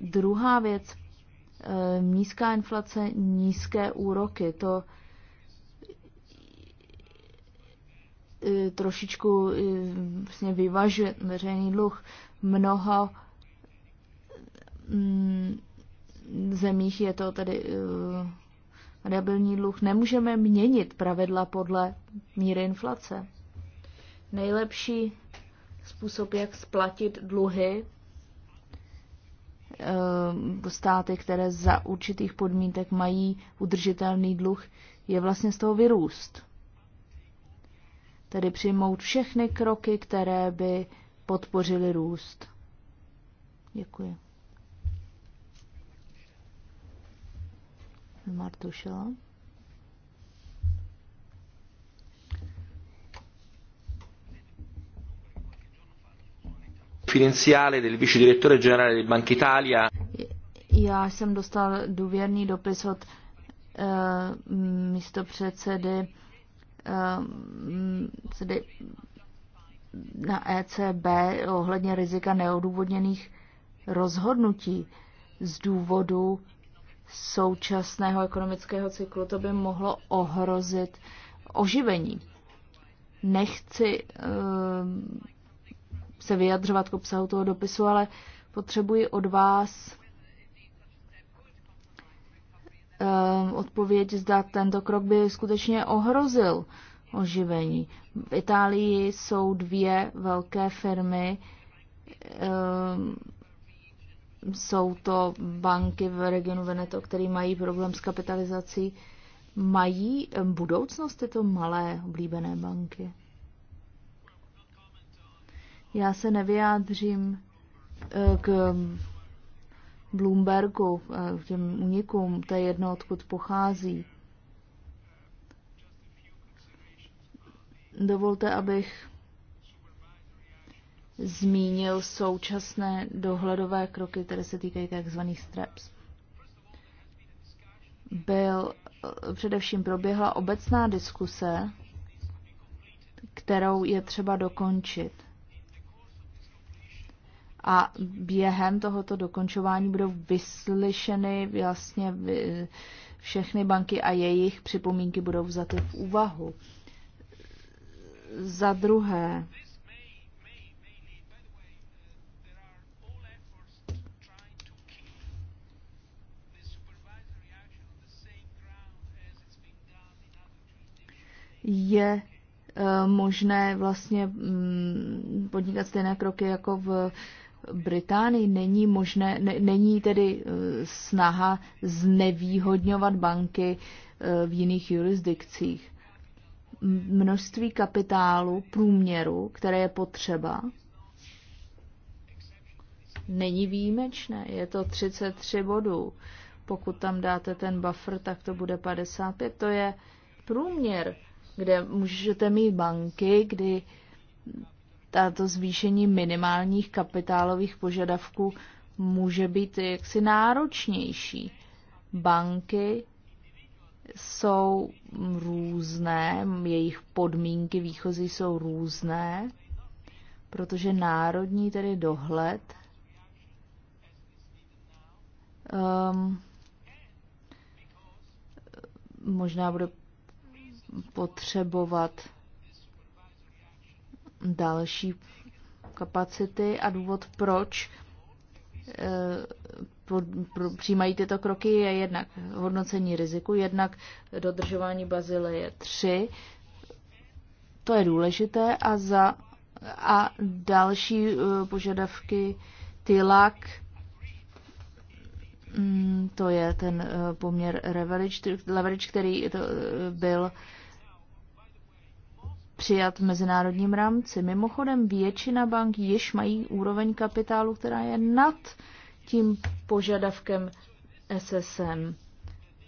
Druhá věc, e, nízká inflace, nízké úroky. To e, trošičku vlastně vyvažuje veřejný dluh. Mnoho Mm, zemích je to tedy eh, variabilní dluh. Nemůžeme měnit pravidla podle míry inflace. Nejlepší způsob, jak splatit dluhy eh, státy, které za určitých podmínek mají udržitelný dluh, je vlastně z toho vyrůst. Tedy přijmout všechny kroky, které by podpořily růst. Děkuji. Martuša. Financiále del vice direttore generale di Banca Italia. Já jsem dostal důvěrný dopis od uh, místopředsedy uh, na ECB ohledně rizika neodůvodněných rozhodnutí z důvodu současného ekonomického cyklu, to by mohlo ohrozit oživení. Nechci ehm, se vyjadřovat k obsahu toho dopisu, ale potřebuji od vás ehm, odpověď, zda tento krok by skutečně ohrozil oživení. V Itálii jsou dvě velké firmy, ehm, jsou to banky v regionu Veneto, které mají problém s kapitalizací. Mají eh, budoucnost tyto malé oblíbené banky? Já se nevyjádřím eh, k mm, Bloombergu, eh, k těm unikům, to je jedno, odkud pochází. Dovolte, abych zmínil současné dohledové kroky, které se týkají tzv. STREPS. Byl, především proběhla obecná diskuse, kterou je třeba dokončit. A během tohoto dokončování budou vyslyšeny vlastně všechny banky a jejich připomínky budou vzaty v úvahu. Za druhé, je eh, možné vlastně mm, podnikat stejné kroky jako v Británii. Není možné, ne, není tedy eh, snaha znevýhodňovat banky eh, v jiných jurisdikcích. Množství kapitálu, průměru, které je potřeba, není výjimečné. Je to 33 bodů. Pokud tam dáte ten buffer, tak to bude 55. To je průměr kde můžete mít banky, kdy tato zvýšení minimálních kapitálových požadavků může být jaksi náročnější. Banky jsou různé, jejich podmínky výchozí jsou různé, protože národní tedy dohled um, možná bude potřebovat další kapacity a důvod, proč eh, přijímají tyto kroky, je jednak hodnocení riziku, jednak dodržování Bazileje 3. To je důležité a, za, a další eh, požadavky TILAK, mm, to je ten eh, poměr leverage, který byl přijat v mezinárodním rámci. Mimochodem většina bank již mají úroveň kapitálu, která je nad tím požadavkem SSM.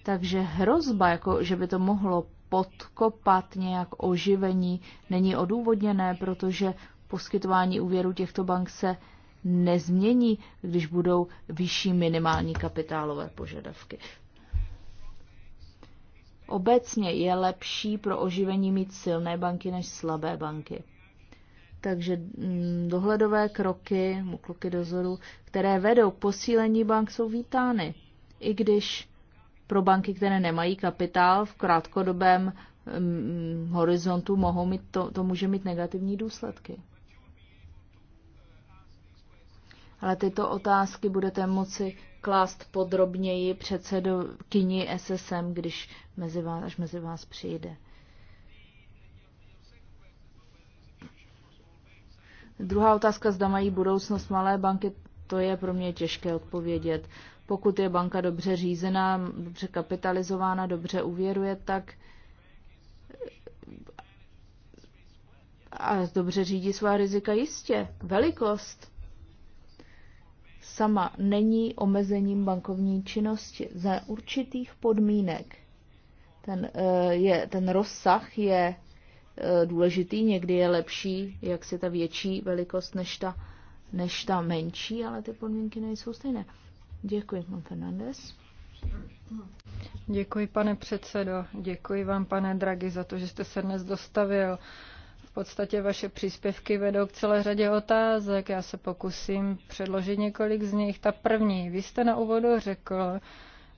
Takže hrozba, jako že by to mohlo podkopat nějak oživení, není odůvodněné, protože poskytování úvěru těchto bank se nezmění, když budou vyšší minimální kapitálové požadavky. Obecně je lepší pro oživení mít silné banky než slabé banky. Takže mm, dohledové kroky, kroky dozoru, které vedou k posílení bank, jsou vítány. I když pro banky, které nemají kapitál, v krátkodobém hm, horizontu mohou mít to, to může mít negativní důsledky. Ale tyto otázky budete moci klást podrobněji předsedokyni SSM, když mezi vás, až mezi vás přijde. Druhá otázka, zda mají budoucnost malé banky, to je pro mě těžké odpovědět. Pokud je banka dobře řízená, dobře kapitalizována, dobře uvěruje, tak a dobře řídí svá rizika jistě. Velikost sama není omezením bankovní činnosti. Za určitých podmínek ten, eh, je, ten rozsah je eh, důležitý, někdy je lepší, jak se ta větší velikost než ta, než ta menší, ale ty podmínky nejsou stejné. Děkuji, pan Fernandez. Děkuji, pane předsedo. Děkuji vám, pane Dragi, za to, že jste se dnes dostavil podstatě vaše příspěvky vedou k celé řadě otázek. Já se pokusím předložit několik z nich. Ta první, vy jste na úvodu řekl,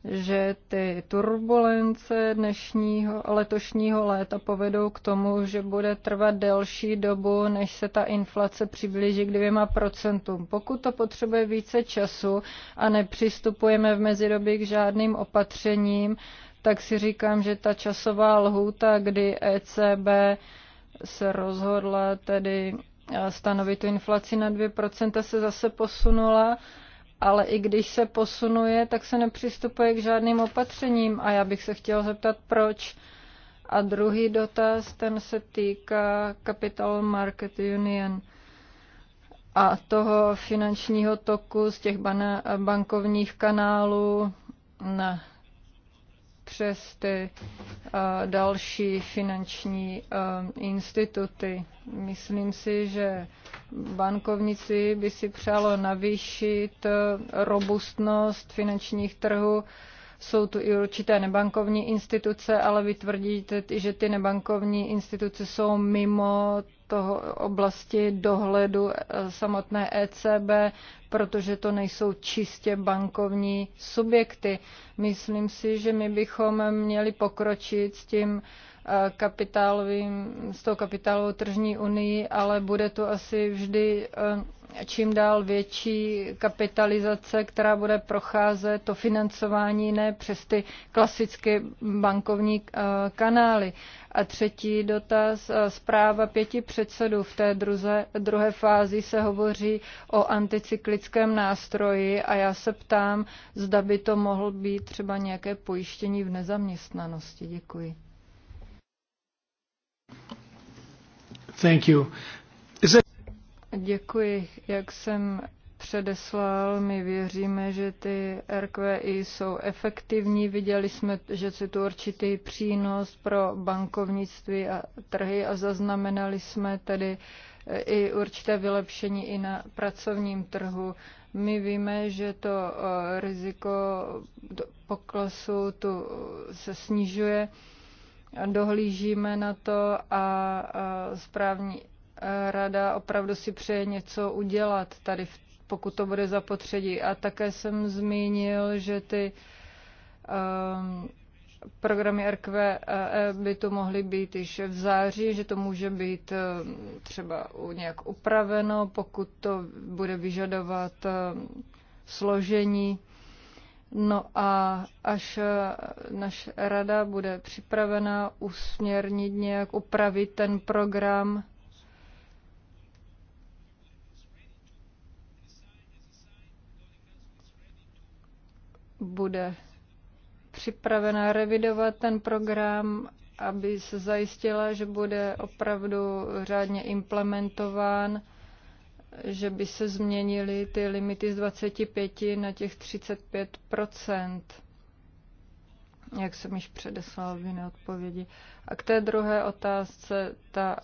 že ty turbulence dnešního letošního léta povedou k tomu, že bude trvat delší dobu, než se ta inflace přiblíží k dvěma procentům. Pokud to potřebuje více času a nepřistupujeme v mezidobí k žádným opatřením, tak si říkám, že ta časová lhůta, kdy ECB se rozhodla tedy eh, stanovit tu inflaci na 2%, se zase posunula, ale i když se posunuje, tak se nepřistupuje k žádným opatřením a já bych se chtěla zeptat, proč. A druhý dotaz, ten se týká Capital Market Union a toho finančního toku z těch bankovních kanálů na přes ty další finanční instituty. Myslím si, že bankovnici by si přálo navýšit robustnost finančních trhů. Jsou tu i určité nebankovní instituce, ale vy tvrdíte, že ty nebankovní instituce jsou mimo toho oblasti dohledu eh, samotné ECB, protože to nejsou čistě bankovní subjekty. Myslím si, že my bychom měli pokročit s tím eh, kapitálovým, s tou kapitálovou tržní unii, ale bude to asi vždy eh, čím dál větší kapitalizace, která bude procházet to financování ne přes ty klasické bankovní eh, kanály. A třetí dotaz, eh, zpráva pěti předsedů v té druze, druhé fázi se hovoří o anticyklickém nástroji a já se ptám, zda by to mohlo být třeba nějaké pojištění v nezaměstnanosti. Děkuji. Thank you. Is it... Děkuji. Jak jsem předeslal, my věříme, že ty RQI jsou efektivní. Viděli jsme, že je tu určitý přínos pro bankovnictví a trhy a zaznamenali jsme tedy eh, i určité vylepšení i na pracovním trhu. My víme, že to eh, riziko poklesu tu eh, se snižuje, dohlížíme na to a správní rada opravdu si přeje něco udělat tady, pokud to bude zapotředí. A také jsem zmínil, že ty um, programy RQE by to mohly být již v září, že to může být ehm, třeba nějak upraveno, pokud to bude vyžadovat ehm, složení. No a až naše rada bude připravena usměrnit nějak, upravit ten program, bude připravena revidovat ten program, aby se zajistila, že bude opravdu řádně implementován, že by se změnily ty limity z 25 na těch 35 jak jsem již předeslal v jiné odpovědi. A k té druhé otázce, ta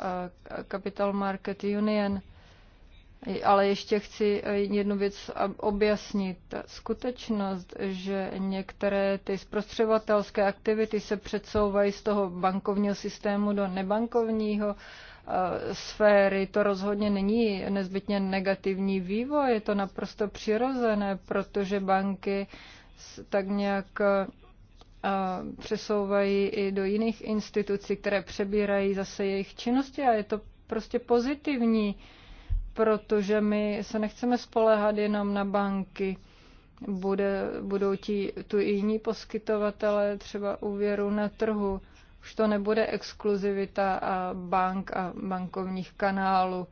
Capital Market Union – ale ještě chci eh, jednu věc objasnit. Skutečnost, že některé ty zprostřebatelské aktivity se předsouvají z toho bankovního systému do nebankovního eh, sféry, to rozhodně není nezbytně negativní vývoj, je to naprosto přirozené, protože banky tak nějak eh, přesouvají i do jiných institucí, které přebírají zase jejich činnosti a je to prostě pozitivní. Uh, protože my se nechceme spolehat jenom na banky. Bude, budou ti tu i jiní poskytovatele třeba úvěru na trhu. Už to nebude exkluzivita a bank a bankovních kanálů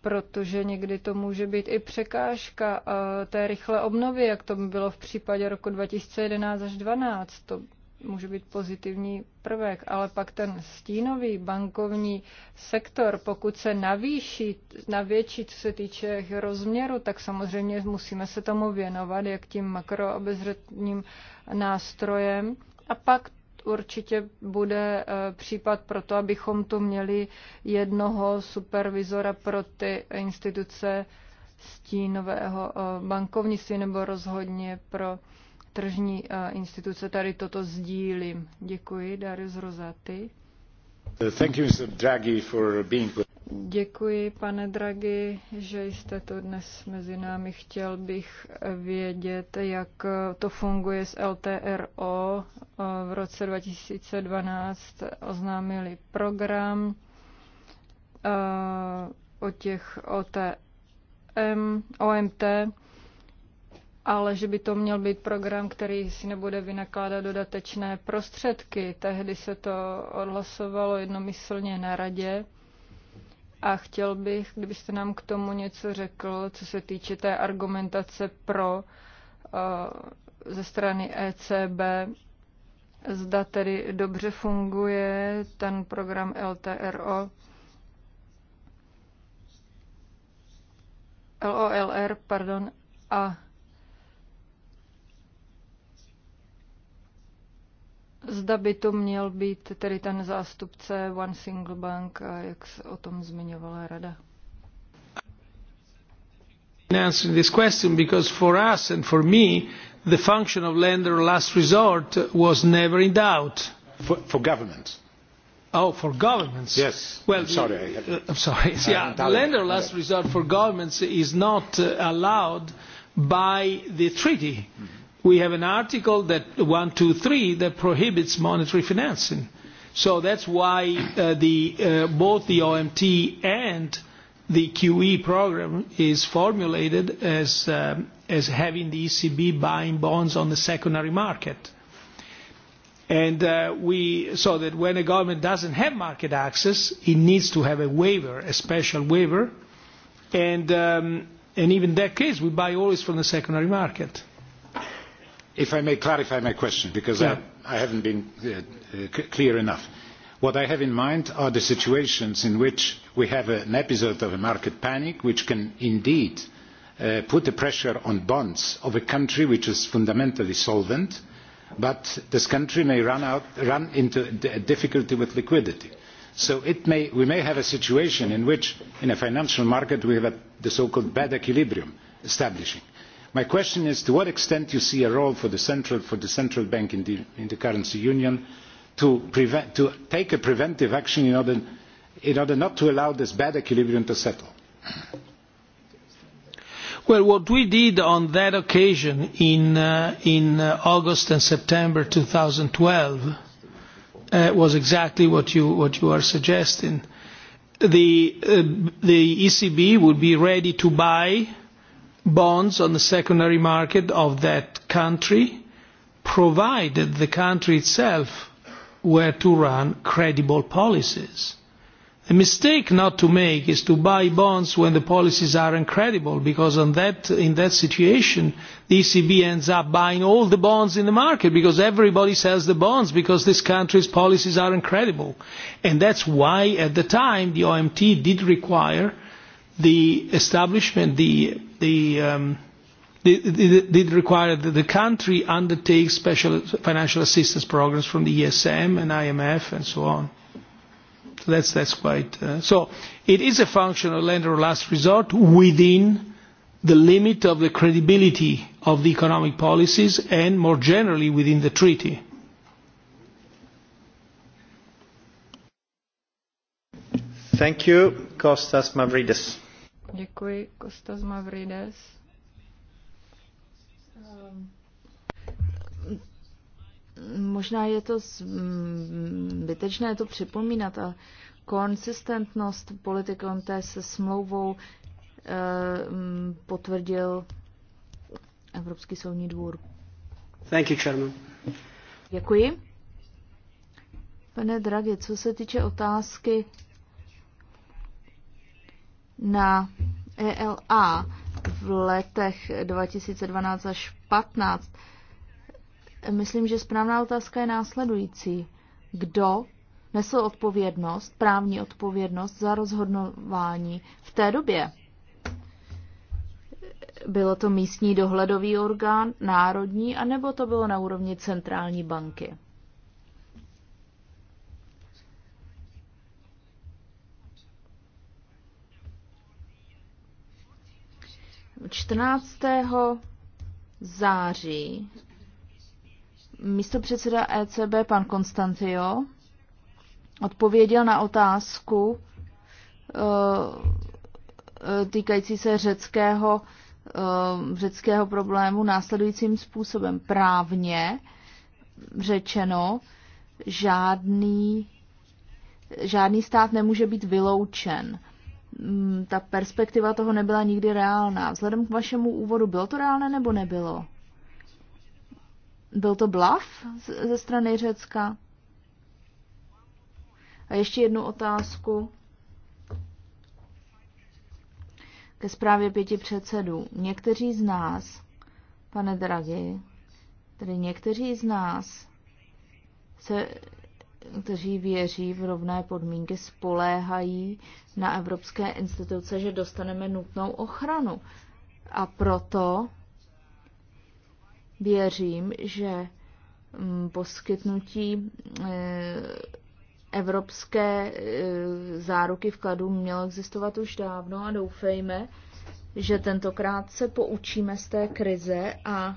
protože někdy to může být i překážka eh, té rychlé obnovy, jak to bylo v případě roku 2011 až 2012. To může být pozitivní prvek, ale pak ten stínový bankovní sektor, pokud se navýší, navětší, co se týče rozměru, tak samozřejmě musíme se tomu věnovat, jak tím makroobezřetním nástrojem. A pak určitě bude eh, případ pro to, abychom tu měli jednoho supervizora pro ty instituce stínového eh, bankovnictví nebo rozhodně pro tržní eh, instituce. Tady toto sdílím. Děkuji, Darius Rosati. Thank you, Mr. Draghi, for being... Děkuji, pane Draghi, že jste to dnes mezi námi. Chtěl bych vědět, jak eh, to funguje s LTRO. Eh, v roce 2012 oznámili program o těch OTM, OMT ale že by to měl být program, který si nebude vynakládat dodatečné prostředky. Tehdy se to odhlasovalo jednomyslně na radě a chtěl bych, kdybyste nám k tomu něco řekl, co se týče té argumentace pro uh, ze strany ECB, zda tedy dobře funguje ten program LTRO. LOLR, pardon, a Zda by to měl být tedy ten zástupce One Single Bank, jak se o tom zmiňovala rada? answering this question because for us and for me the function of lender last resort was never in doubt. For, for governments. Oh, for governments. Yes. Well, I'm sorry. Uh, I'm sorry. I'm yeah, Italian. lender last resort for governments is not uh, allowed by the treaty. Mm -hmm we have an article that 123 that prohibits monetary financing. So that's why uh, the, uh, both the OMT and the QE program is formulated as, um, as having the ECB buying bonds on the secondary market. And uh, we, so that when a government doesn't have market access, it needs to have a waiver, a special waiver. And, um, and even in that case, we buy always from the secondary market if i may clarify my question because i, have not been uh, uh, clear enough what i have in mind are the situations in which we have an episode of a market panic which can indeed uh, put the pressure on bonds of a country which is fundamentally solvent but this country may run, into difficulty with liquidity so we may have a situation in which in a financial market we have the so called bad equilibrium establishing my question is to what extent you see a role for the central, for the central bank in the, currency union to, take a preventive action in order, in order not to allow this bad equilibrium to settle? Well, what we did on that occasion in, uh, in uh, August and September 2012 uh, was exactly what you, what you are suggesting. The, uh, the ECB would be ready to buy bonds on the secondary market of that country, provided the country itself were to run credible policies. The mistake not to make is to buy bonds when the policies are incredible, because on that, in that situation, the ECB ends up buying all the bonds in the market because everybody sells the bonds because this country's policies are incredible. And that's why at the time the OMT did require the establishment, the, the, um, did require that the country undertake special financial assistance programs from the ESM and IMF and so on. So that's, that's quite. Uh, so it is a function of lender of last resort within the limit of the credibility of the economic policies and more generally within the treaty. Thank you, Costas Mavridis. Děkuji, Kostas Mavrides. Um, možná je to zbytečné to připomínat, ale konsistentnost politikon té se smlouvou uh, potvrdil Evropský soudní dvůr. Thank you, Chairman. Děkuji. Pane Dragi, co se týče otázky na ELA v letech 2012 až 2015. Myslím, že správná otázka je následující. Kdo nesl odpovědnost, právní odpovědnost za rozhodování v té době? Bylo to místní dohledový orgán, národní, anebo to bylo na úrovni centrální banky? 14. září místo předseda ECB pan Konstantio odpověděl na otázku eh, eh, týkající se řeckého, eh, řeckého problému následujícím způsobem. Právně řečeno, žádný, žádný stát nemůže být vyloučen. Mm, ta perspektiva toho nebyla nikdy reálná. Vzhledem k vašemu úvodu, bylo to reálné nebo nebylo? Byl to blav ze strany Řecka? A ještě jednu otázku ke zprávě pěti předsedů. Někteří z nás, pane Draghi, tedy někteří z nás se kteří věří v rovné podmínky, spoléhají na evropské instituce, že dostaneme nutnou ochranu. A proto věřím, že mm, poskytnutí e, evropské e, záruky vkladů mělo existovat už dávno a doufejme, že tentokrát se poučíme z té krize a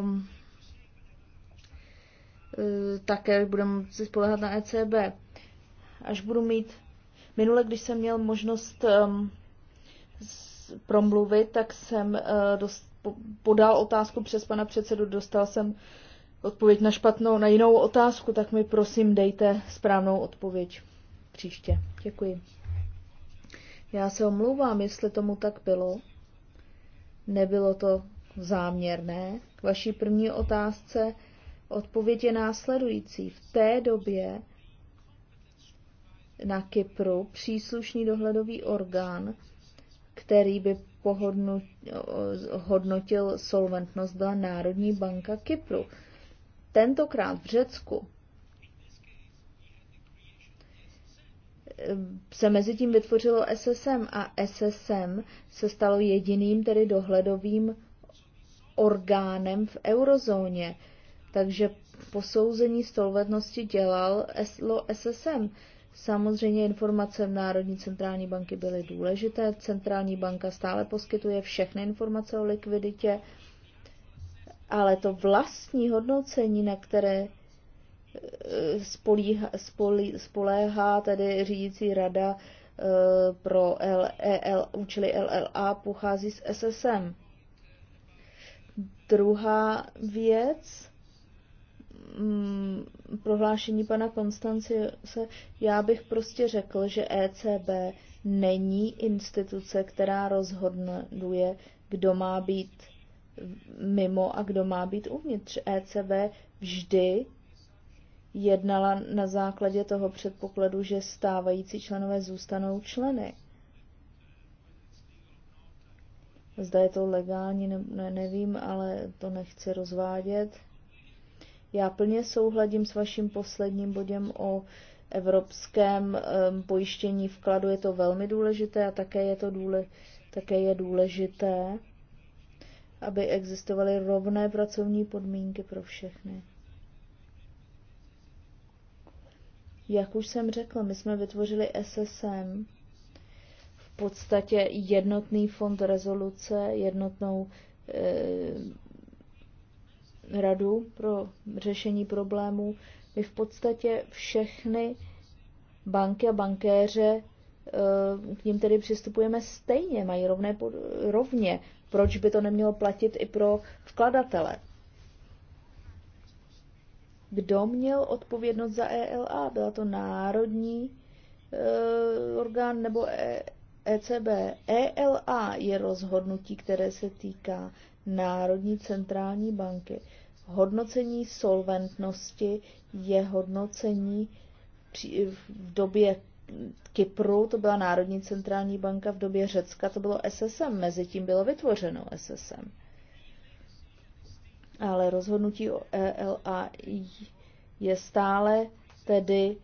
um, Eh, také budeme se spolehat na ECB. Až budu mít, minule, když jsem měl možnost um, promluvit, tak jsem uh, dost, podal otázku přes pana předsedu, dostal jsem odpověď na špatnou, na jinou otázku, tak mi prosím dejte správnou odpověď příště. Děkuji. Já se omlouvám, jestli tomu tak bylo. Nebylo to záměrné. K vaší první otázce Odpověď je následující. V té době na Kypru příslušný dohledový orgán, který by hodnotil solventnost, byla Národní banka Kypru. Tentokrát v Řecku se mezi tím vytvořilo SSM a SSM se stalo jediným tedy dohledovým orgánem v eurozóně. Takže posouzení solventnosti dělal SSM. Samozřejmě informace v Národní centrální banky byly důležité. Centrální banka stále poskytuje všechny informace o likviditě, ale to vlastní hodnocení, na které e, spolíha, spolí, spoléhá tedy řídící rada e, pro LEL EL, účely LLA, pochází z SSM. Druhá věc, Mm, prohlášení pana se, já bych prostě řekl, že ECB není instituce, která rozhoduje, kdo má být mimo a kdo má být uvnitř. ECB vždy jednala na základě toho předpokladu, že stávající členové zůstanou členy. Zda je to legální, ne, nevím, ale to nechci rozvádět. Já plně souhladím s vaším posledním bodem o evropském ehm, pojištění vkladu. Je to velmi důležité a také je, to důle, také je důležité, aby existovaly rovné pracovní podmínky pro všechny. Jak už jsem řekla, my jsme vytvořili SSM, v podstatě jednotný fond rezoluce, jednotnou ehm, radu pro řešení problémů. My v podstatě všechny banky a bankéře eh, k ním tedy přistupujeme stejně, mají rovné, rovně. Proč by to nemělo platit i pro vkladatele? Kdo měl odpovědnost za ELA? Byla to národní e, orgán nebo e, ECB? ELA je rozhodnutí, které se týká Národní centrální banky. Hodnocení solventnosti je hodnocení v době Kypru, to byla Národní centrální banka, v době Řecka to bylo SSM, mezi tím bylo vytvořeno SSM. Ale rozhodnutí o ELA je stále tedy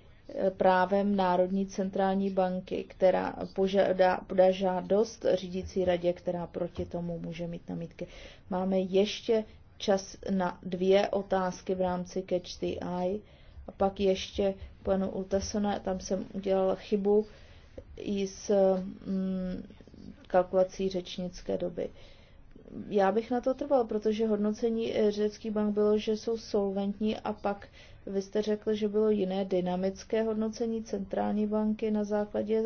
právem Národní centrální banky, která požádá, podá žádost řídící radě, která proti tomu může mít namítky. Máme ještě čas na dvě otázky v rámci Catch the Eye a pak ještě panu Ultasona, tam jsem udělala chybu i s mm, kalkulací řečnické doby. Uh, já bych na to trval, protože hodnocení eh, řeckých bank bylo, že jsou solventní a pak vy jste řekl, že bylo jiné dynamické hodnocení centrální banky na základě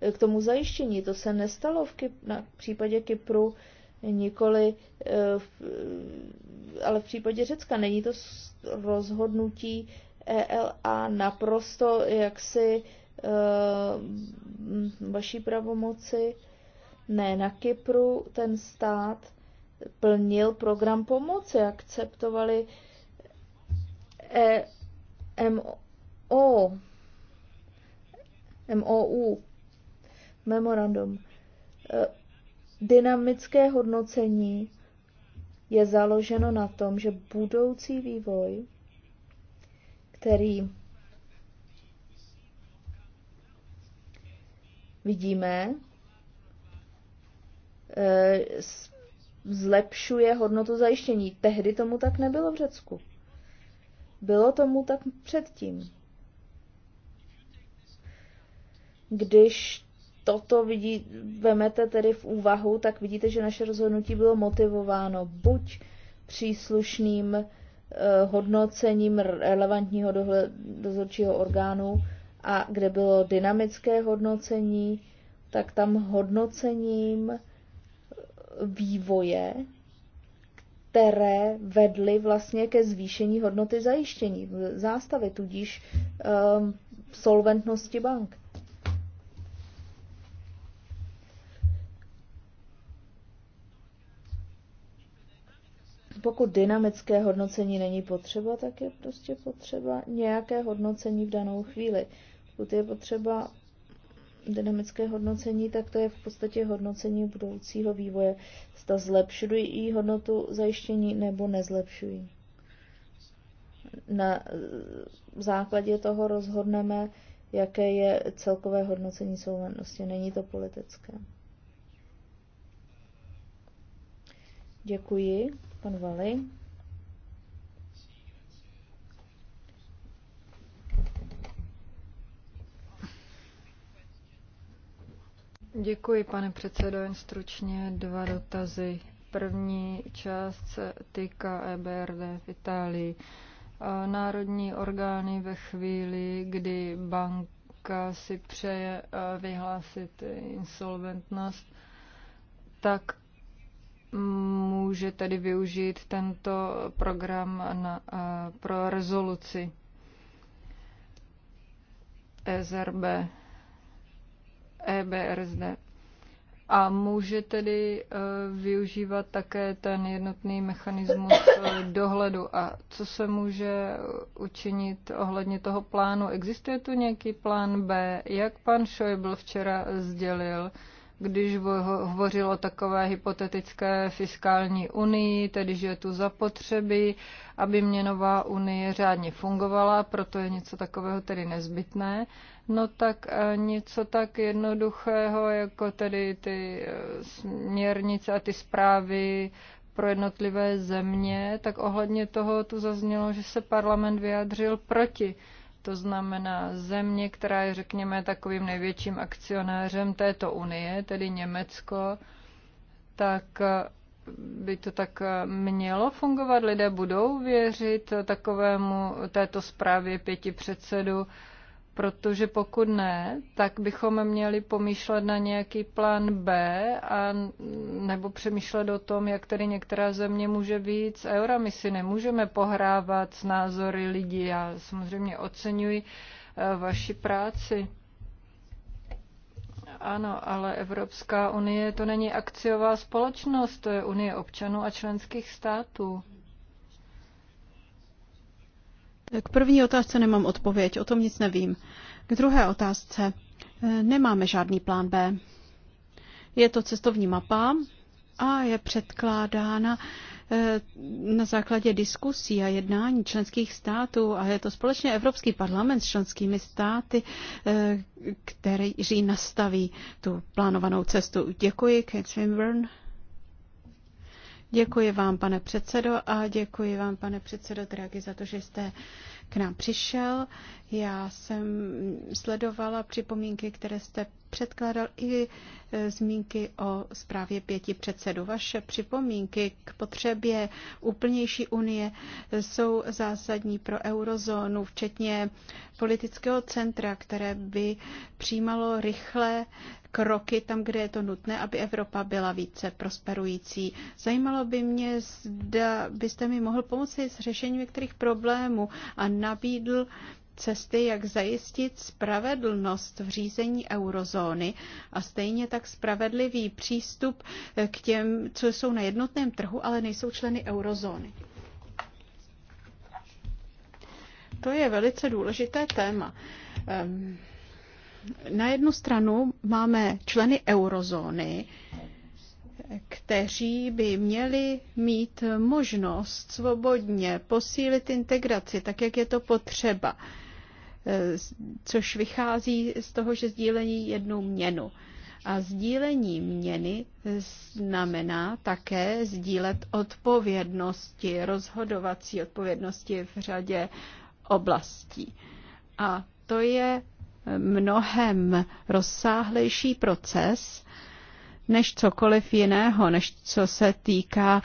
eh, k tomu zajištění. To se nestalo v Kyp- na v případě Kypru nikoli, eh, ale v případě Řecka. Není to rozhodnutí ELA naprosto jaksi vaší pravomoci. Ne, na Kypru ten stát plnil program pomoci, akceptovali e, MO, MOU, memorandum. E, dynamické hodnocení je založeno na tom, že budoucí vývoj, který vidíme, E, zlepšuje hodnotu zajištění. Tehdy tomu tak nebylo v Řecku. Bylo tomu tak předtím. Když toto vidí, vemete tedy v úvahu, tak vidíte, že naše rozhodnutí bylo motivováno buď příslušným eh, hodnocením relevantního dohled, dozorčího orgánu a kde bylo dynamické hodnocení, tak tam hodnocením vývoje, které vedly vlastně ke zvýšení hodnoty zajištění v zástavy, tudíž um, solventnosti bank. Pokud dynamické hodnocení není potřeba, tak je prostě potřeba nějaké hodnocení v danou chvíli. Pokud je potřeba dynamické hodnocení, tak to je v podstatě hodnocení budoucího vývoje. Zda zlepšují i hodnotu zajištění nebo nezlepšují. Na základě toho rozhodneme, jaké je celkové hodnocení souvenosti. Není to politické. Děkuji, pan Vali. Děkuji, pane předsedo, jen stručně dva dotazy. První část se týká EBRD v Itálii. Národní orgány ve chvíli, kdy banka si přeje vyhlásit insolventnost, tak může tedy využít tento program na, pro rezoluci SRB. E EBRD. A může tedy e, využívat také ten jednotný mechanismus e, dohledu. A co se může učinit ohledně toho plánu? Existuje tu nějaký plán B? Jak pan Schäuble včera sdělil, když hovořil o takové hypotetické fiskální unii, tedy že je tu zapotřebí, aby měnová unie řádně fungovala, proto je něco takového tedy nezbytné, no tak e, něco tak jednoduchého, jako tedy ty e, směrnice a ty zprávy pro jednotlivé země, tak ohledně toho tu zaznělo, že se parlament vyjádřil proti to znamená země, která je, řekněme, takovým největším akcionářem této unie, tedy Německo, tak eh, by to tak eh, mělo fungovat. Lidé budou věřit takovému této zprávě pěti předsedů protože pokud ne, tak bychom měli pomýšlet na nějaký plán B a nebo přemýšlet o tom, jak tedy některá země může být z eura. My si nemůžeme pohrávat s názory lidí. Já samozřejmě oceňuji eh, vaši práci. Ano, ale Evropská unie to není akciová společnost, to je unie občanů a členských států. K první otázce nemám odpověď, o tom nic nevím. K druhé otázce eh, nemáme žádný plán B. Je to cestovní mapa a je předkládána eh, na základě diskusí a jednání členských států a je to společně Evropský parlament s členskými státy, eh, který nastaví tu plánovanou cestu. Děkuji, Kate Swinburne. Děkuji vám, pane předsedo, a děkuji vám, pane předsedo Draghi, za to, že jste k nám přišel. Já jsem sledovala připomínky, které jste předkládal i e, zmínky o zprávě pěti předsedů. Vaše připomínky k potřebě úplnější unie jsou zásadní pro eurozónu, včetně politického centra, které by přijímalo rychle kroky tam, kde je to nutné, aby Evropa byla více prosperující. Zajímalo by mě, zda byste mi mohl pomoci s řešením některých problémů a nabídl cesty, jak zajistit spravedlnost v řízení eurozóny a stejně tak spravedlivý přístup k těm, co jsou na jednotném trhu, ale nejsou členy eurozóny. To je velice důležité téma. Ehm, na jednu stranu máme členy eurozóny, kteří by měli mít možnost svobodně posílit integraci, tak jak je to potřeba, e, což vychází z toho, že sdílení jednu měnu. A sdílení měny znamená také sdílet odpovědnosti, rozhodovací odpovědnosti v řadě oblastí. A to je mnohem rozsáhlejší proces, než cokoliv jiného, než co se týká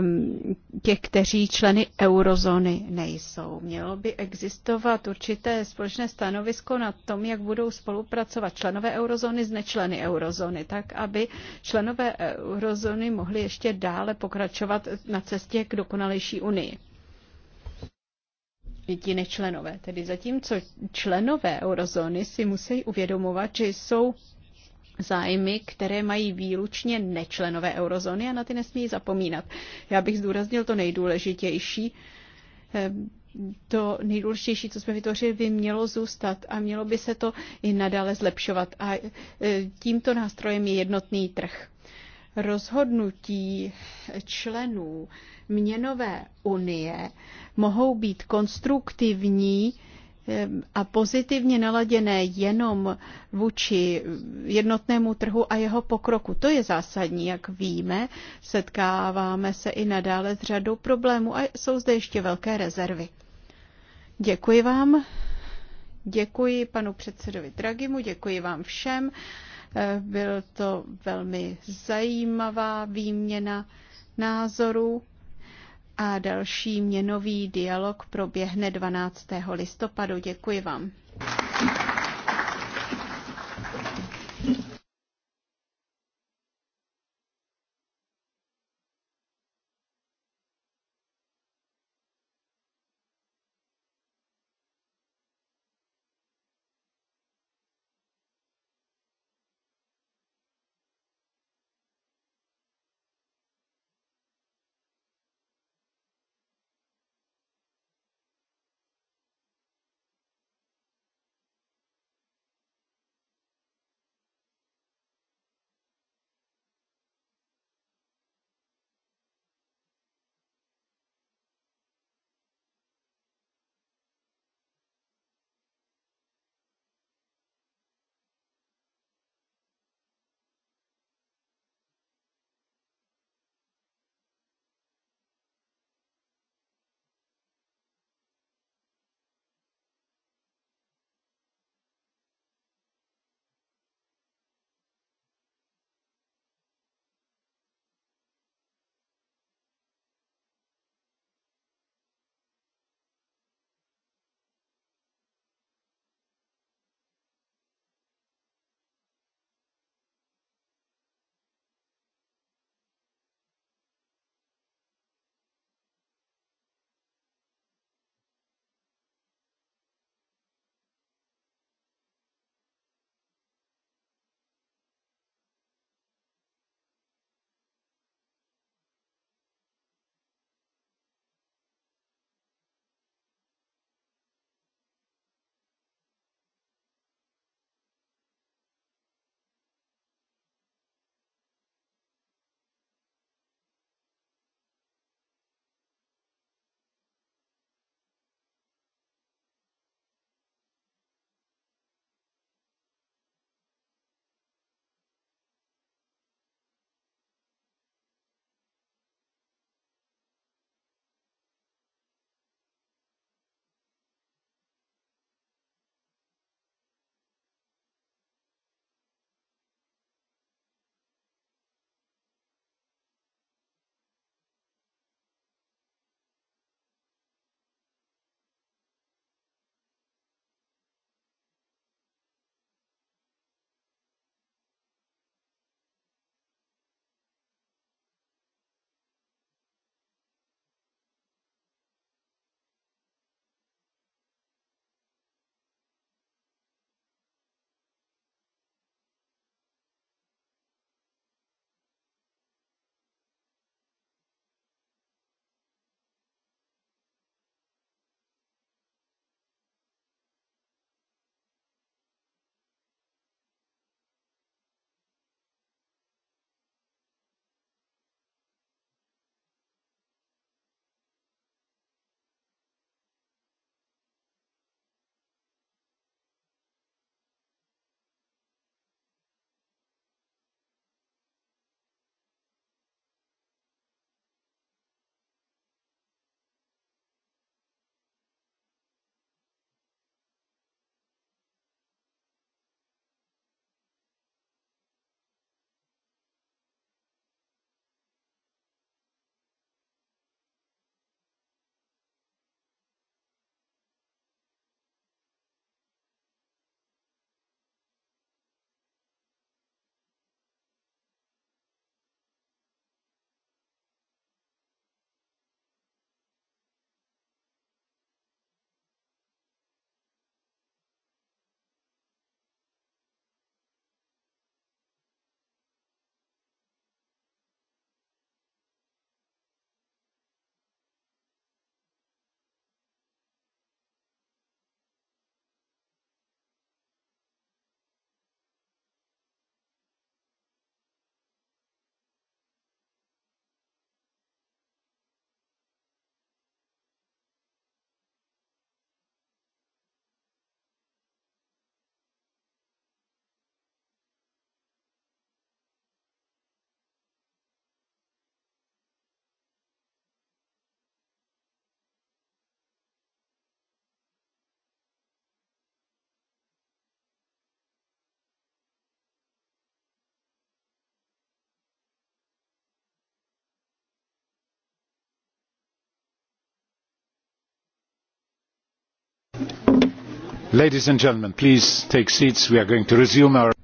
um, těch, kteří členy eurozóny nejsou. Mělo by existovat určité společné stanovisko na tom, jak budou spolupracovat členové eurozóny s nečleny eurozóny, tak aby členové eurozóny mohli ještě dále pokračovat na cestě k dokonalejší unii ti nečlenové. Tedy zatímco členové eurozóny si musí uvědomovat, že jsou zájmy, které mají výlučně nečlenové eurozóny a na ty nesmí zapomínat. Já bych zdůraznil to nejdůležitější. Ehm, to nejdůležitější, co jsme vytvořili, by mělo zůstat a mělo by se to i nadále zlepšovat. A e, tímto nástrojem je jednotný trh. Rozhodnutí členů měnové unie mohou být konstruktivní Ehm, a pozitivně naladěné jenom vůči jednotnému trhu a jeho pokroku. To je zásadní, jak víme. Setkáváme se i nadále s řadou problémů a jsou zde ještě velké rezervy. Děkuji vám. Děkuji panu předsedovi Dragimu, děkuji vám všem. Ehm, byl to velmi zajímavá výměna názorů a další měnový dialog proběhne 12. listopadu. Děkuji vám.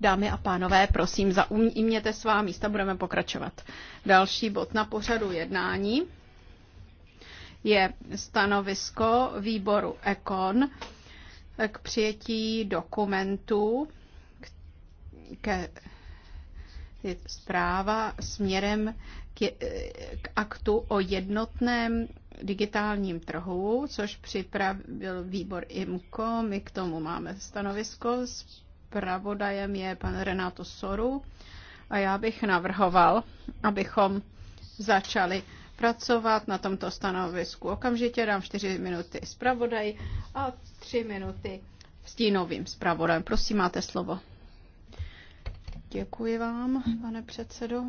Dámy a pánové, prosím, zaujměte svá místa, budeme pokračovat. Další bod na pořadu jednání je stanovisko výboru ECON k přijetí dokumentu ke zpráva směrem k aktu o jednotném digitálním trhu, což připravil výbor IMCO. My k tomu máme stanovisko. Spravodajem je pan Renato Soru. A já bych navrhoval, abychom začali pracovat na tomto stanovisku. Okamžitě dám 4 minuty zpravodaj a 3 minuty stínovým zpravodajem. Prosím, máte slovo. Děkuji vám, pane předsedo.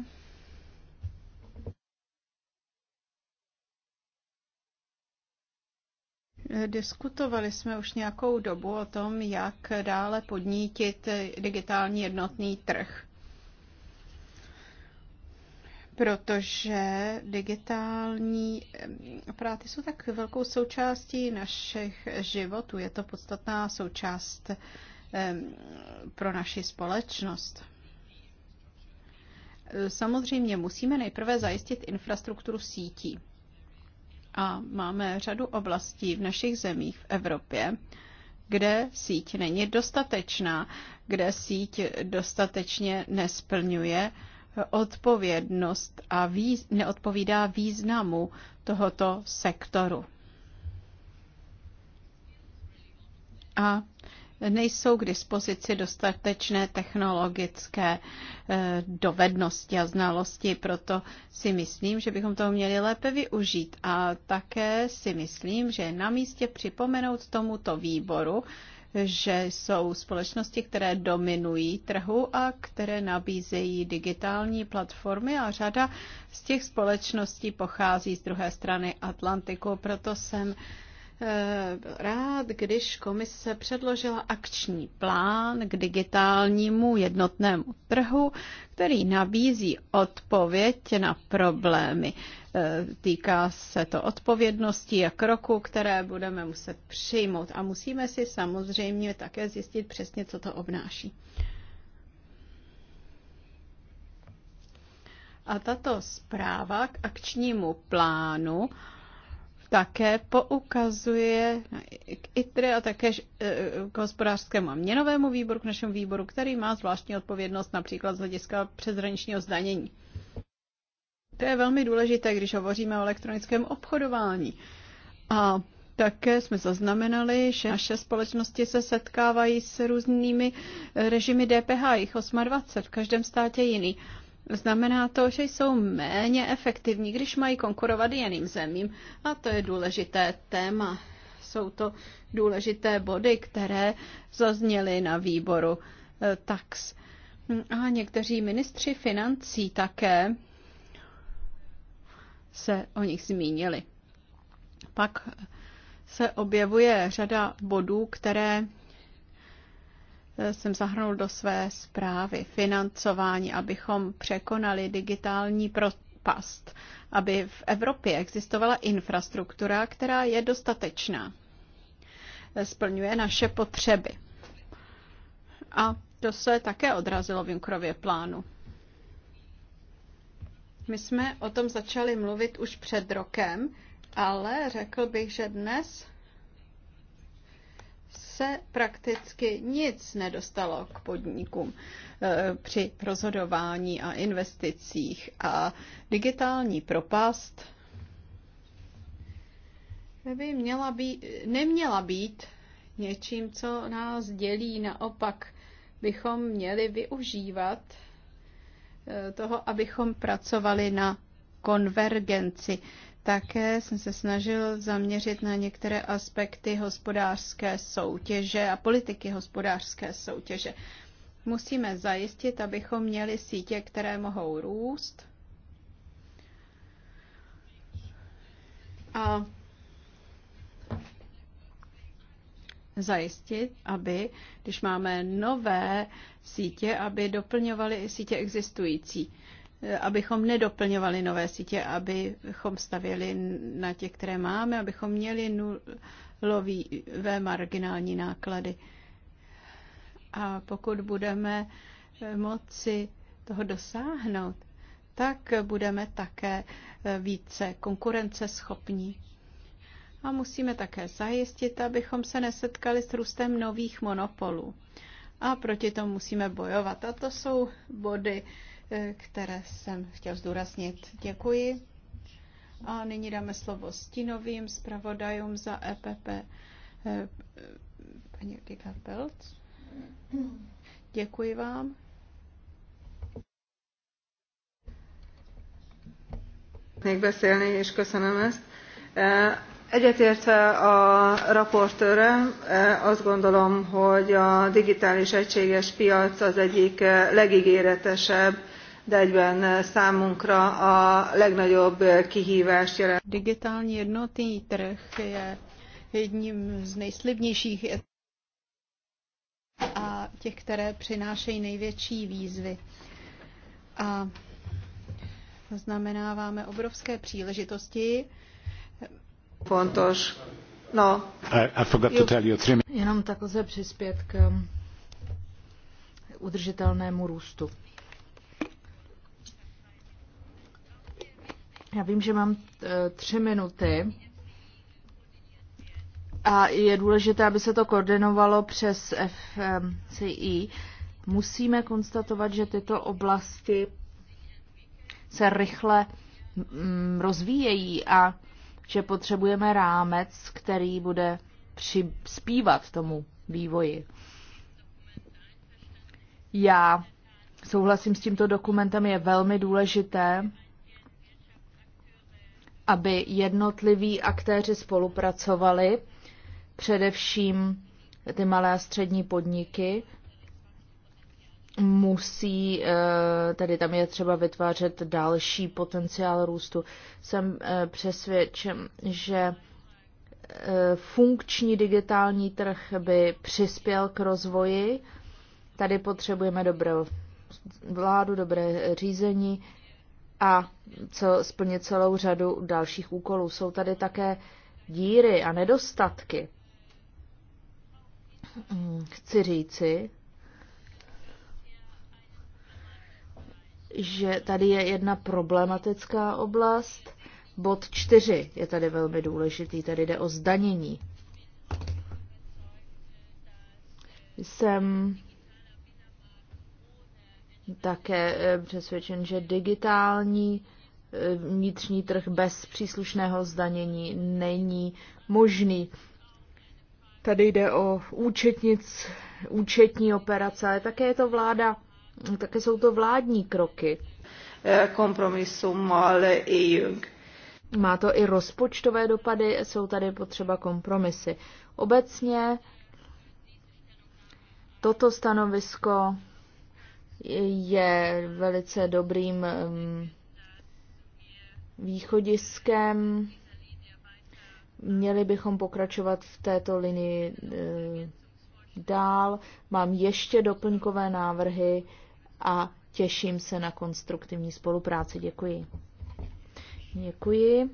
Diskutovali jsme už nějakou dobu o tom, jak dále podnítit digitální jednotný trh. Protože digitální eh, práty jsou tak velkou součástí našich životů. Je to podstatná součást eh, pro naši společnost. Samozřejmě musíme nejprve zajistit infrastrukturu sítí. A máme řadu oblastí v našich zemích v Evropě, kde síť není dostatečná, kde síť dostatečně nesplňuje odpovědnost a výz- neodpovídá významu tohoto sektoru. A nejsou k dispozici dostatečné technologické eh, dovednosti a znalosti, proto si myslím, že bychom toho měli lépe využít. A také si myslím, že je na místě připomenout tomuto výboru, že jsou společnosti, které dominují trhu a které nabízejí digitální platformy a řada z těch společností pochází z druhé strany Atlantiku. Proto jsem Eh, rád, když komise předložila akční plán k digitálnímu jednotnému trhu, který nabízí odpověď na problémy. Eh, týká se to odpovědnosti a kroku, které budeme muset přijmout. A musíme si samozřejmě také zjistit přesně, co to obnáší. A tato zpráva k akčnímu plánu také poukazuje k ITRE a také eh, k hospodářskému a měnovému výboru, k našemu výboru, který má zvláštní odpovědnost například z hlediska přezraničního zdanění. To je velmi důležité, když hovoříme o elektronickém obchodování. A také jsme zaznamenali, že naše společnosti se setkávají s různými režimy DPH, jich 28, v každém státě jiný. Znamená to, že jsou méně efektivní, když mají konkurovat jiným zemím. A to je důležité téma. Jsou to důležité body, které zazněly na výboru eh, tax. A někteří ministři financí také se o nich zmínili. Pak se objevuje řada bodů, které Eh, jsem zahrnul do své zprávy financování, abychom překonali digitální propast, aby v Evropě existovala infrastruktura, která je dostatečná, eh, splňuje naše potřeby. A to se také odrazilo v Junkrově plánu. My jsme o tom začali mluvit už před rokem, ale řekl bych, že dnes se prakticky nic nedostalo k podnikům eh, při rozhodování a investicích a digitální propast by měla být, neměla být něčím, co nás dělí. Naopak bychom měli využívat eh, toho, abychom pracovali na konvergenci také jsem se snažil zaměřit na některé aspekty hospodářské soutěže a politiky hospodářské soutěže. Musíme zajistit, abychom měli sítě, které mohou růst. A zajistit, aby, když máme nové sítě, aby doplňovaly i sítě existující abychom nedoplňovali nové sítě, abychom stavěli na těch, které máme, abychom měli nulové marginální náklady. A pokud budeme moci toho dosáhnout, tak budeme také více konkurenceschopní. A musíme také zajistit, abychom se nesetkali s růstem nových monopolů. A proti tomu musíme bojovat. A to jsou body, které jsem chtěl zdůraznit. Děkuji. A nyní dáme slovo stínovým zpravodajům za EPP. Eh, paní Rika Pelc. Děkuji vám. még beszélni, és köszönöm ezt. Eh, Egyetértve eh, a raportőre, azt gondolom, hogy a digitális egységes piac az egyik legígéretesebb de egyben eh, számunkra a legnagyobb eh, kihívást jelent. Digitální jednotný trh je jedním z nejslibnějších a těch, které přinášejí největší výzvy. A znamenáváme obrovské příležitosti. Fontos. No. I, I forgot to tell you three... Jenom tak lze přispět k udržitelnému růstu. Já vím, že mám e, tři minuty a je důležité, aby se to koordinovalo přes FCI. Musíme konstatovat, že tyto oblasti se rychle mm, rozvíjejí a že potřebujeme rámec, který bude přispívat tomu vývoji. Já souhlasím s tímto dokumentem, je velmi důležité, aby jednotliví aktéři spolupracovali, především ty malé a střední podniky, musí, eh, tedy tam je třeba vytvářet další potenciál růstu. Jsem eh, přesvědčen, že eh, funkční digitální trh by přispěl k rozvoji. Tady potřebujeme dobrou vládu, dobré řízení, a co, splnit celou řadu dalších úkolů. Jsou tady také díry a nedostatky. Hmm, chci říci, že tady je jedna problematická oblast. Bod čtyři je tady velmi důležitý, tady jde o zdanění. Jsem také eh, přesvědčen, že digitální eh, vnitřní trh bez příslušného zdanění není možný. Tady jde o účetnic, účetní operace, ale také je to vláda, také jsou to vládní kroky. Eh, kompromisu ale i jung. Má to i rozpočtové dopady, jsou tady potřeba kompromisy. Obecně toto stanovisko je velice dobrým um, východiskem. Měli bychom pokračovat v této linii uh, dál. Mám ještě doplňkové návrhy a těším se na konstruktivní spolupráci. Děkuji. Děkuji.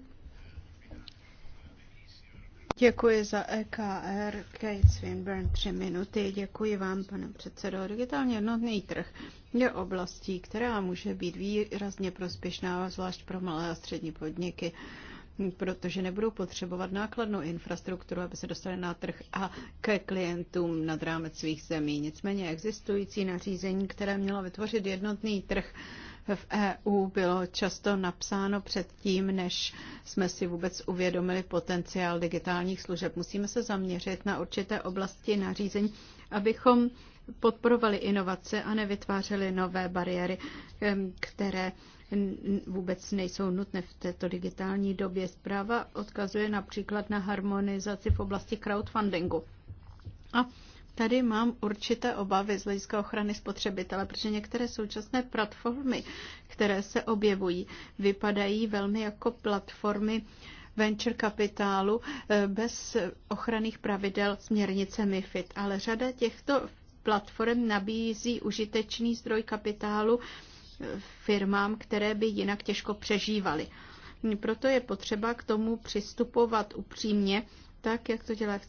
Děkuji za EKR. Kate Swinburne, tři minuty. Děkuji vám, pane předsedo. Digitálně jednotný trh je oblastí, která může být výrazně prospěšná, zvlášť pro malé a střední podniky protože nebudou potřebovat nákladnou infrastrukturu, aby se dostali na trh a ke klientům nad rámec svých zemí. Nicméně existující nařízení, které mělo vytvořit jednotný trh, v EU bylo často napsáno předtím, než jsme si vůbec uvědomili potenciál digitálních služeb. Musíme se zaměřit na určité oblasti nařízení, abychom podporovali inovace a nevytvářeli nové bariéry, které vůbec nejsou nutné v této digitální době. Zpráva odkazuje například na harmonizaci v oblasti crowdfundingu. A Tady mám určité obavy z hlediska ochrany spotřebitele, protože některé současné platformy, které se objevují, vypadají velmi jako platformy venture kapitálu eh, bez ochranných pravidel směrnice MIFID. Ale řada těchto platform nabízí užitečný zdroj kapitálu eh, firmám, které by jinak těžko přežívaly. Proto je potřeba k tomu přistupovat upřímně, tak jak to dělá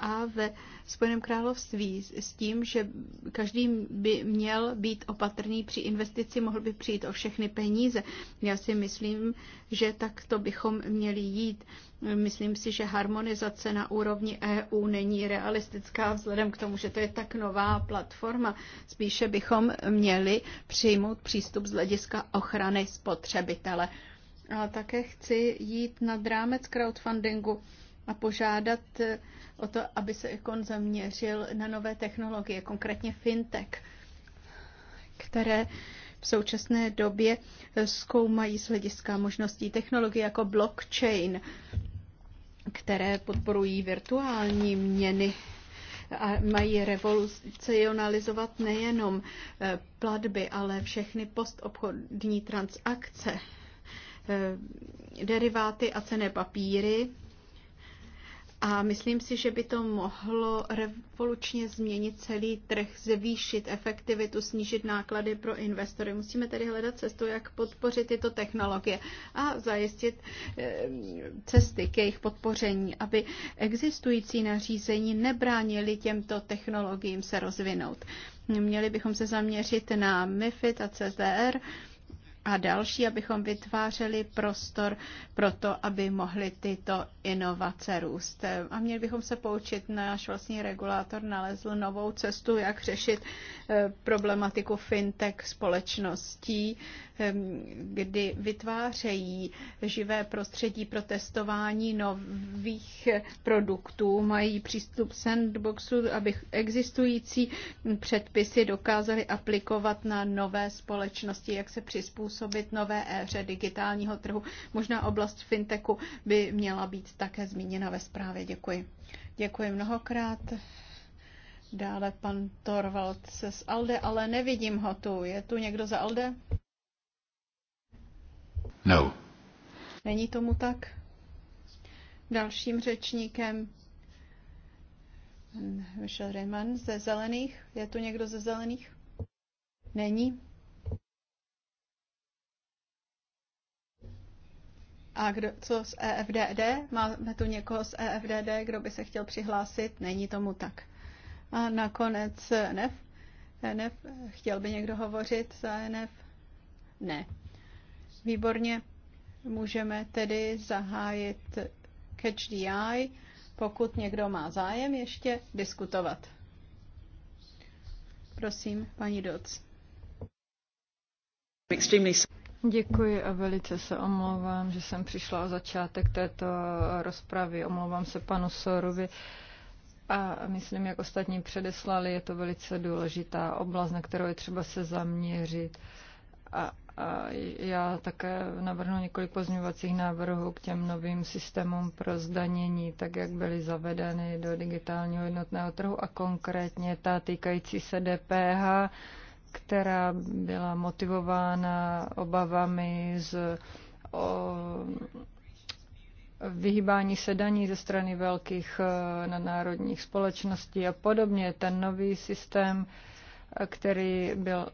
a ve Spojeném království s tím, že každý by měl být opatrný při investici, mohl by přijít o všechny peníze. Já si myslím, že tak to bychom měli jít. Myslím si, že harmonizace na úrovni EU není realistická vzhledem k tomu, že to je tak nová platforma. Spíše bychom měli přijmout přístup z hlediska ochrany spotřebitele. A také chci jít nad rámec crowdfundingu a požádat o to, aby se Ekon zaměřil na nové technologie, konkrétně fintech, které v současné době zkoumají z hlediska možností technologie jako blockchain, které podporují virtuální měny a mají revolucionalizovat nejenom eh, platby, ale všechny postobchodní transakce, eh, deriváty a cené papíry a myslím si, že by to mohlo revolučně změnit celý trh, zvýšit efektivitu, snížit náklady pro investory. Musíme tedy hledat cestu, jak podpořit tyto technologie a zajistit eh, cesty k jejich podpoření, aby existující nařízení nebránili těmto technologiím se rozvinout. Měli bychom se zaměřit na MIFID a CZR, a další, abychom vytvářeli prostor pro to, aby mohly tyto inovace růst. A měli bychom se poučit, náš vlastní regulátor nalezl novou cestu, jak řešit eh, problematiku fintech společností, eh, kdy vytvářejí živé prostředí pro testování nových produktů, mají přístup sandboxu, aby existující předpisy dokázali aplikovat na nové společnosti, jak se přizpůsobit přizpůsobit nové éře digitálního trhu. Možná oblast fintechu by měla být také zmíněna ve zprávě. Děkuji. Děkuji mnohokrát. Dále pan Torvald se z Alde, ale nevidím ho tu. Je tu někdo za Alde? No. Není tomu tak? Dalším řečníkem Michel Rehman ze Zelených. Je tu někdo ze Zelených? Není. A kdo, co z EFDD? Máme tu někoho z EFDD, kdo by se chtěl přihlásit? Není tomu tak. A nakonec NF. E NF. E chtěl by někdo hovořit za NF? E ne. Výborně. Můžeme tedy zahájit Catch the Eye, pokud někdo má zájem ještě diskutovat. Prosím, paní Doc. Extremely Děkuji a velice se omlouvám, že jsem přišla o začátek této rozpravy. Omlouvám se panu Sorovi. A myslím, jak ostatní předeslali, je to velice důležitá oblast, na kterou je třeba se zaměřit. A, a já také navrhnu několik pozměňovacích návrhů k těm novým systémům pro zdanění, tak jak byly zavedeny do digitálního jednotného trhu a konkrétně ta týkající se DPH která byla motivována obavami z o, vyhýbání se daní ze strany velkých eh, nadnárodních společností a podobně. Ten nový systém, eh, který byl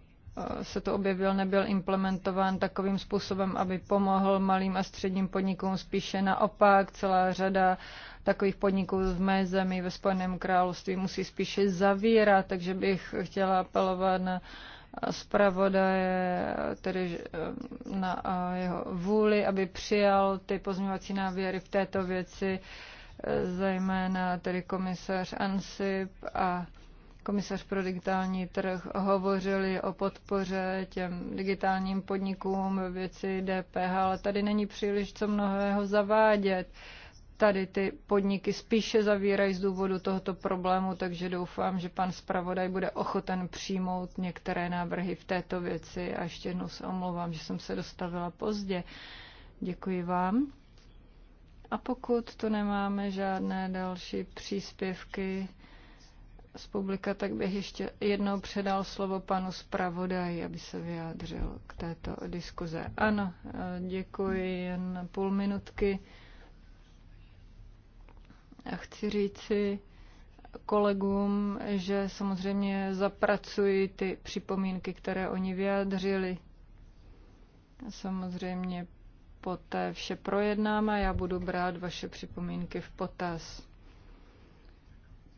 se to objevil, nebyl implementován takovým způsobem, aby pomohl malým a středním podnikům. Spíše naopak, celá řada takových podniků v mé zemi ve Spojeném království musí spíše zavírat, takže bych chtěla apelovat na zpravodaje, tedy eh, na eh, jeho vůli, aby přijal ty pozměňovací návěry v této věci, eh, zejména tedy komisař Ansip a komisař pro digitální trh, hovořili o podpoře těm digitálním podnikům ve věci DPH, ale tady není příliš co mnohého zavádět. Tady ty podniky spíše zavírají z důvodu tohoto problému, takže doufám, že pan zpravodaj bude ochoten přijmout některé návrhy v této věci. A ještě jednou se omlouvám, že jsem se dostavila pozdě. Děkuji vám. A pokud tu nemáme žádné další příspěvky, z publika, tak bych ještě jednou předal slovo panu zpravodaji, aby se vyjádřil k této diskuze. Ano, eh, děkuji, jen půl minutky. A chci říci kolegům, že samozřejmě zapracuji ty připomínky, které oni vyjádřili. Samozřejmě poté vše projednáme a já budu brát vaše připomínky v potaz.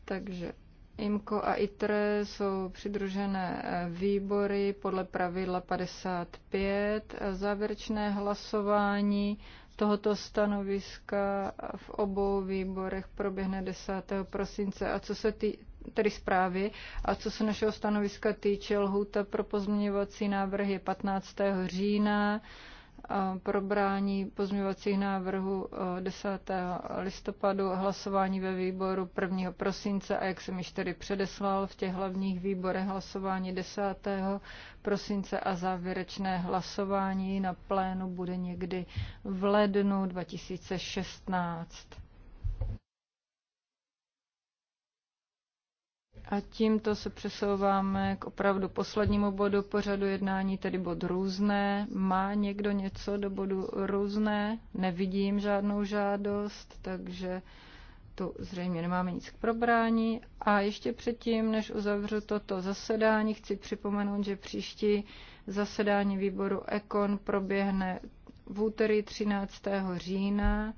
Takže IMCO a ITRE jsou přidružené eh, výbory podle pravidla 55. Závěrečné hlasování tohoto stanoviska v obou výborech proběhne 10. prosince. A co se ty tedy zprávy, a co se našeho stanoviska týče, lhůta pro pozměňovací návrh je 15. října probrání pozměňovacích návrhů 10. E, listopadu, hlasování ve výboru 1. prosince a jak jsem již tedy předeslal, v těch hlavních výborech hlasování 10. prosince a závěrečné hlasování na plénu bude někdy v lednu 2016. A tímto se přesouváme k opravdu poslednímu bodu pořadu jednání, tedy bod různé. Má někdo něco do bodu různé? Nevidím žádnou žádost, takže tu zřejmě nemáme nic k probrání. A ještě předtím, než uzavřu toto zasedání, chci připomenout, že příští zasedání výboru EKON proběhne v úterý 13. října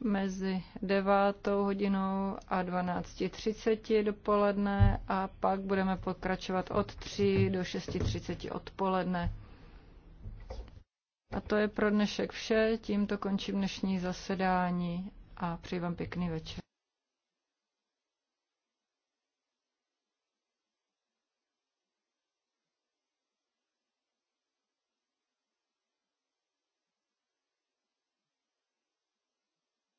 mezi 9. hodinou a 12.30 dopoledne a pak budeme pokračovat od 3 do 6.30 odpoledne. A to je pro dnešek vše, tímto končím dnešní zasedání a přeji vám pěkný večer.